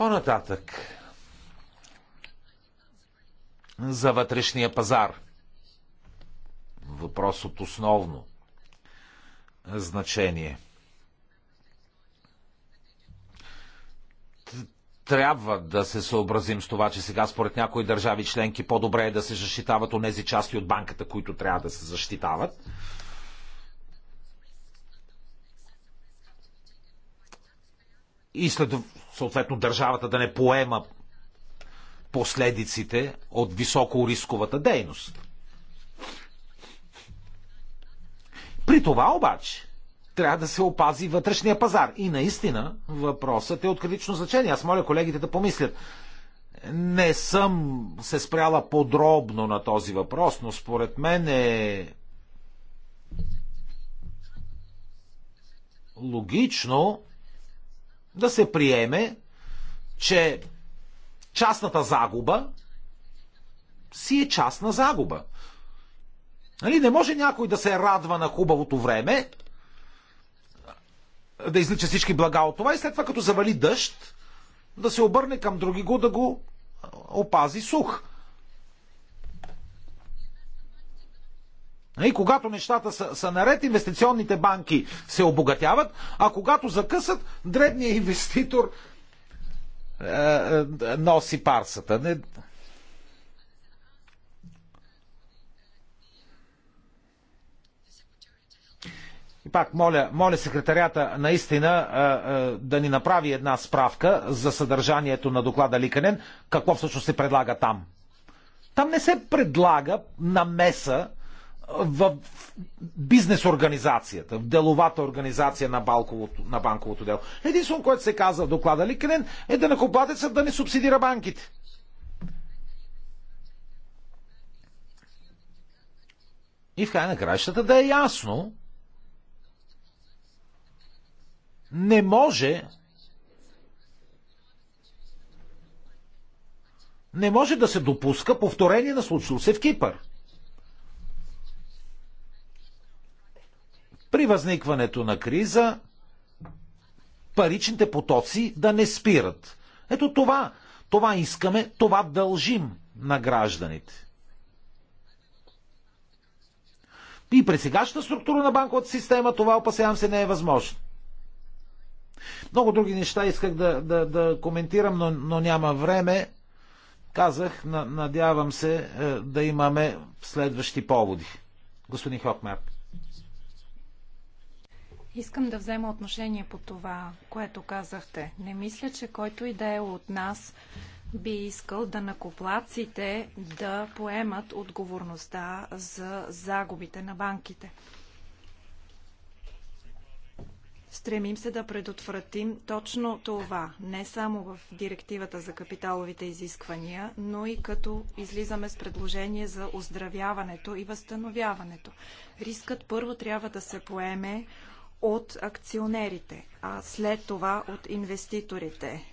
По-нататък за вътрешния пазар. Въпрос от основно значение. Трябва да се съобразим с това, че сега според някои държави членки по-добре е да се защитават от тези части от банката, които трябва да се защитават. И след, съответно държавата да не поема последиците от високо рисковата дейност. При това обаче трябва да се опази вътрешния пазар. И наистина въпросът е от критично значение. Аз моля колегите да помислят. Не съм се спряла подробно на този въпрос, но според мен е логично да се приеме, че частната загуба си е частна загуба. Нали, не може някой да се радва на хубавото време, да излича всички блага от това и след това като завали дъжд, да се обърне към други го да го опази сух. И нали, когато нещата са, са наред, инвестиционните банки се обогатяват, а когато закъсат, дребният инвеститор е, е, носи парсата. Не... И пак моля, моля секретарята наистина е, е, да ни направи една справка за съдържанието на доклада Ликанен, какво всъщност се предлага там. Там не се предлага намеса в бизнес организацията, в деловата организация на, балковото, на банковото дело. Единствено, което се казва в доклада Ликенен, е да накоплатецът да не субсидира банките. И в край на краищата да е ясно, не може не може да се допуска повторение на случило се в Кипър. при възникването на криза паричните потоци да не спират. Ето това, това искаме, това дължим на гражданите. И при сегашната структура на банковата система това, опасявам се, не е възможно. Много други неща исках да, да, да коментирам, но, но няма време. Казах, надявам се е, да имаме следващи поводи. Господин Хокмерк. Искам да взема отношение по това, което казахте. Не мисля, че който и да е от нас би искал да накоплаците да поемат отговорността за загубите на банките. Стремим се да предотвратим точно това, не само в директивата за капиталовите изисквания, но и като излизаме с предложение за оздравяването и възстановяването. Рискът първо трябва да се поеме от акционерите, а след това от инвеститорите.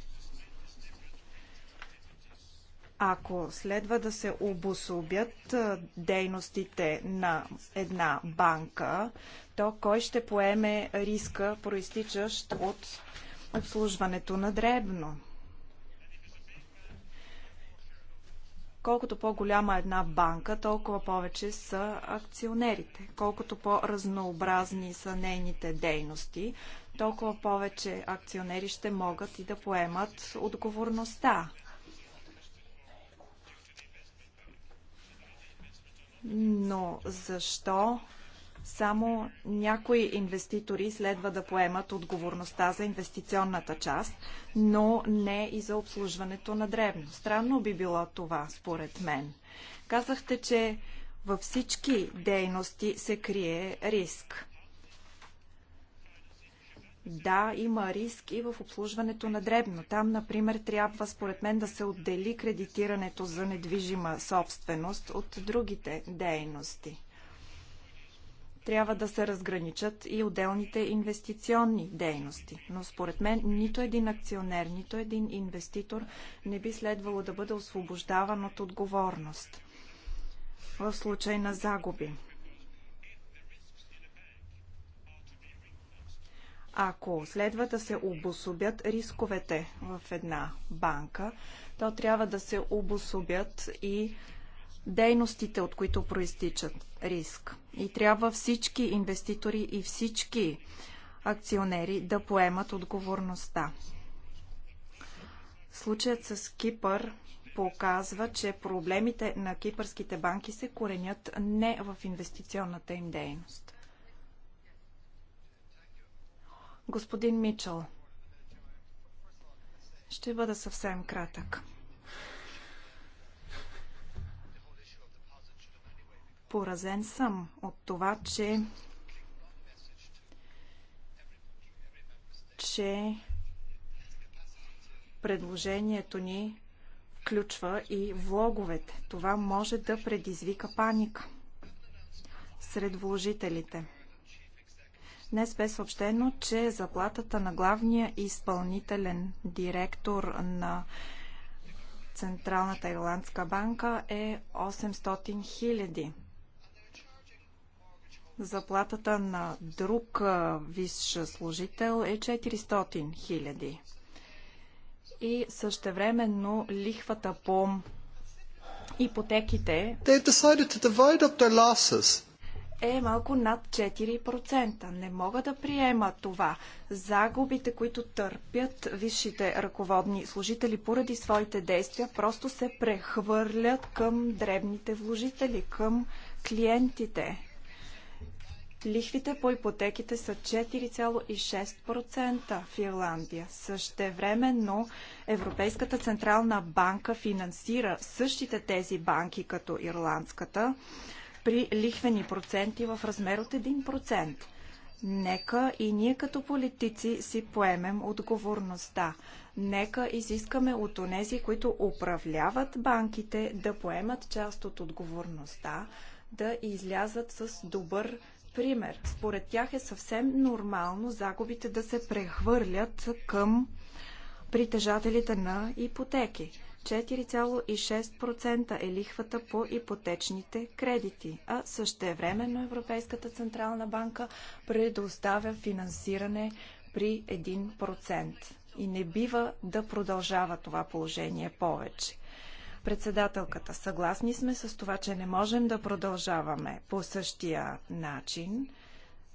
Ако следва да се обособят дейностите на една банка, то кой ще поеме риска, проистичащ от обслужването на дребно? Колкото по-голяма е една банка, толкова повече са акционерите. Колкото по-разнообразни са нейните дейности, толкова повече акционери ще могат и да поемат отговорността. Но защо само някои инвеститори следва да поемат отговорността за инвестиционната част, но не и за обслужването на древно. Странно би било това, според мен. Казахте, че във всички дейности се крие риск. Да, има риск и в обслужването на дребно. Там, например, трябва според мен да се отдели кредитирането за недвижима собственост от другите дейности трябва да се разграничат и отделните инвестиционни дейности. Но според мен нито един акционер, нито един инвеститор не би следвало да бъде освобождаван от отговорност в случай на загуби. Ако следва да се обособят рисковете в една банка, то трябва да се обособят и дейностите, от които проистичат риск. И трябва всички инвеститори и всички акционери да поемат отговорността. Случаят с Кипър показва, че проблемите на кипърските банки се коренят не в инвестиционната им дейност. Господин Мичел, ще бъда съвсем кратък. Поразен съм от това, че че предложението ни включва и влоговете. Това може да предизвика паника сред вложителите. Днес бе съобщено, че заплатата на главния изпълнителен директор на Централната ирландска банка е 800 хиляди. Заплатата на друг висш служител е 400 хиляди. И същевременно лихвата по ипотеките е малко над 4%. Не мога да приема това. Загубите, които търпят висшите ръководни служители поради своите действия, просто се прехвърлят към дребните вложители, към клиентите. Лихвите по ипотеките са 4,6% в Ирландия. Същевременно Европейската централна банка финансира същите тези банки като ирландската при лихвени проценти в размер от 1%. Нека и ние като политици си поемем отговорността. Нека изискаме от онези, които управляват банките, да поемат част от отговорността, да излязат с добър Например, според тях е съвсем нормално загубите да се прехвърлят към притежателите на ипотеки. 4,6% е лихвата по ипотечните кредити, а същевременно Европейската Централна банка предоставя финансиране при 1%. И не бива да продължава това положение повече. Председателката, съгласни сме с това, че не можем да продължаваме по същия начин.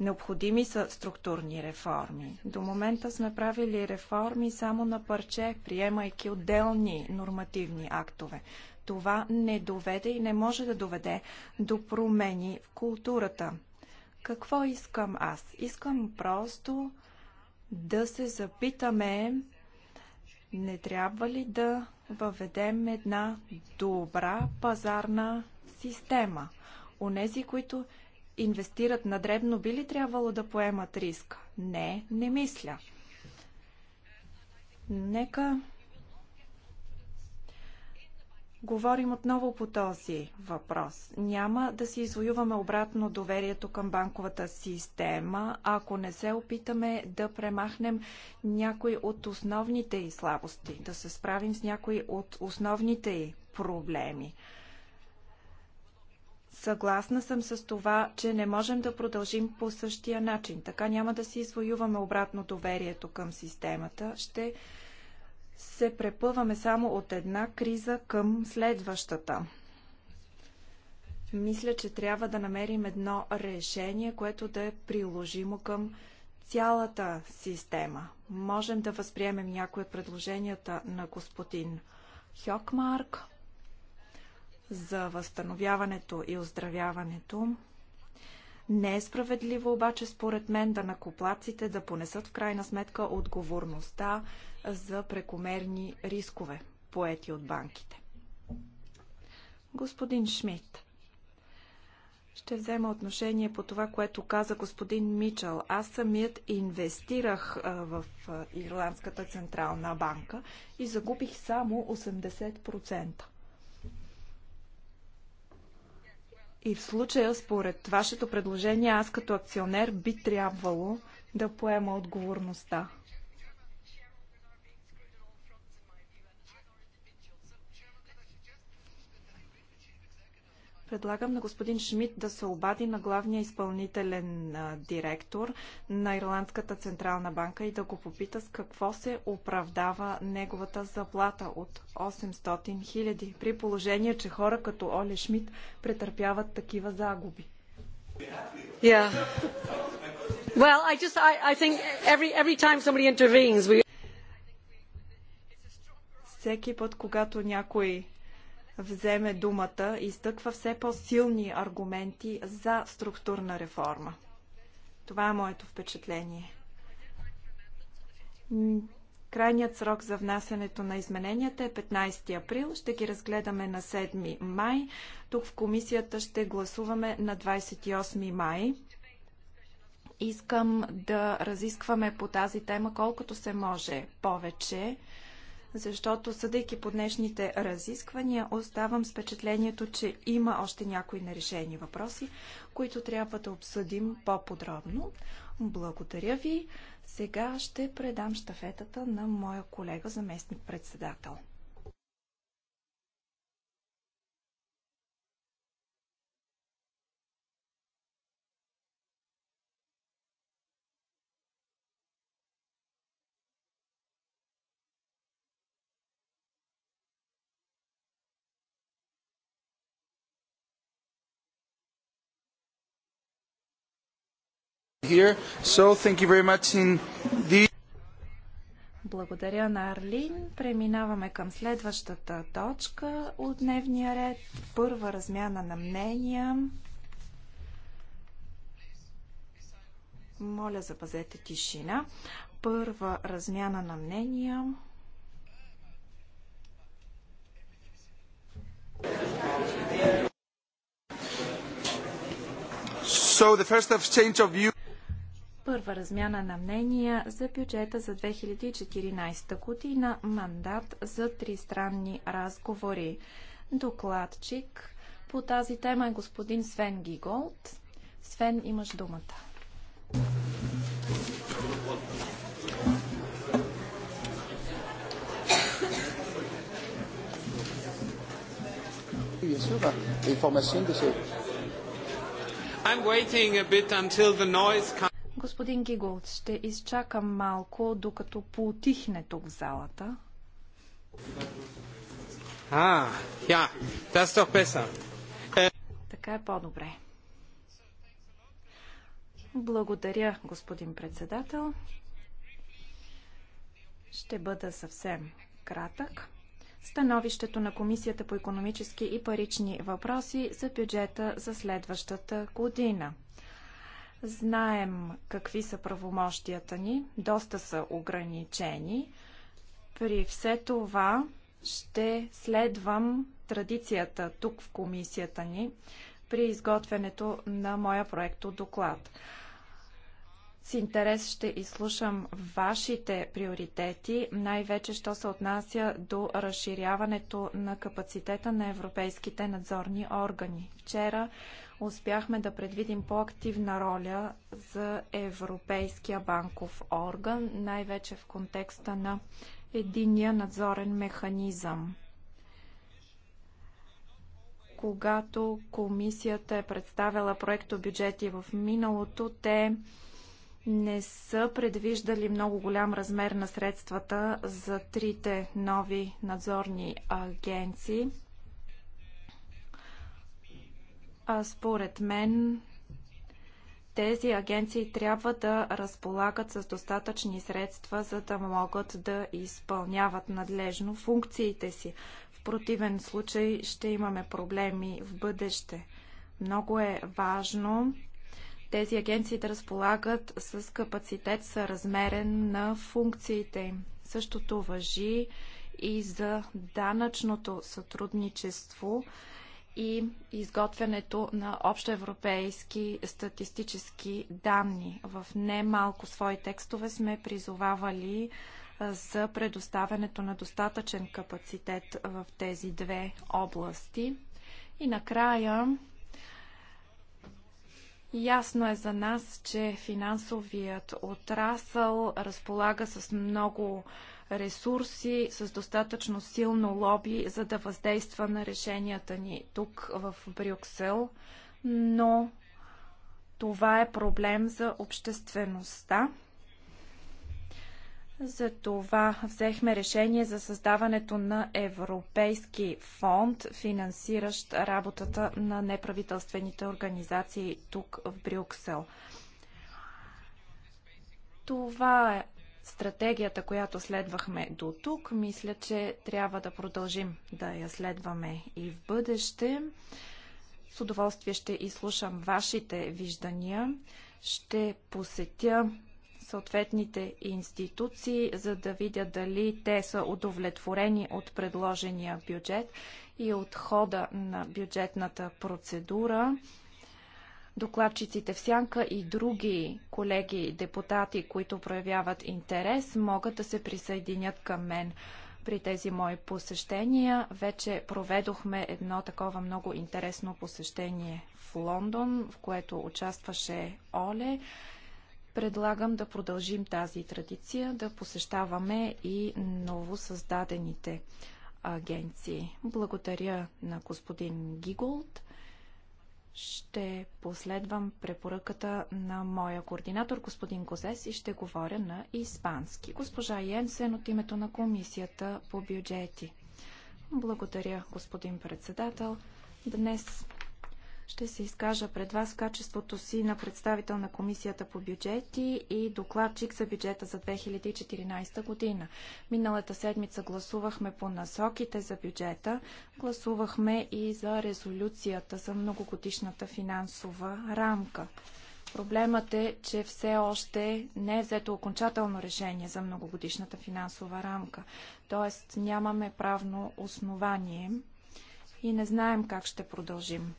Необходими са структурни реформи. До момента сме правили реформи само на парче, приемайки отделни нормативни актове. Това не доведе и не може да доведе до промени в културата. Какво искам аз? Искам просто да се запитаме не трябва ли да въведем една добра пазарна система. Онези, които инвестират на дребно, би ли трябвало да поемат риск? Не, не мисля. Нека говорим отново по този въпрос. Няма да си извоюваме обратно доверието към банковата система, ако не се опитаме да премахнем някои от основните й слабости, да се справим с някои от основните й проблеми. Съгласна съм с това, че не можем да продължим по същия начин. Така няма да си извоюваме обратно доверието към системата. Ще се препъваме само от една криза към следващата. Мисля, че трябва да намерим едно решение, което да е приложимо към цялата система. Можем да възприемем някои от предложенията на господин Хьокмарк за възстановяването и оздравяването. Не е справедливо обаче според мен да накоплаците да понесат в крайна сметка отговорността за прекомерни рискове, поети от банките. Господин Шмидт, ще взема отношение по това, което каза господин Мичел. Аз самият инвестирах в Ирландската централна банка и загубих само 80%. И в случая, според вашето предложение, аз като акционер би трябвало да поема отговорността. Предлагам на господин Шмидт да се обади на главния изпълнителен директор на Ирландската централна банка и да го попита с какво се оправдава неговата заплата от 800 хиляди, при положение, че хора като Оле Шмидт претърпяват такива загуби. всеки път, когато някой вземе думата, и изтъква все по-силни аргументи за структурна реформа. Това е моето впечатление. Крайният срок за внасянето на измененията е 15 април. Ще ги разгледаме на 7 май. Тук в комисията ще гласуваме на 28 май. Искам да разискваме по тази тема колкото се може повече защото съдейки по днешните разисквания, оставам с впечатлението, че има още някои нерешени въпроси, които трябва да обсъдим по-подробно. Благодаря ви. Сега ще предам штафетата на моя колега заместник председател. here. So thank you very much indeed. Благодаря на Арлин. Преминаваме към следващата точка от дневния ред. Първа размяна на мнения. Моля, запазете тишина. Първа размяна на мнения. So the first exchange of views Първа размяна на мнения за бюджета за 2014 година, мандат за тристранни разговори. Докладчик по тази тема е господин Свен Гиголд. Свен, имаш думата. I'm waiting a bit until the noise comes. Господин Гиголд, ще изчакам малко, докато поутихне тук в залата. А, я, das doch песа. Така е по-добре. Благодаря, господин председател. Ще бъда съвсем кратък. Становището на Комисията по економически и парични въпроси за бюджета за следващата година – Знаем какви са правомощията ни, доста са ограничени. При все това ще следвам традицията тук в комисията ни при изготвянето на моя проекто доклад. С интерес ще изслушам вашите приоритети, най-вече що се отнася до разширяването на капацитета на европейските надзорни органи. Вчера успяхме да предвидим по-активна роля за Европейския банков орган, най-вече в контекста на единия надзорен механизъм. Когато комисията е представила проекто бюджети в миналото, те не са предвиждали много голям размер на средствата за трите нови надзорни агенции – а според мен тези агенции трябва да разполагат с достатъчни средства, за да могат да изпълняват надлежно функциите си. В противен случай ще имаме проблеми в бъдеще. Много е важно тези агенции да разполагат с капацитет съразмерен на функциите им. Същото въжи и за данъчното сътрудничество – и изготвянето на общоевропейски статистически данни. В немалко свои текстове сме призовавали за предоставянето на достатъчен капацитет в тези две области. И накрая Ясно е за нас, че финансовият отрасъл разполага с много ресурси, с достатъчно силно лоби, за да въздейства на решенията ни тук в Брюксел, но това е проблем за обществеността. Затова взехме решение за създаването на Европейски фонд, финансиращ работата на неправителствените организации тук в Брюксел. Това е стратегията, която следвахме до тук, мисля, че трябва да продължим да я следваме и в бъдеще. С удоволствие ще изслушам вашите виждания. Ще посетя съответните институции, за да видя дали те са удовлетворени от предложения бюджет и от хода на бюджетната процедура докладчиците в сянка и други колеги депутати, които проявяват интерес, могат да се присъединят към мен при тези мои посещения. Вече проведохме едно такова много интересно посещение в Лондон, в което участваше Оле. Предлагам да продължим тази традиция, да посещаваме и новосъздадените агенции. Благодаря на господин Гиголд ще последвам препоръката на моя координатор, господин Козес, и ще говоря на испански. Госпожа Йенсен от името на Комисията по бюджети. Благодаря, господин председател. Днес ще се изкажа пред вас в качеството си на представител на Комисията по бюджети и докладчик за бюджета за 2014 година. Миналата седмица гласувахме по насоките за бюджета, гласувахме и за резолюцията за многогодишната финансова рамка. Проблемът е, че все още не е взето окончателно решение за многогодишната финансова рамка. Тоест нямаме правно основание и не знаем как ще продължим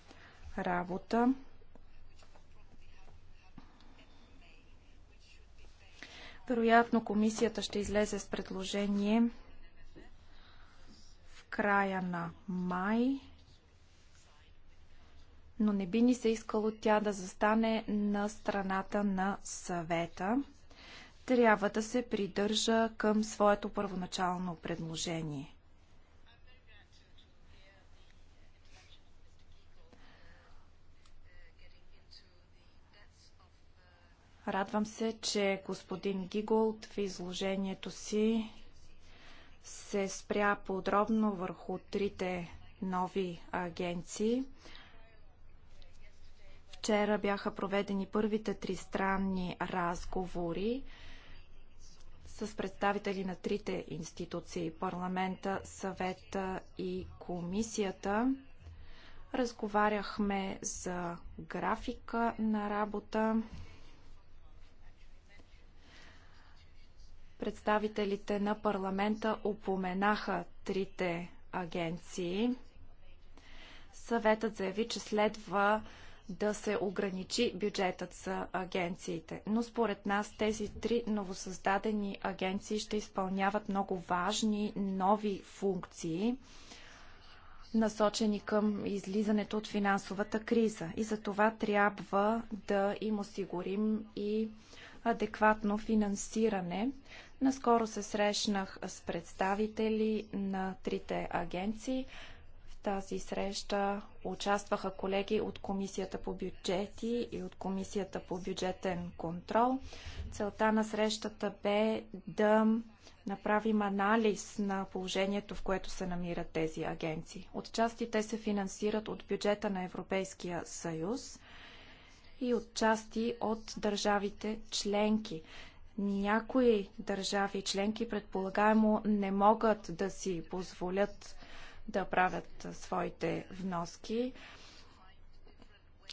работа. Вероятно комисията ще излезе с предложение в края на май, но не би ни се искало тя да застане на страната на съвета. Трябва да се придържа към своето първоначално предложение. Радвам се, че господин Гиголд в изложението си се спря подробно върху трите нови агенции. Вчера бяха проведени първите три странни разговори с представители на трите институции парламента, съвета и комисията. Разговаряхме за графика на работа, Представителите на парламента упоменаха трите агенции. Съветът заяви, че следва да се ограничи бюджетът за агенциите. Но според нас тези три новосъздадени агенции ще изпълняват много важни нови функции, насочени към излизането от финансовата криза. И за това трябва да им осигурим и адекватно финансиране. Наскоро се срещнах с представители на трите агенции. В тази среща участваха колеги от Комисията по бюджети и от Комисията по бюджетен контрол. Целта на срещата бе да направим анализ на положението, в което се намират тези агенции. Отчасти те се финансират от бюджета на Европейския съюз и отчасти от държавите членки. Някои държави членки предполагаемо не могат да си позволят да правят своите вноски.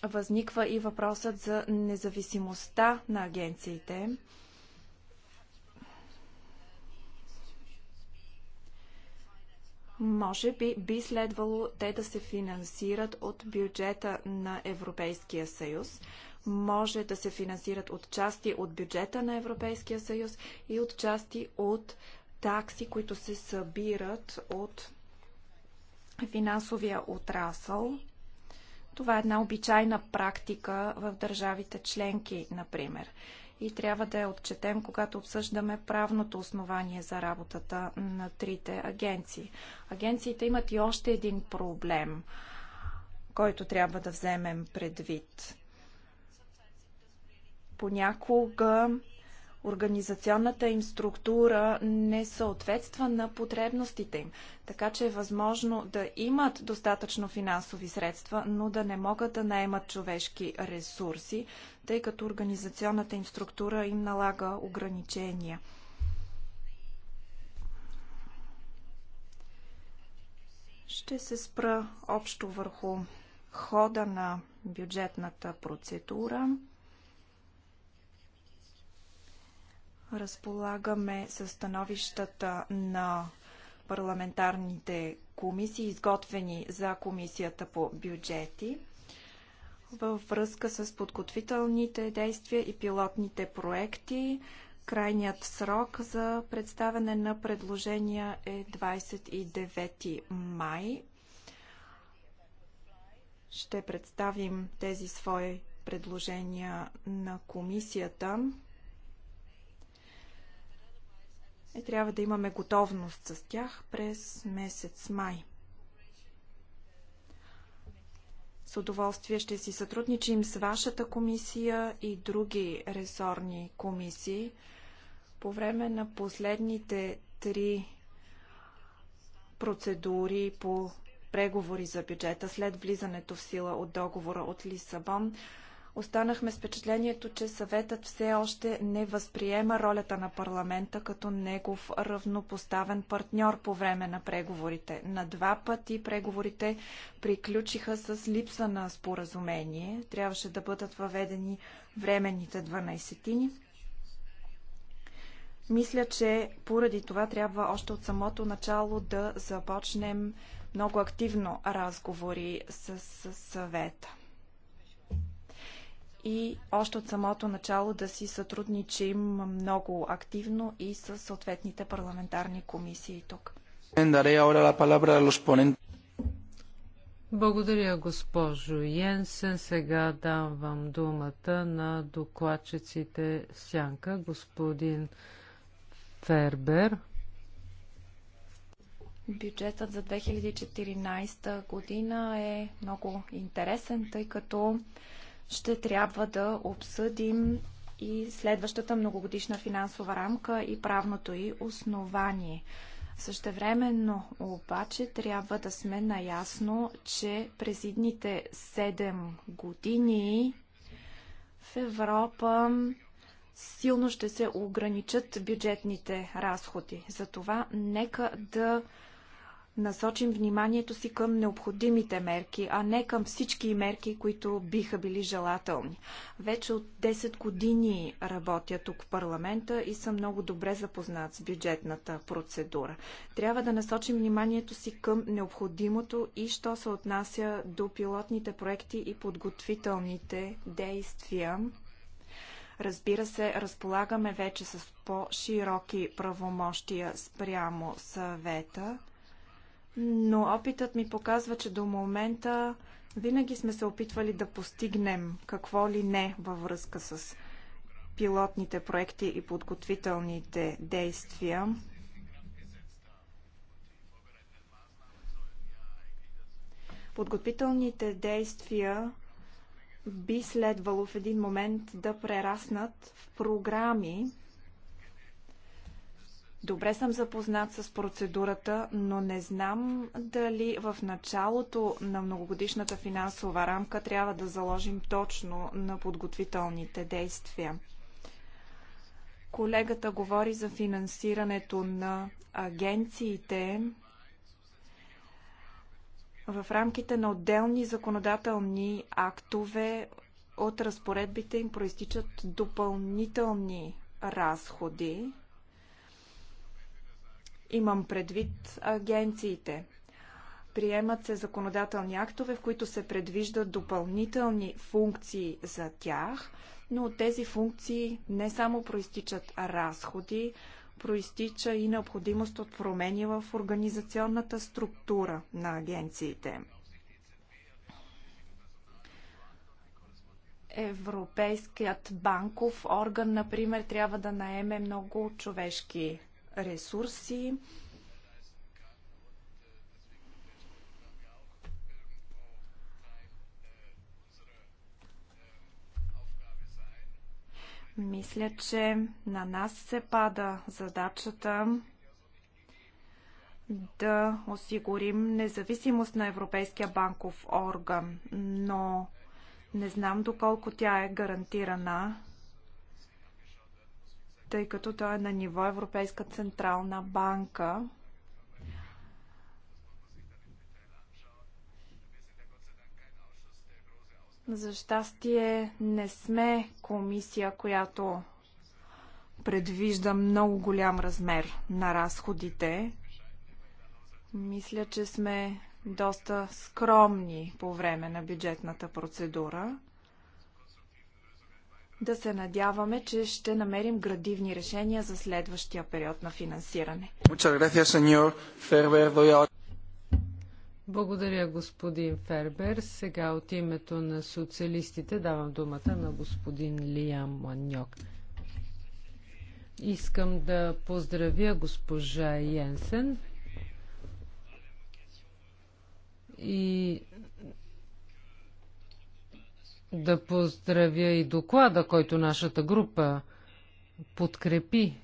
Възниква и въпросът за независимостта на агенциите. Може би би следвало те да се финансират от бюджета на Европейския съюз може да се финансират от части от бюджета на Европейския съюз и от части от такси, които се събират от финансовия отрасъл. Това е една обичайна практика в държавите членки, например. И трябва да я отчетем, когато обсъждаме правното основание за работата на трите агенции. Агенциите имат и още един проблем, който трябва да вземем предвид. Понякога организационната им структура не съответства на потребностите им. Така че е възможно да имат достатъчно финансови средства, но да не могат да наемат човешки ресурси, тъй като организационната им структура им налага ограничения. Ще се спра общо върху хода на бюджетната процедура Разполагаме с становищата на парламентарните комисии, изготвени за комисията по бюджети във връзка с подготвителните действия и пилотните проекти. Крайният срок за представяне на предложения е 29 май. Ще представим тези свои предложения на комисията е трябва да имаме готовност с тях през месец май. С удоволствие ще си сътрудничим с вашата комисия и други ресорни комисии. По време на последните три процедури по преговори за бюджета след влизането в сила от договора от Лисабон, останахме с впечатлението, че съветът все още не възприема ролята на парламента като негов равнопоставен партньор по време на преговорите. На два пъти преговорите приключиха с липса на споразумение. Трябваше да бъдат въведени временните 12-тини. Мисля, че поради това трябва още от самото начало да започнем много активно разговори с съвета и още от самото начало да си сътрудничим много активно и с съответните парламентарни комисии тук. Благодаря, госпожо Йенсен. Сега давам думата на докладчиците Сянка, господин Фербер. Бюджетът за 2014 година е много интересен, тъй като ще трябва да обсъдим и следващата многогодишна финансова рамка и правното и основание. Същевременно обаче трябва да сме наясно, че през идните 7 години в Европа силно ще се ограничат бюджетните разходи. Затова нека да насочим вниманието си към необходимите мерки, а не към всички мерки, които биха били желателни. Вече от 10 години работя тук в парламента и съм много добре запознат с бюджетната процедура. Трябва да насочим вниманието си към необходимото и що се отнася до пилотните проекти и подготвителните действия. Разбира се, разполагаме вече с по-широки правомощия спрямо съвета но опитът ми показва, че до момента винаги сме се опитвали да постигнем какво ли не във връзка с пилотните проекти и подготвителните действия. Подготвителните действия би следвало в един момент да прераснат в програми, Добре съм запознат с процедурата, но не знам дали в началото на многогодишната финансова рамка трябва да заложим точно на подготвителните действия. Колегата говори за финансирането на агенциите в рамките на отделни законодателни актове от разпоредбите им проистичат допълнителни разходи, Имам предвид агенциите. Приемат се законодателни актове, в които се предвиждат допълнителни функции за тях, но от тези функции не само проистичат разходи, проистича и необходимост от промени в организационната структура на агенциите. Европейският банков орган, например, трябва да наеме много човешки ресурси. Мисля, че на нас се пада задачата да осигурим независимост на Европейския банков орган, но не знам доколко тя е гарантирана тъй като той е на ниво Европейска централна банка. За щастие не сме комисия, която предвижда много голям размер на разходите. Мисля, че сме доста скромни по време на бюджетната процедура. Да се надяваме, че ще намерим градивни решения за следващия период на финансиране. Благодаря, господин Фербер. Сега от името на социалистите давам думата на господин Лиам Маньок. Искам да поздравя госпожа Йенсен и да поздравя и доклада, който нашата група подкрепи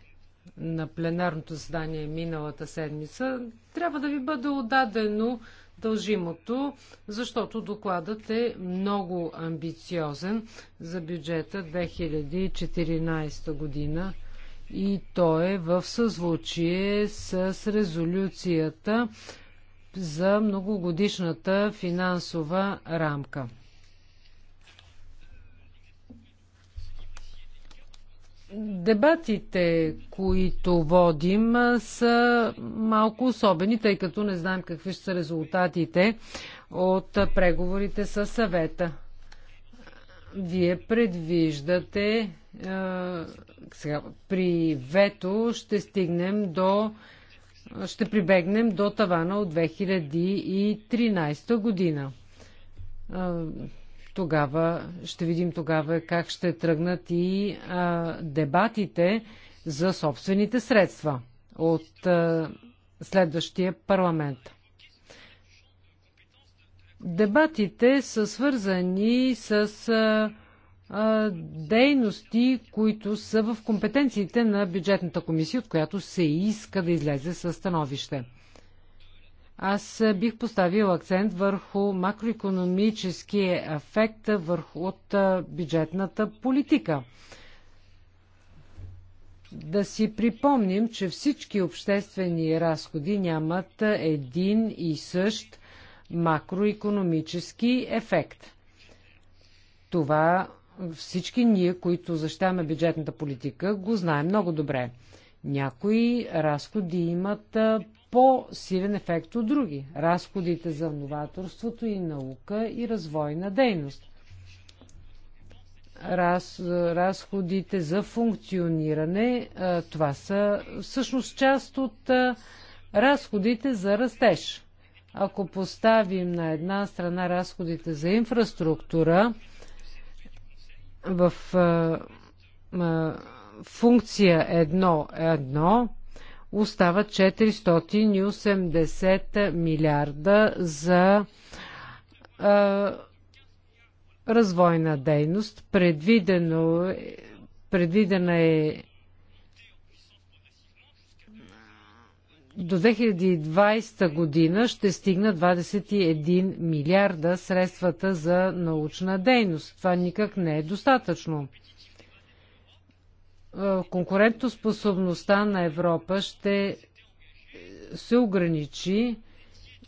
на пленарното задание миналата седмица. Трябва да ви бъде отдадено дължимото, защото докладът е много амбициозен за бюджета 2014 година и то е в съзвучие с резолюцията за многогодишната финансова рамка. Дебатите, които водим, са малко особени, тъй като не знаем какви ще са резултатите от преговорите с съвета. Вие предвиждате, е, сега, при вето ще стигнем до, ще прибегнем до тавана от 2013 година. Е, тогава ще видим тогава как ще тръгнат и а, дебатите за собствените средства от а, следващия парламент. Дебатите са свързани с а, а, дейности, които са в компетенциите на бюджетната комисия, от която се иска да излезе със становище. Аз бих поставил акцент върху макроекономическия ефект върху от бюджетната политика. Да си припомним, че всички обществени разходи нямат един и същ макроекономически ефект. Това всички ние, които защитаваме бюджетната политика, го знаем много добре. Някои разходи имат по-силен ефект от други. Разходите за новаторството и наука и развойна дейност. Раз, разходите за функциониране, това са всъщност част от разходите за растеж. Ако поставим на една страна разходите за инфраструктура в функция 1.1, остава 480 милиарда за а, развойна дейност. Предвидено, предвидена е до 2020 година ще стигна 21 милиарда средствата за научна дейност. Това никак не е достатъчно конкурентоспособността на Европа ще се ограничи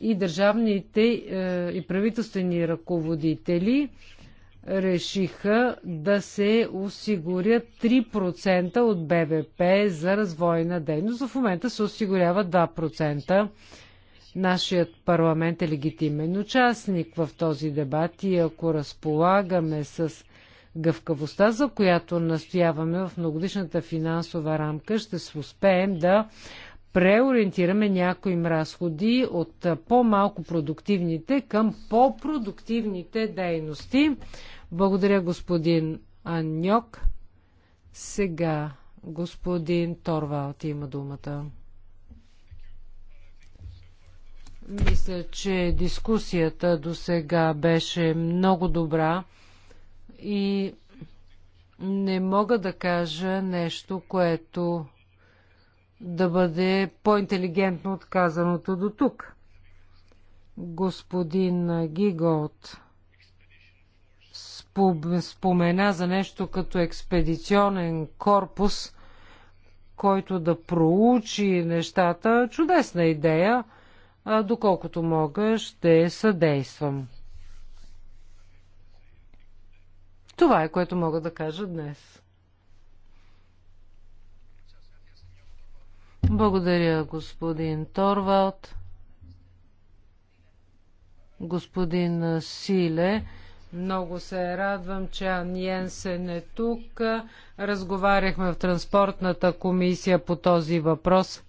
и държавните е, и правителствени ръководители решиха да се осигурят 3% от БВП за развойна дейност. В момента се осигурява 2%. Нашият парламент е легитимен участник в този дебат и ако разполагаме с гъвкавостта, за която настояваме в многодишната финансова рамка, ще се успеем да преориентираме някои разходи от по-малко продуктивните към по-продуктивните дейности. Благодаря, господин Аньок. Сега господин Торвалт има думата. Мисля, че дискусията до сега беше много добра. И не мога да кажа нещо, което да бъде по-интелигентно от казаното до тук. Господин Гиголт спомена за нещо като експедиционен корпус, който да проучи нещата. Чудесна идея. Доколкото мога, ще съдействам. Това е което мога да кажа днес. Благодаря, господин Торвалд. Господин Силе, много се радвам, че Ан Йенсен е тук. Разговаряхме в транспортната комисия по този въпрос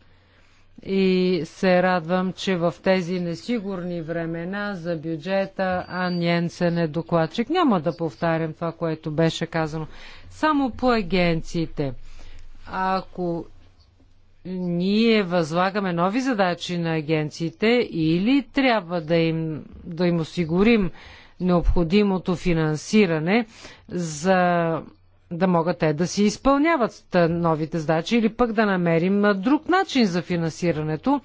и се радвам, че в тези несигурни времена за бюджета Ан Йенсен е докладчик. Няма да повтарям това, което беше казано. Само по агенциите. Ако ние възлагаме нови задачи на агенциите или трябва да им, да им осигурим необходимото финансиране за да могат те да си изпълняват новите задачи или пък да намерим друг начин за финансирането.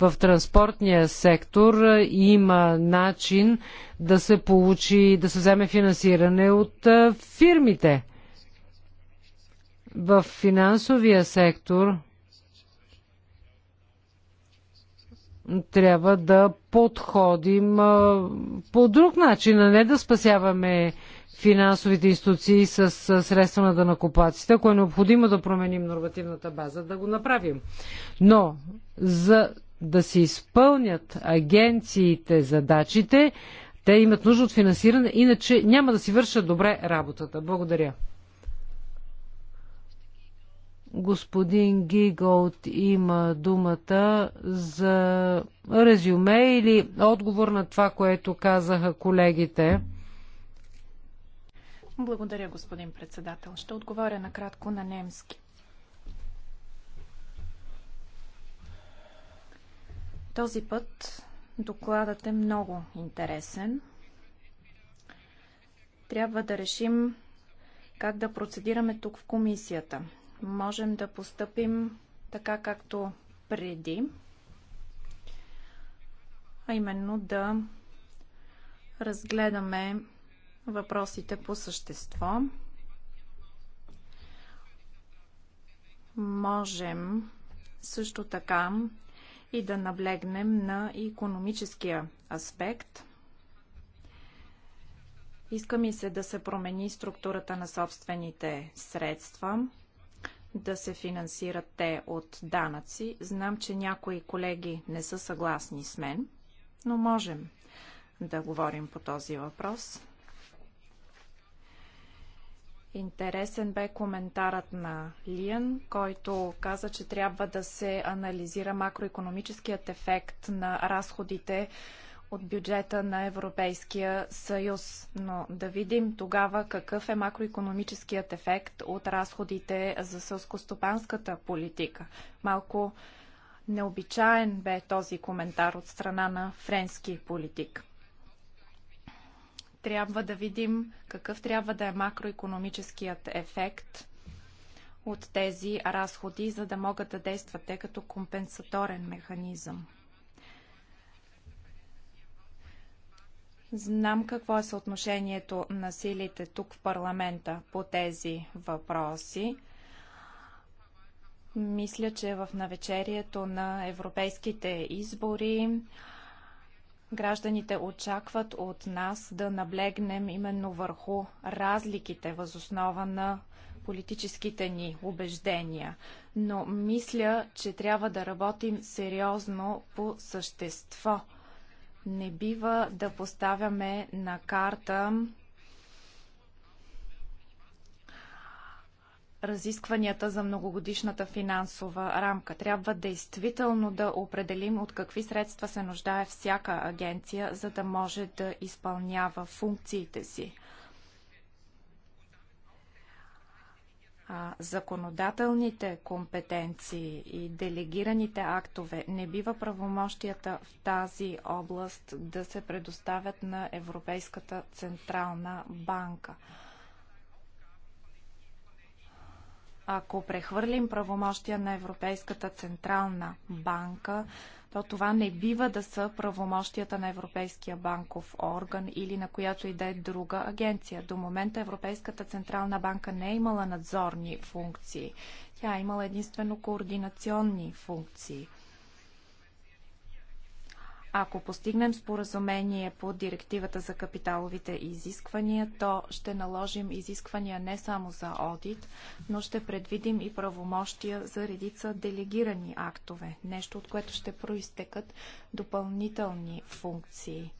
В транспортния сектор има начин да се получи, да се вземе финансиране от фирмите. В финансовия сектор трябва да подходим по друг начин, а не да спасяваме финансовите институции с средства на дънакопаците, Ако е необходимо да променим нормативната база, да го направим. Но за да се изпълнят агенциите задачите, те имат нужда от финансиране, иначе няма да си вършат добре работата. Благодаря. Господин Гиголт има думата за резюме или отговор на това, което казаха колегите. Благодаря, господин председател. Ще отговоря накратко на немски. Този път докладът е много интересен. Трябва да решим как да процедираме тук в комисията. Можем да постъпим така както преди, а именно да разгледаме въпросите по същество. Можем също така и да наблегнем на економическия аспект. Иска ми се да се промени структурата на собствените средства, да се финансират те от данъци. Знам, че някои колеги не са съгласни с мен, но можем да говорим по този въпрос. Интересен бе коментарът на Лиен, който каза, че трябва да се анализира макроекономическият ефект на разходите от бюджета на Европейския съюз. Но да видим тогава какъв е макроекономическият ефект от разходите за сълскостопанската политика. Малко необичаен бе този коментар от страна на френски политик. Трябва да видим какъв трябва да е макроекономическият ефект от тези разходи, за да могат да действат те като компенсаторен механизъм. Знам какво е съотношението на силите тук в парламента по тези въпроси. Мисля, че в навечерието на европейските избори Гражданите очакват от нас да наблегнем именно върху разликите възоснова на политическите ни убеждения. Но мисля, че трябва да работим сериозно по същество. Не бива да поставяме на карта разискванията за многогодишната финансова рамка. Трябва действително да определим от какви средства се нуждае всяка агенция, за да може да изпълнява функциите си. А законодателните компетенции и делегираните актове не бива правомощията в тази област да се предоставят на Европейската централна банка. Ако прехвърлим правомощия на Европейската централна банка, то това не бива да са правомощията на Европейския банков орган или на която и да е друга агенция. До момента Европейската централна банка не е имала надзорни функции. Тя е имала единствено координационни функции – ако постигнем споразумение по директивата за капиталовите изисквания, то ще наложим изисквания не само за одит, но ще предвидим и правомощия за редица делегирани актове, нещо от което ще проистекат допълнителни функции.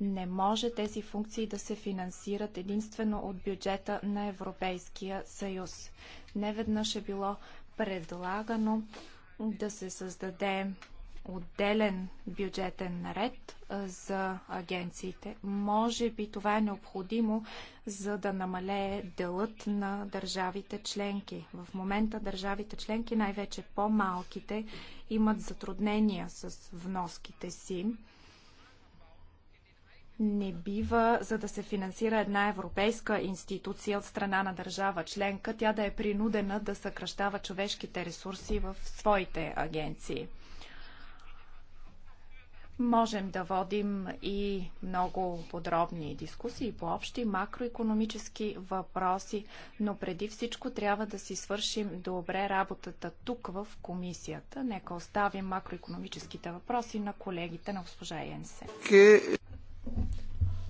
Не може тези функции да се финансират единствено от бюджета на Европейския съюз. Неведнъж е било предлагано да се създаде отделен бюджетен ред за агенциите. Може би това е необходимо, за да намалее делът на държавите членки. В момента държавите членки, най-вече по-малките, имат затруднения с вноските си. Не бива, за да се финансира една европейска институция от страна на държава членка, тя да е принудена да съкръщава човешките ресурси в своите агенции. Можем да водим и много подробни дискусии по общи макроекономически въпроси, но преди всичко трябва да си свършим добре работата тук в комисията. Нека оставим макроекономическите въпроси на колегите на госпожа Енсе.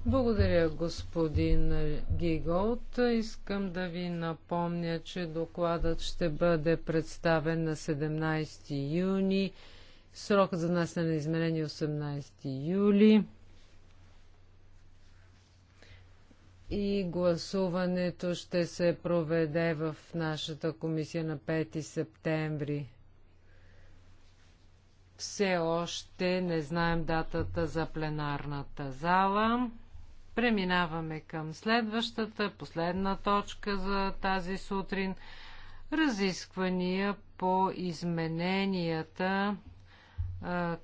Благодаря, господин Гиголт. Искам да ви напомня, че докладът ще бъде представен на 17 юни Срок за внасяне на изменение 18 е юли. И гласуването ще се проведе в нашата комисия на 5 септември. Все още не знаем датата за пленарната зала. Преминаваме към следващата, последна точка за тази сутрин. Разисквания по измененията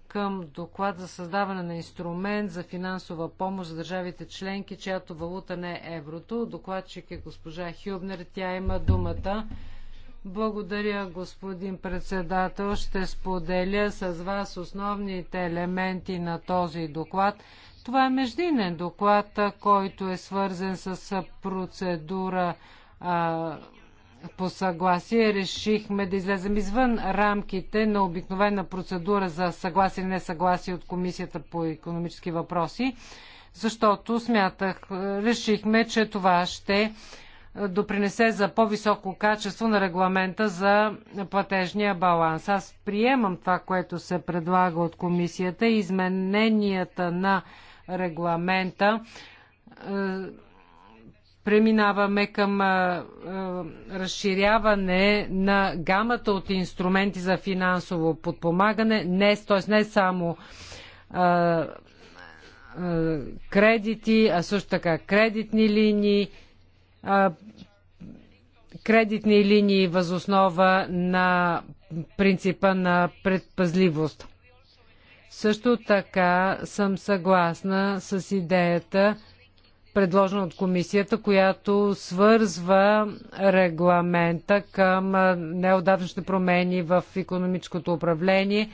към доклад за създаване на инструмент за финансова помощ за държавите членки, чиято валута не е еврото. Докладчик е госпожа Хюбнер. Тя има думата. Благодаря, господин председател. Ще споделя с вас основните елементи на този доклад. Това е междинен доклад, който е свързан с процедура а, по съгласие решихме да излезем извън рамките на обикновена процедура за съгласие или несъгласие от Комисията по економически въпроси, защото смятах, е, решихме, че това ще е, допринесе за по-високо качество на регламента за платежния баланс. Аз приемам това, което се предлага от комисията и измененията на регламента е, преминаваме към а, а, разширяване на гамата от инструменти за финансово подпомагане, не, т.е. не само а, кредити, а също така кредитни линии, кредитни линии възоснова на принципа на предпазливост. Също така съм съгласна с идеята, предложена от комисията, която свързва регламента към неодавнашни промени в економическото управление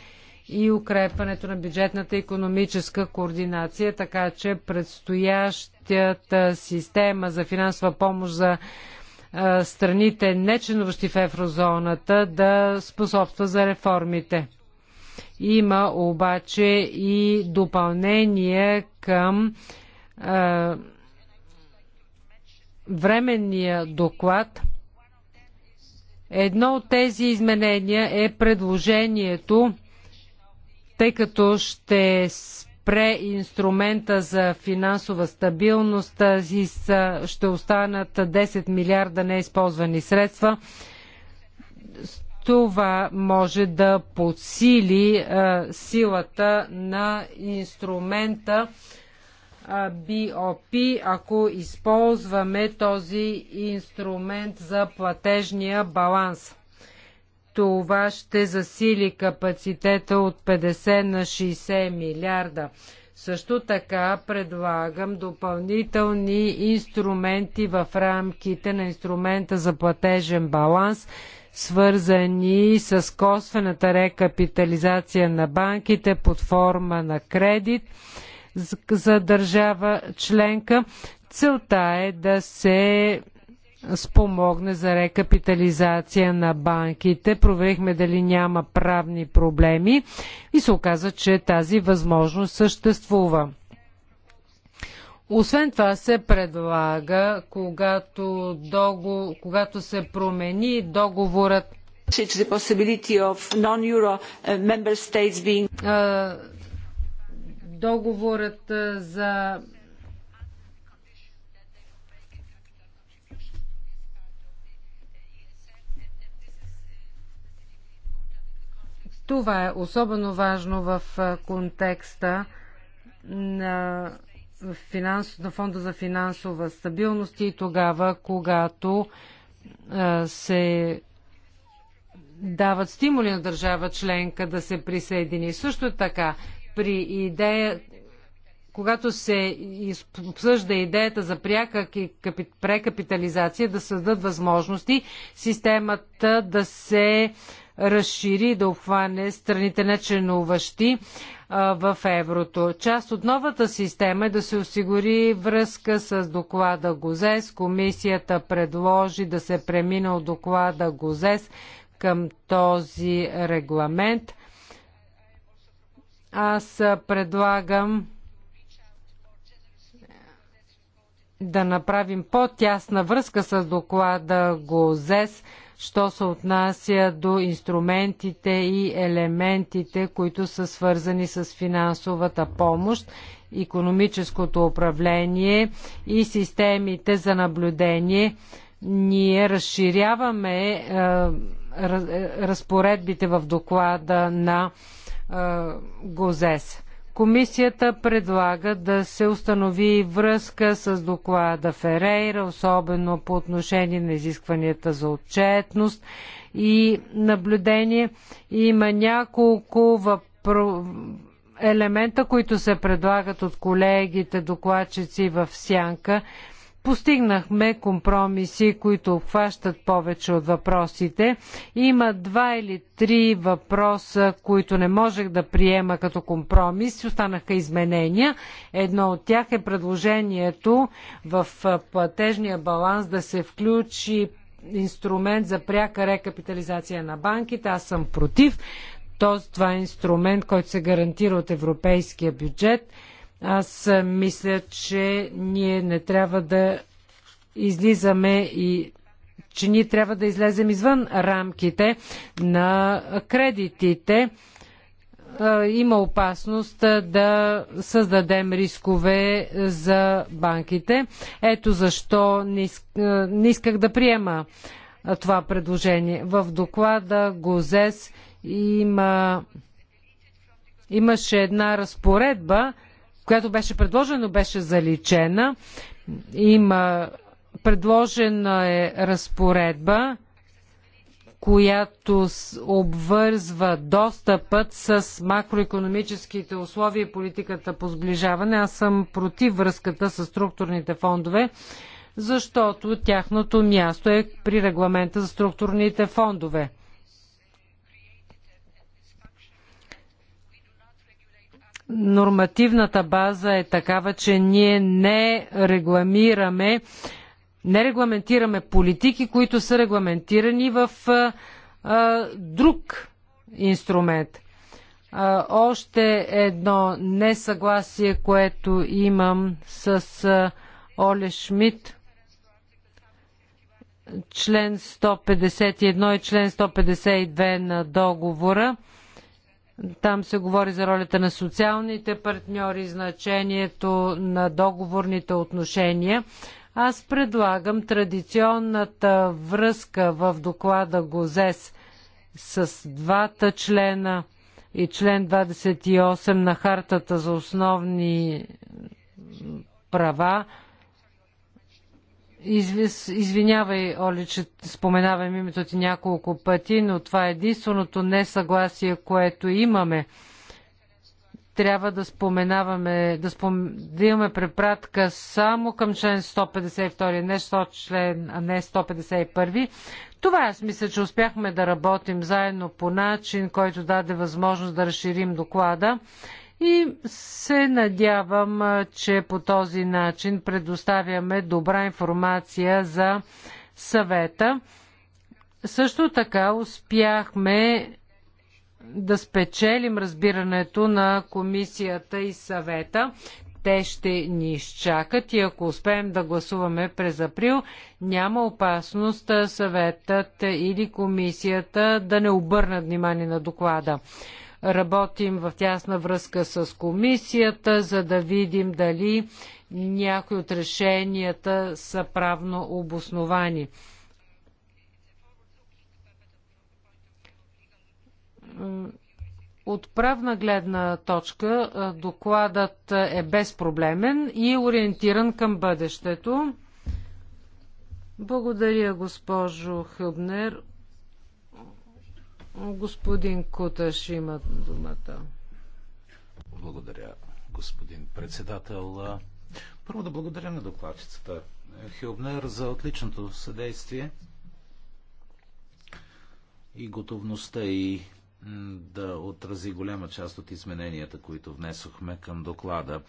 и укрепването на бюджетната економическа координация, така че предстоящата система за финансова помощ за страните, не членуващи в еврозоната, да способства за реформите. Има обаче и допълнение към временния доклад, едно от тези изменения е предложението, тъй като ще спре инструмента за финансова стабилност ще останат 10 милиарда неизползвани средства. Това може да подсили силата на инструмента BOP, ако използваме този инструмент за платежния баланс. Това ще засили капацитета от 50 на 60 милиарда. Също така предлагам допълнителни инструменти в рамките на инструмента за платежен баланс, свързани с косвената рекапитализация на банките под форма на кредит за държава членка. Целта е да се спомогне за рекапитализация на банките. Проверихме дали няма правни проблеми и се оказа, че тази възможност съществува. Освен това се предлага, когато, догу... когато се промени договорът, договорът за Това е особено важно в контекста на, финанс... на Фонда за финансова стабилност и тогава, когато се дават стимули на държава членка да се присъедини. Също така, при идея, когато се обсъжда идеята за пряка прекапитализация, да създадат възможности системата да се разшири, да обхване страните на членуващи в еврото. Част от новата система е да се осигури връзка с доклада ГОЗЕС. Комисията предложи да се премина от доклада ГОЗЕС към този регламент – аз предлагам да направим по-тясна връзка с доклада ГОЗЕС, що се отнася до инструментите и елементите, които са свързани с финансовата помощ, економическото управление и системите за наблюдение. Ние разширяваме е, е, разпоредбите в доклада на ГОЗЕС. Комисията предлага да се установи връзка с доклада Ферейра, особено по отношение на изискванията за отчетност и наблюдение. Има няколко въпро... елемента, които се предлагат от колегите докладчици в Сянка. Постигнахме компромиси, които обхващат повече от въпросите. Има два или три въпроса, които не можех да приема като компромис. Останаха изменения. Едно от тях е предложението в платежния баланс да се включи инструмент за пряка рекапитализация на банките. Аз съм против. Този, това е инструмент, който се гарантира от европейския бюджет аз мисля, че ние не трябва да излизаме и че ние трябва да излезем извън рамките на кредитите. Има опасност да създадем рискове за банките. Ето защо не исках да приема това предложение. В доклада ГОЗЕС има, имаше една разпоредба, която беше предложена, беше заличена. Има предложена е разпоредба, която обвързва достъпът с макроекономическите условия и политиката по сближаване. Аз съм против връзката с структурните фондове, защото тяхното място е при регламента за структурните фондове. нормативната база е такава, че ние не регламираме не регламентираме политики, които са регламентирани в а, а, друг инструмент. А, още едно несъгласие, което имам с а, Оле Шмидт. Член 151 и член 152 на договора. Там се говори за ролята на социалните партньори, значението на договорните отношения. Аз предлагам традиционната връзка в доклада ГОЗЕС с двата члена и член 28 на Хартата за основни права Извис, извинявай, Оли, че споменавам името ти няколко пъти, но това е единственото несъгласие, което имаме. Трябва да споменаваме, да, спом... да имаме препратка само към член 152, не 100 член, а не 151. Това аз мисля, че успяхме да работим заедно по начин, който даде възможност да разширим доклада и се надявам, че по този начин предоставяме добра информация за съвета. Също така успяхме да спечелим разбирането на комисията и съвета. Те ще ни изчакат и ако успеем да гласуваме през април, няма опасност съветът или комисията да не обърнат внимание на доклада. Работим в тясна връзка с комисията, за да видим дали някои от решенията са правно обосновани. От правна гледна точка докладът е безпроблемен и е ориентиран към бъдещето. Благодаря, госпожо Хъбнер. Господин Куташ има думата. Благодаря, господин председател. Първо да благодаря на докладчицата Хилбнер за отличното съдействие и готовността и да отрази голяма част от измененията, които внесохме към доклада.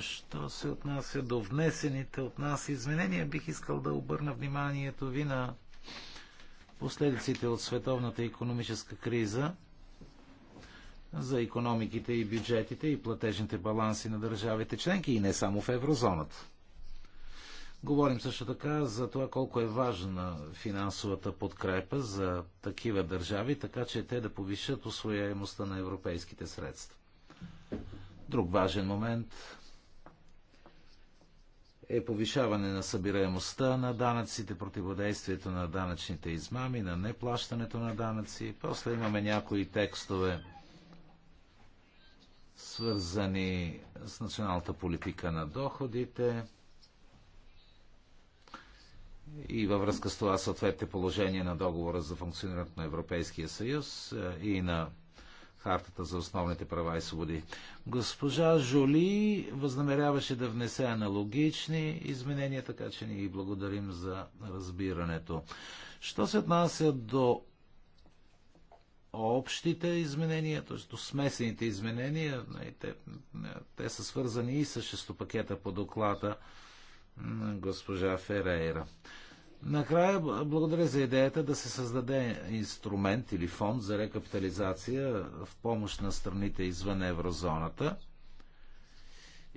Що се отнася до внесените от нас изменения, бих искал да обърна вниманието ви на последиците от световната економическа криза за економиките и бюджетите и платежните баланси на държавите членки и не само в еврозоната. Говорим също така за това колко е важна финансовата подкрепа за такива държави, така че те да повишат освояемостта на европейските средства. Друг важен момент е повишаване на събираемостта на данъците, противодействието на данъчните измами, на неплащането на данъци. После имаме някои текстове, свързани с националната политика на доходите и във връзка с това съответните положения на договора за функционирането на Европейския съюз е, и на Хартата за основните права и свободи. Госпожа Жоли възнамеряваше да внесе аналогични изменения, така че ни благодарим за разбирането. Що се отнася до общите изменения, т.е. до смесените изменения, те, те са свързани и с шестопакета по доклада на госпожа Ферейра. Накрая, благодаря за идеята да се създаде инструмент или фонд за рекапитализация в помощ на страните извън еврозоната.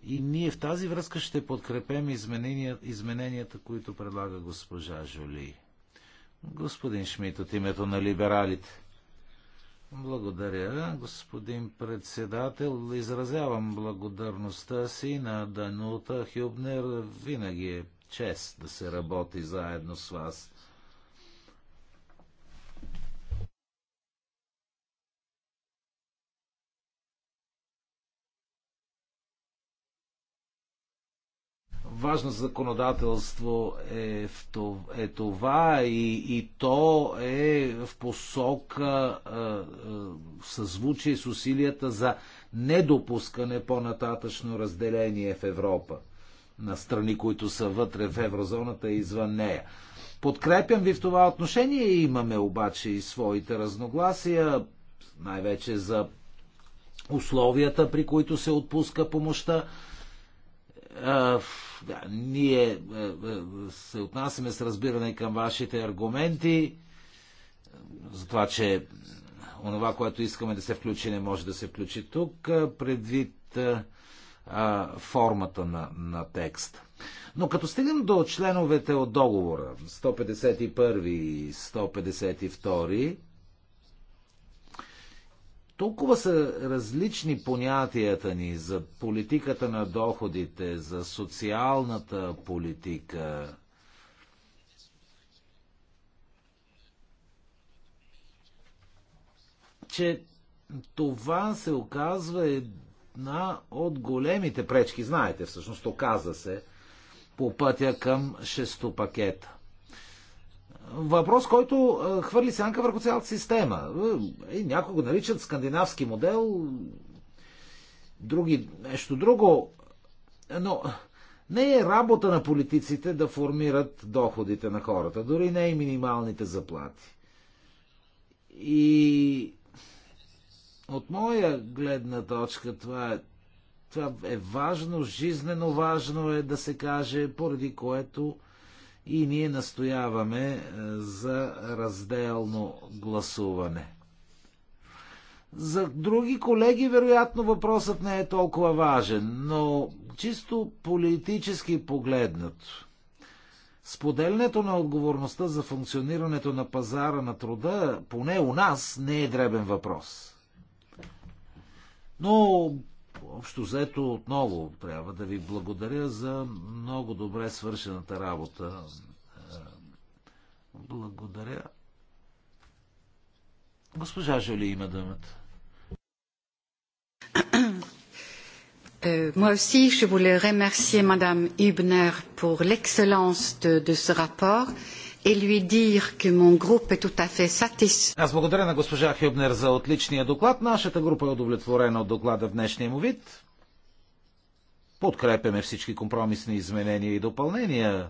И ние в тази връзка ще подкрепем изменения, измененията, които предлага госпожа Жоли. Господин Шмидт от името на либералите. Благодаря, господин председател. Изразявам благодарността си на Данута Хюбнер. Винаги е чест да се работи заедно с вас. важно законодателство е, в това, е това и, и то е в посока е, е, съзвучие с усилията за недопускане по-нататъчно разделение в Европа на страни, които са вътре в еврозоната и извън нея. Подкрепям ви в това отношение, имаме обаче и своите разногласия, най-вече за условията, при които се отпуска помощта. А, да, ние се отнасяме с разбиране към вашите аргументи за това, че онова, което искаме да се включи, не може да се включи тук, предвид а, формата на, на текст. Но като стигнем до членовете от договора 151 и 152, толкова са различни понятията ни за политиката на доходите, за социалната политика. че това се оказва една от големите пречки, знаете, всъщност оказа се, по пътя към шесто пакета. Въпрос, който е, хвърли сянка върху цялата система. И е, някои го наричат скандинавски модел, други нещо друго. Но не е работа на политиците да формират доходите на хората, дори не и минималните заплати. И от моя гледна точка това е, това е важно, жизнено важно е да се каже, поради което и ние настояваме е, за разделно гласуване. За други колеги, вероятно, въпросът не е толкова важен, но чисто политически погледнато. Споделянето на отговорността за функционирането на пазара на труда, поне у нас, не е дребен въпрос. Но общо заето, отново трябва да ви благодаря за много добре свършената работа. Е, благодаря. Госпожа Жоли има думата. Е, moi aussi, je voulais remercier Madame Hübner pour l'excellence de, de ce rapport. Аз благодаря на госпожа Хюбнер за отличния доклад. Нашата група е удовлетворена от доклада в днешния му вид. Подкрепяме всички компромисни изменения и допълнения.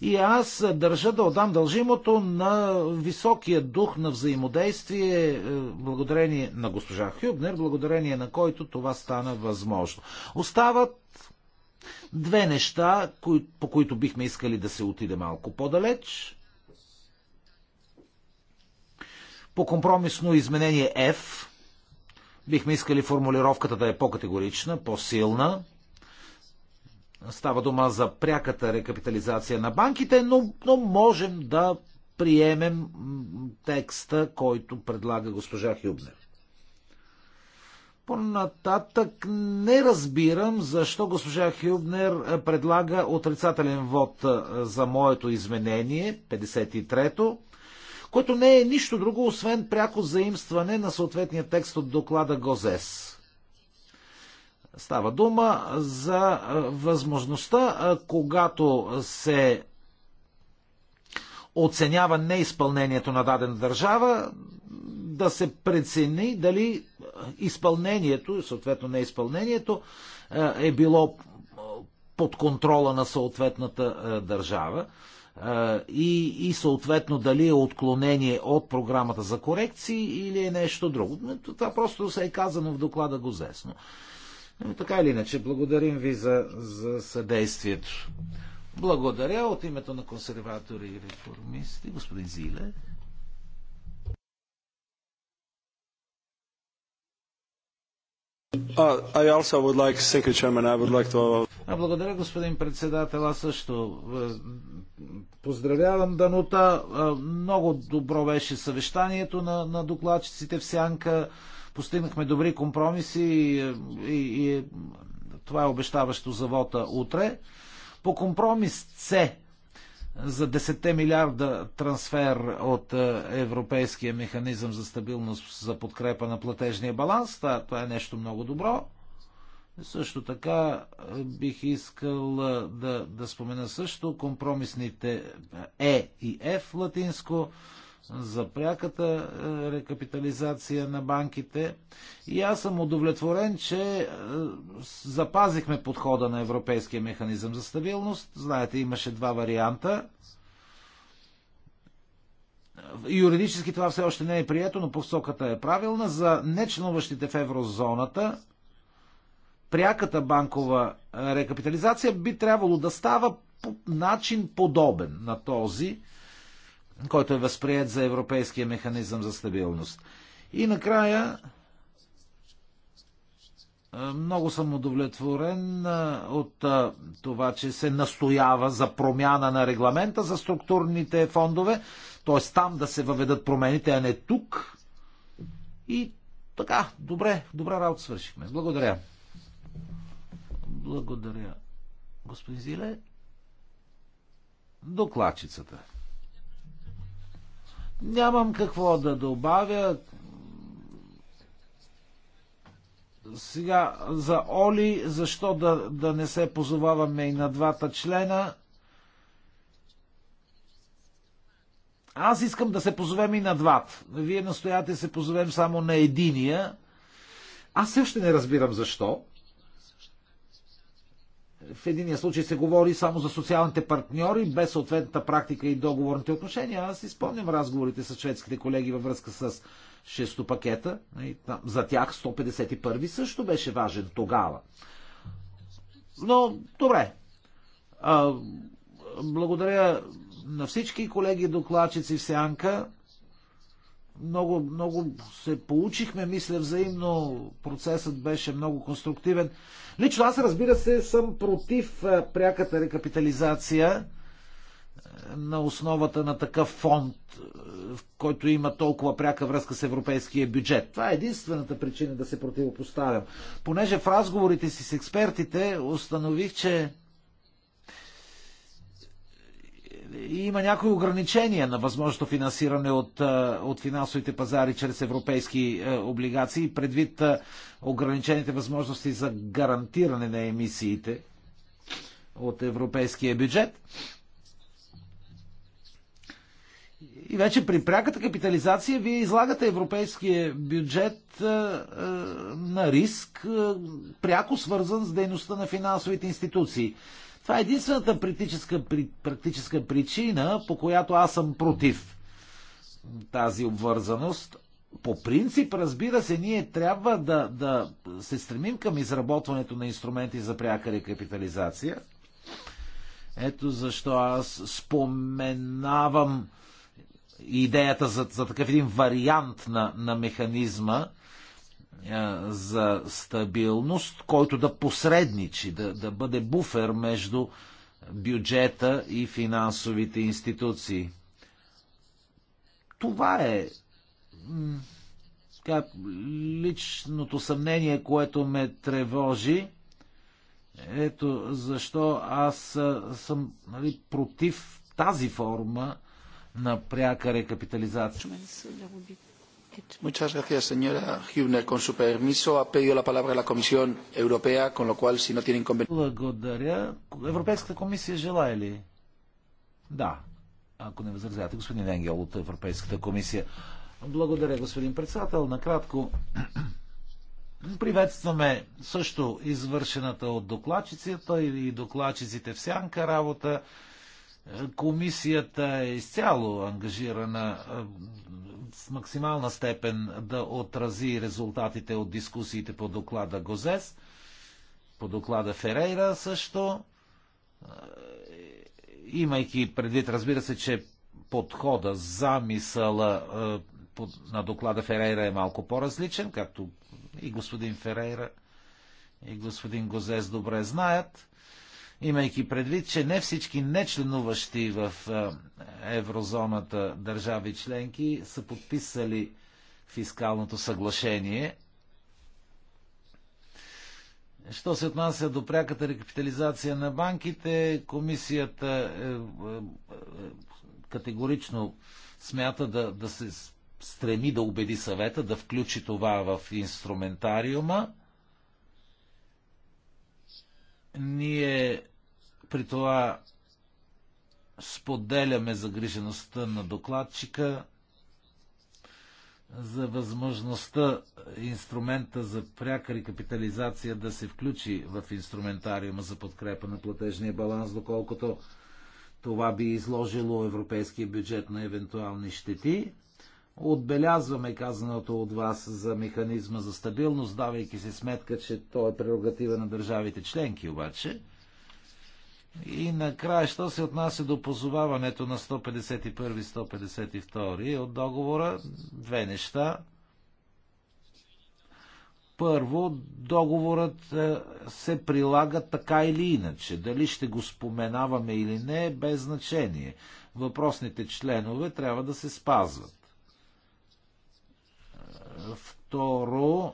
И аз държа да отдам дължимото на високия дух на взаимодействие, е, благодарение на госпожа Хюбнер, благодарение на който това стана възможно. Остават Две неща, по които бихме искали да се отиде малко по-далеч. По компромисно изменение F бихме искали формулировката да е по-категорична, по-силна. Става дума за пряката рекапитализация на банките, но, но можем да приемем текста, който предлага госпожа Хюбнер. По-нататък не разбирам защо госпожа Хюбнер е, предлага отрицателен вод е, за моето изменение, 53-то, което не е нищо друго, освен пряко заимстване на съответния текст от доклада ГОЗЕС. Става дума за е, възможността, когато се оценява неизпълнението на дадена държава, да се прецени дали е, изпълнението, съответно не изпълнението, е, е било е, под контрола на съответната държава и, и съответно дали е отклонение от програмата за корекции или е нещо друго. Това просто се е казано в доклада Гозесно. Така или иначе, благодарим ви за, за съдействието. Благодаря от името на консерватори и реформисти, господин Зиле. Uh, а, благодаря, господин председател. Аз също е, поздравявам Данута. Е, много добро беше съвещанието на, на докладчиците в Сянка. Постигнахме добри компромиси и, е, и, и това е обещаващо за вота утре. По компромис С за 10 милиарда трансфер от е, Европейския механизъм за стабилност за подкрепа на платежния баланс. Това, това е нещо много добро. Също така е, бих искал е, да, да спомена също компромисните Е e и Ф латинско за пряката е, рекапитализация на банките. И аз съм удовлетворен, че е, запазихме подхода на Европейския механизъм за стабилност. Знаете, имаше два варианта. Юридически това все още не е прието, но посоката е правилна. За нечленуващите в еврозоната пряката банкова е, рекапитализация би трябвало да става по начин подобен на този, който е възприят за Европейския механизъм за стабилност. И накрая, много съм удовлетворен от това, че се настоява за промяна на регламента за структурните фондове, т.е. там да се въведат промените, а не тук. И така, добре, добра работа свършихме. Благодаря. Благодаря. Господин Зиле, докладчицата. Нямам какво да добавя. Сега за Оли, защо да, да не се позоваваме и на двата члена? Аз искам да се позовем и на двата. Вие настояте се позовем само на единия. Аз също не разбирам защо в единия случай се говори само за социалните партньори, без съответната практика и договорните отношения. Аз изпълням разговорите с шведските колеги във връзка с шесто пакета. За тях 151 също беше важен тогава. Но, добре. А, благодаря на всички колеги докладчици в Сянка много, много се получихме, мисля, взаимно. Процесът беше много конструктивен. Лично аз, разбира се, съм против пряката рекапитализация на основата на такъв фонд, в който има толкова пряка връзка с европейския бюджет. Това е единствената причина да се противопоставям. Понеже в разговорите си с експертите установих, че има някои ограничения на възможното финансиране от, от финансовите пазари чрез европейски облигации, предвид ограничените възможности за гарантиране на емисиите от европейския бюджет. И вече при пряката капитализация вие излагате европейския бюджет на риск, пряко свързан с дейността на финансовите институции. Това е единствената практическа, практическа причина, по която аз съм против тази обвързаност. По принцип, разбира се, ние трябва да, да се стремим към изработването на инструменти за пряка рекапитализация. Ето защо аз споменавам идеята за, за такъв един вариант на, на механизма, е, за стабилност, който да посредничи, да, да бъде буфер между бюджета и финансовите институции. Това е така, личното съмнение, което ме тревожи. Ето защо аз съм нали, против тази форма на пряка рекапитализация. Muchas gracias, señora Hübner. Con su permiso, ha pedido la palabra la Comisión Europea, con lo cual, si no tiene inconveniente. Благодаря. Европейската комисия желая ли? Да, ако не възразявате, господин Енгел от Европейската комисия. Благодаря, господин председател. Накратко, приветстваме също извършената от докладчицата и докладчиците в сянка работа. Комисията е изцяло ангажирана в максимална степен да отрази резултатите от дискусиите по доклада Гозес, по доклада Ферейра също, имайки предвид, разбира се, че подхода, замисъла на доклада Ферейра е малко по-различен, както и господин Ферейра и господин Гозес добре знаят – имайки предвид, че не всички нечленуващи в е, еврозоната държави членки са подписали фискалното съглашение. Що се отнася до пряката рекапитализация на банките, комисията е, е, категорично смята да, да се стреми да убеди съвета да включи това в инструментариума. Ние при това споделяме загрижеността на докладчика за възможността инструмента за пряка рекапитализация да се включи в инструментариума за подкрепа на платежния баланс, доколкото това би изложило европейския бюджет на евентуални щети. Отбелязваме казаното от вас за механизма за стабилност, давайки си сметка, че то е прерогатива на държавите членки обаче – и накрая, що се отнася до позоваването на 151-152 от договора, две неща. Първо, договорът е, се прилага така или иначе. Дали ще го споменаваме или не, без значение. Въпросните членове трябва да се спазват. Е, второ,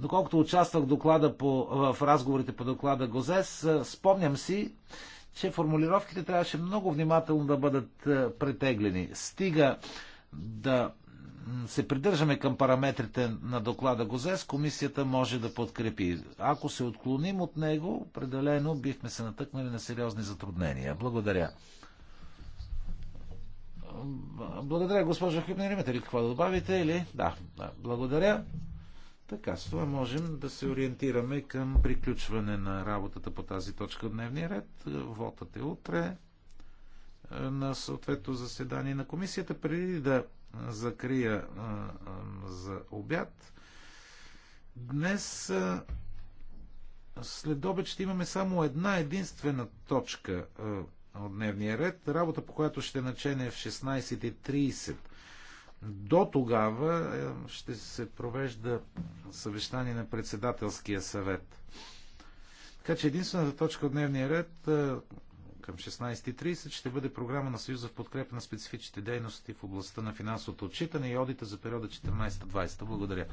Доколкото участвах доклада по, в разговорите по доклада ГОЗЕС, е, спомням си, че формулировките трябваше много внимателно да бъдат е, претеглени. Стига да се придържаме към параметрите на доклада ГОЗЕС, комисията може да подкрепи. Ако се отклоним от него, определено бихме се натъкнали на сериозни затруднения. Благодаря. Благодаря, госпожо Хюбнер. Имате ли какво да добавите? Или? Да, да. благодаря. Така, с това можем да се ориентираме към приключване на работата по тази точка от дневния ред. Вотът е утре е, на съответно заседание на комисията. Преди да закрия е, е, за обяд, днес след обед ще имаме само една единствена точка от дневния ред, работа по която ще начене в 16.30. До тогава е, ще се провежда съвещание на председателския съвет. Така че единствената точка от дневния ред е, към 16.30 ще бъде програма на Съюза в подкрепа на специфичните дейности в областта на финансовото отчитане и одита за периода 14-20. Благодаря.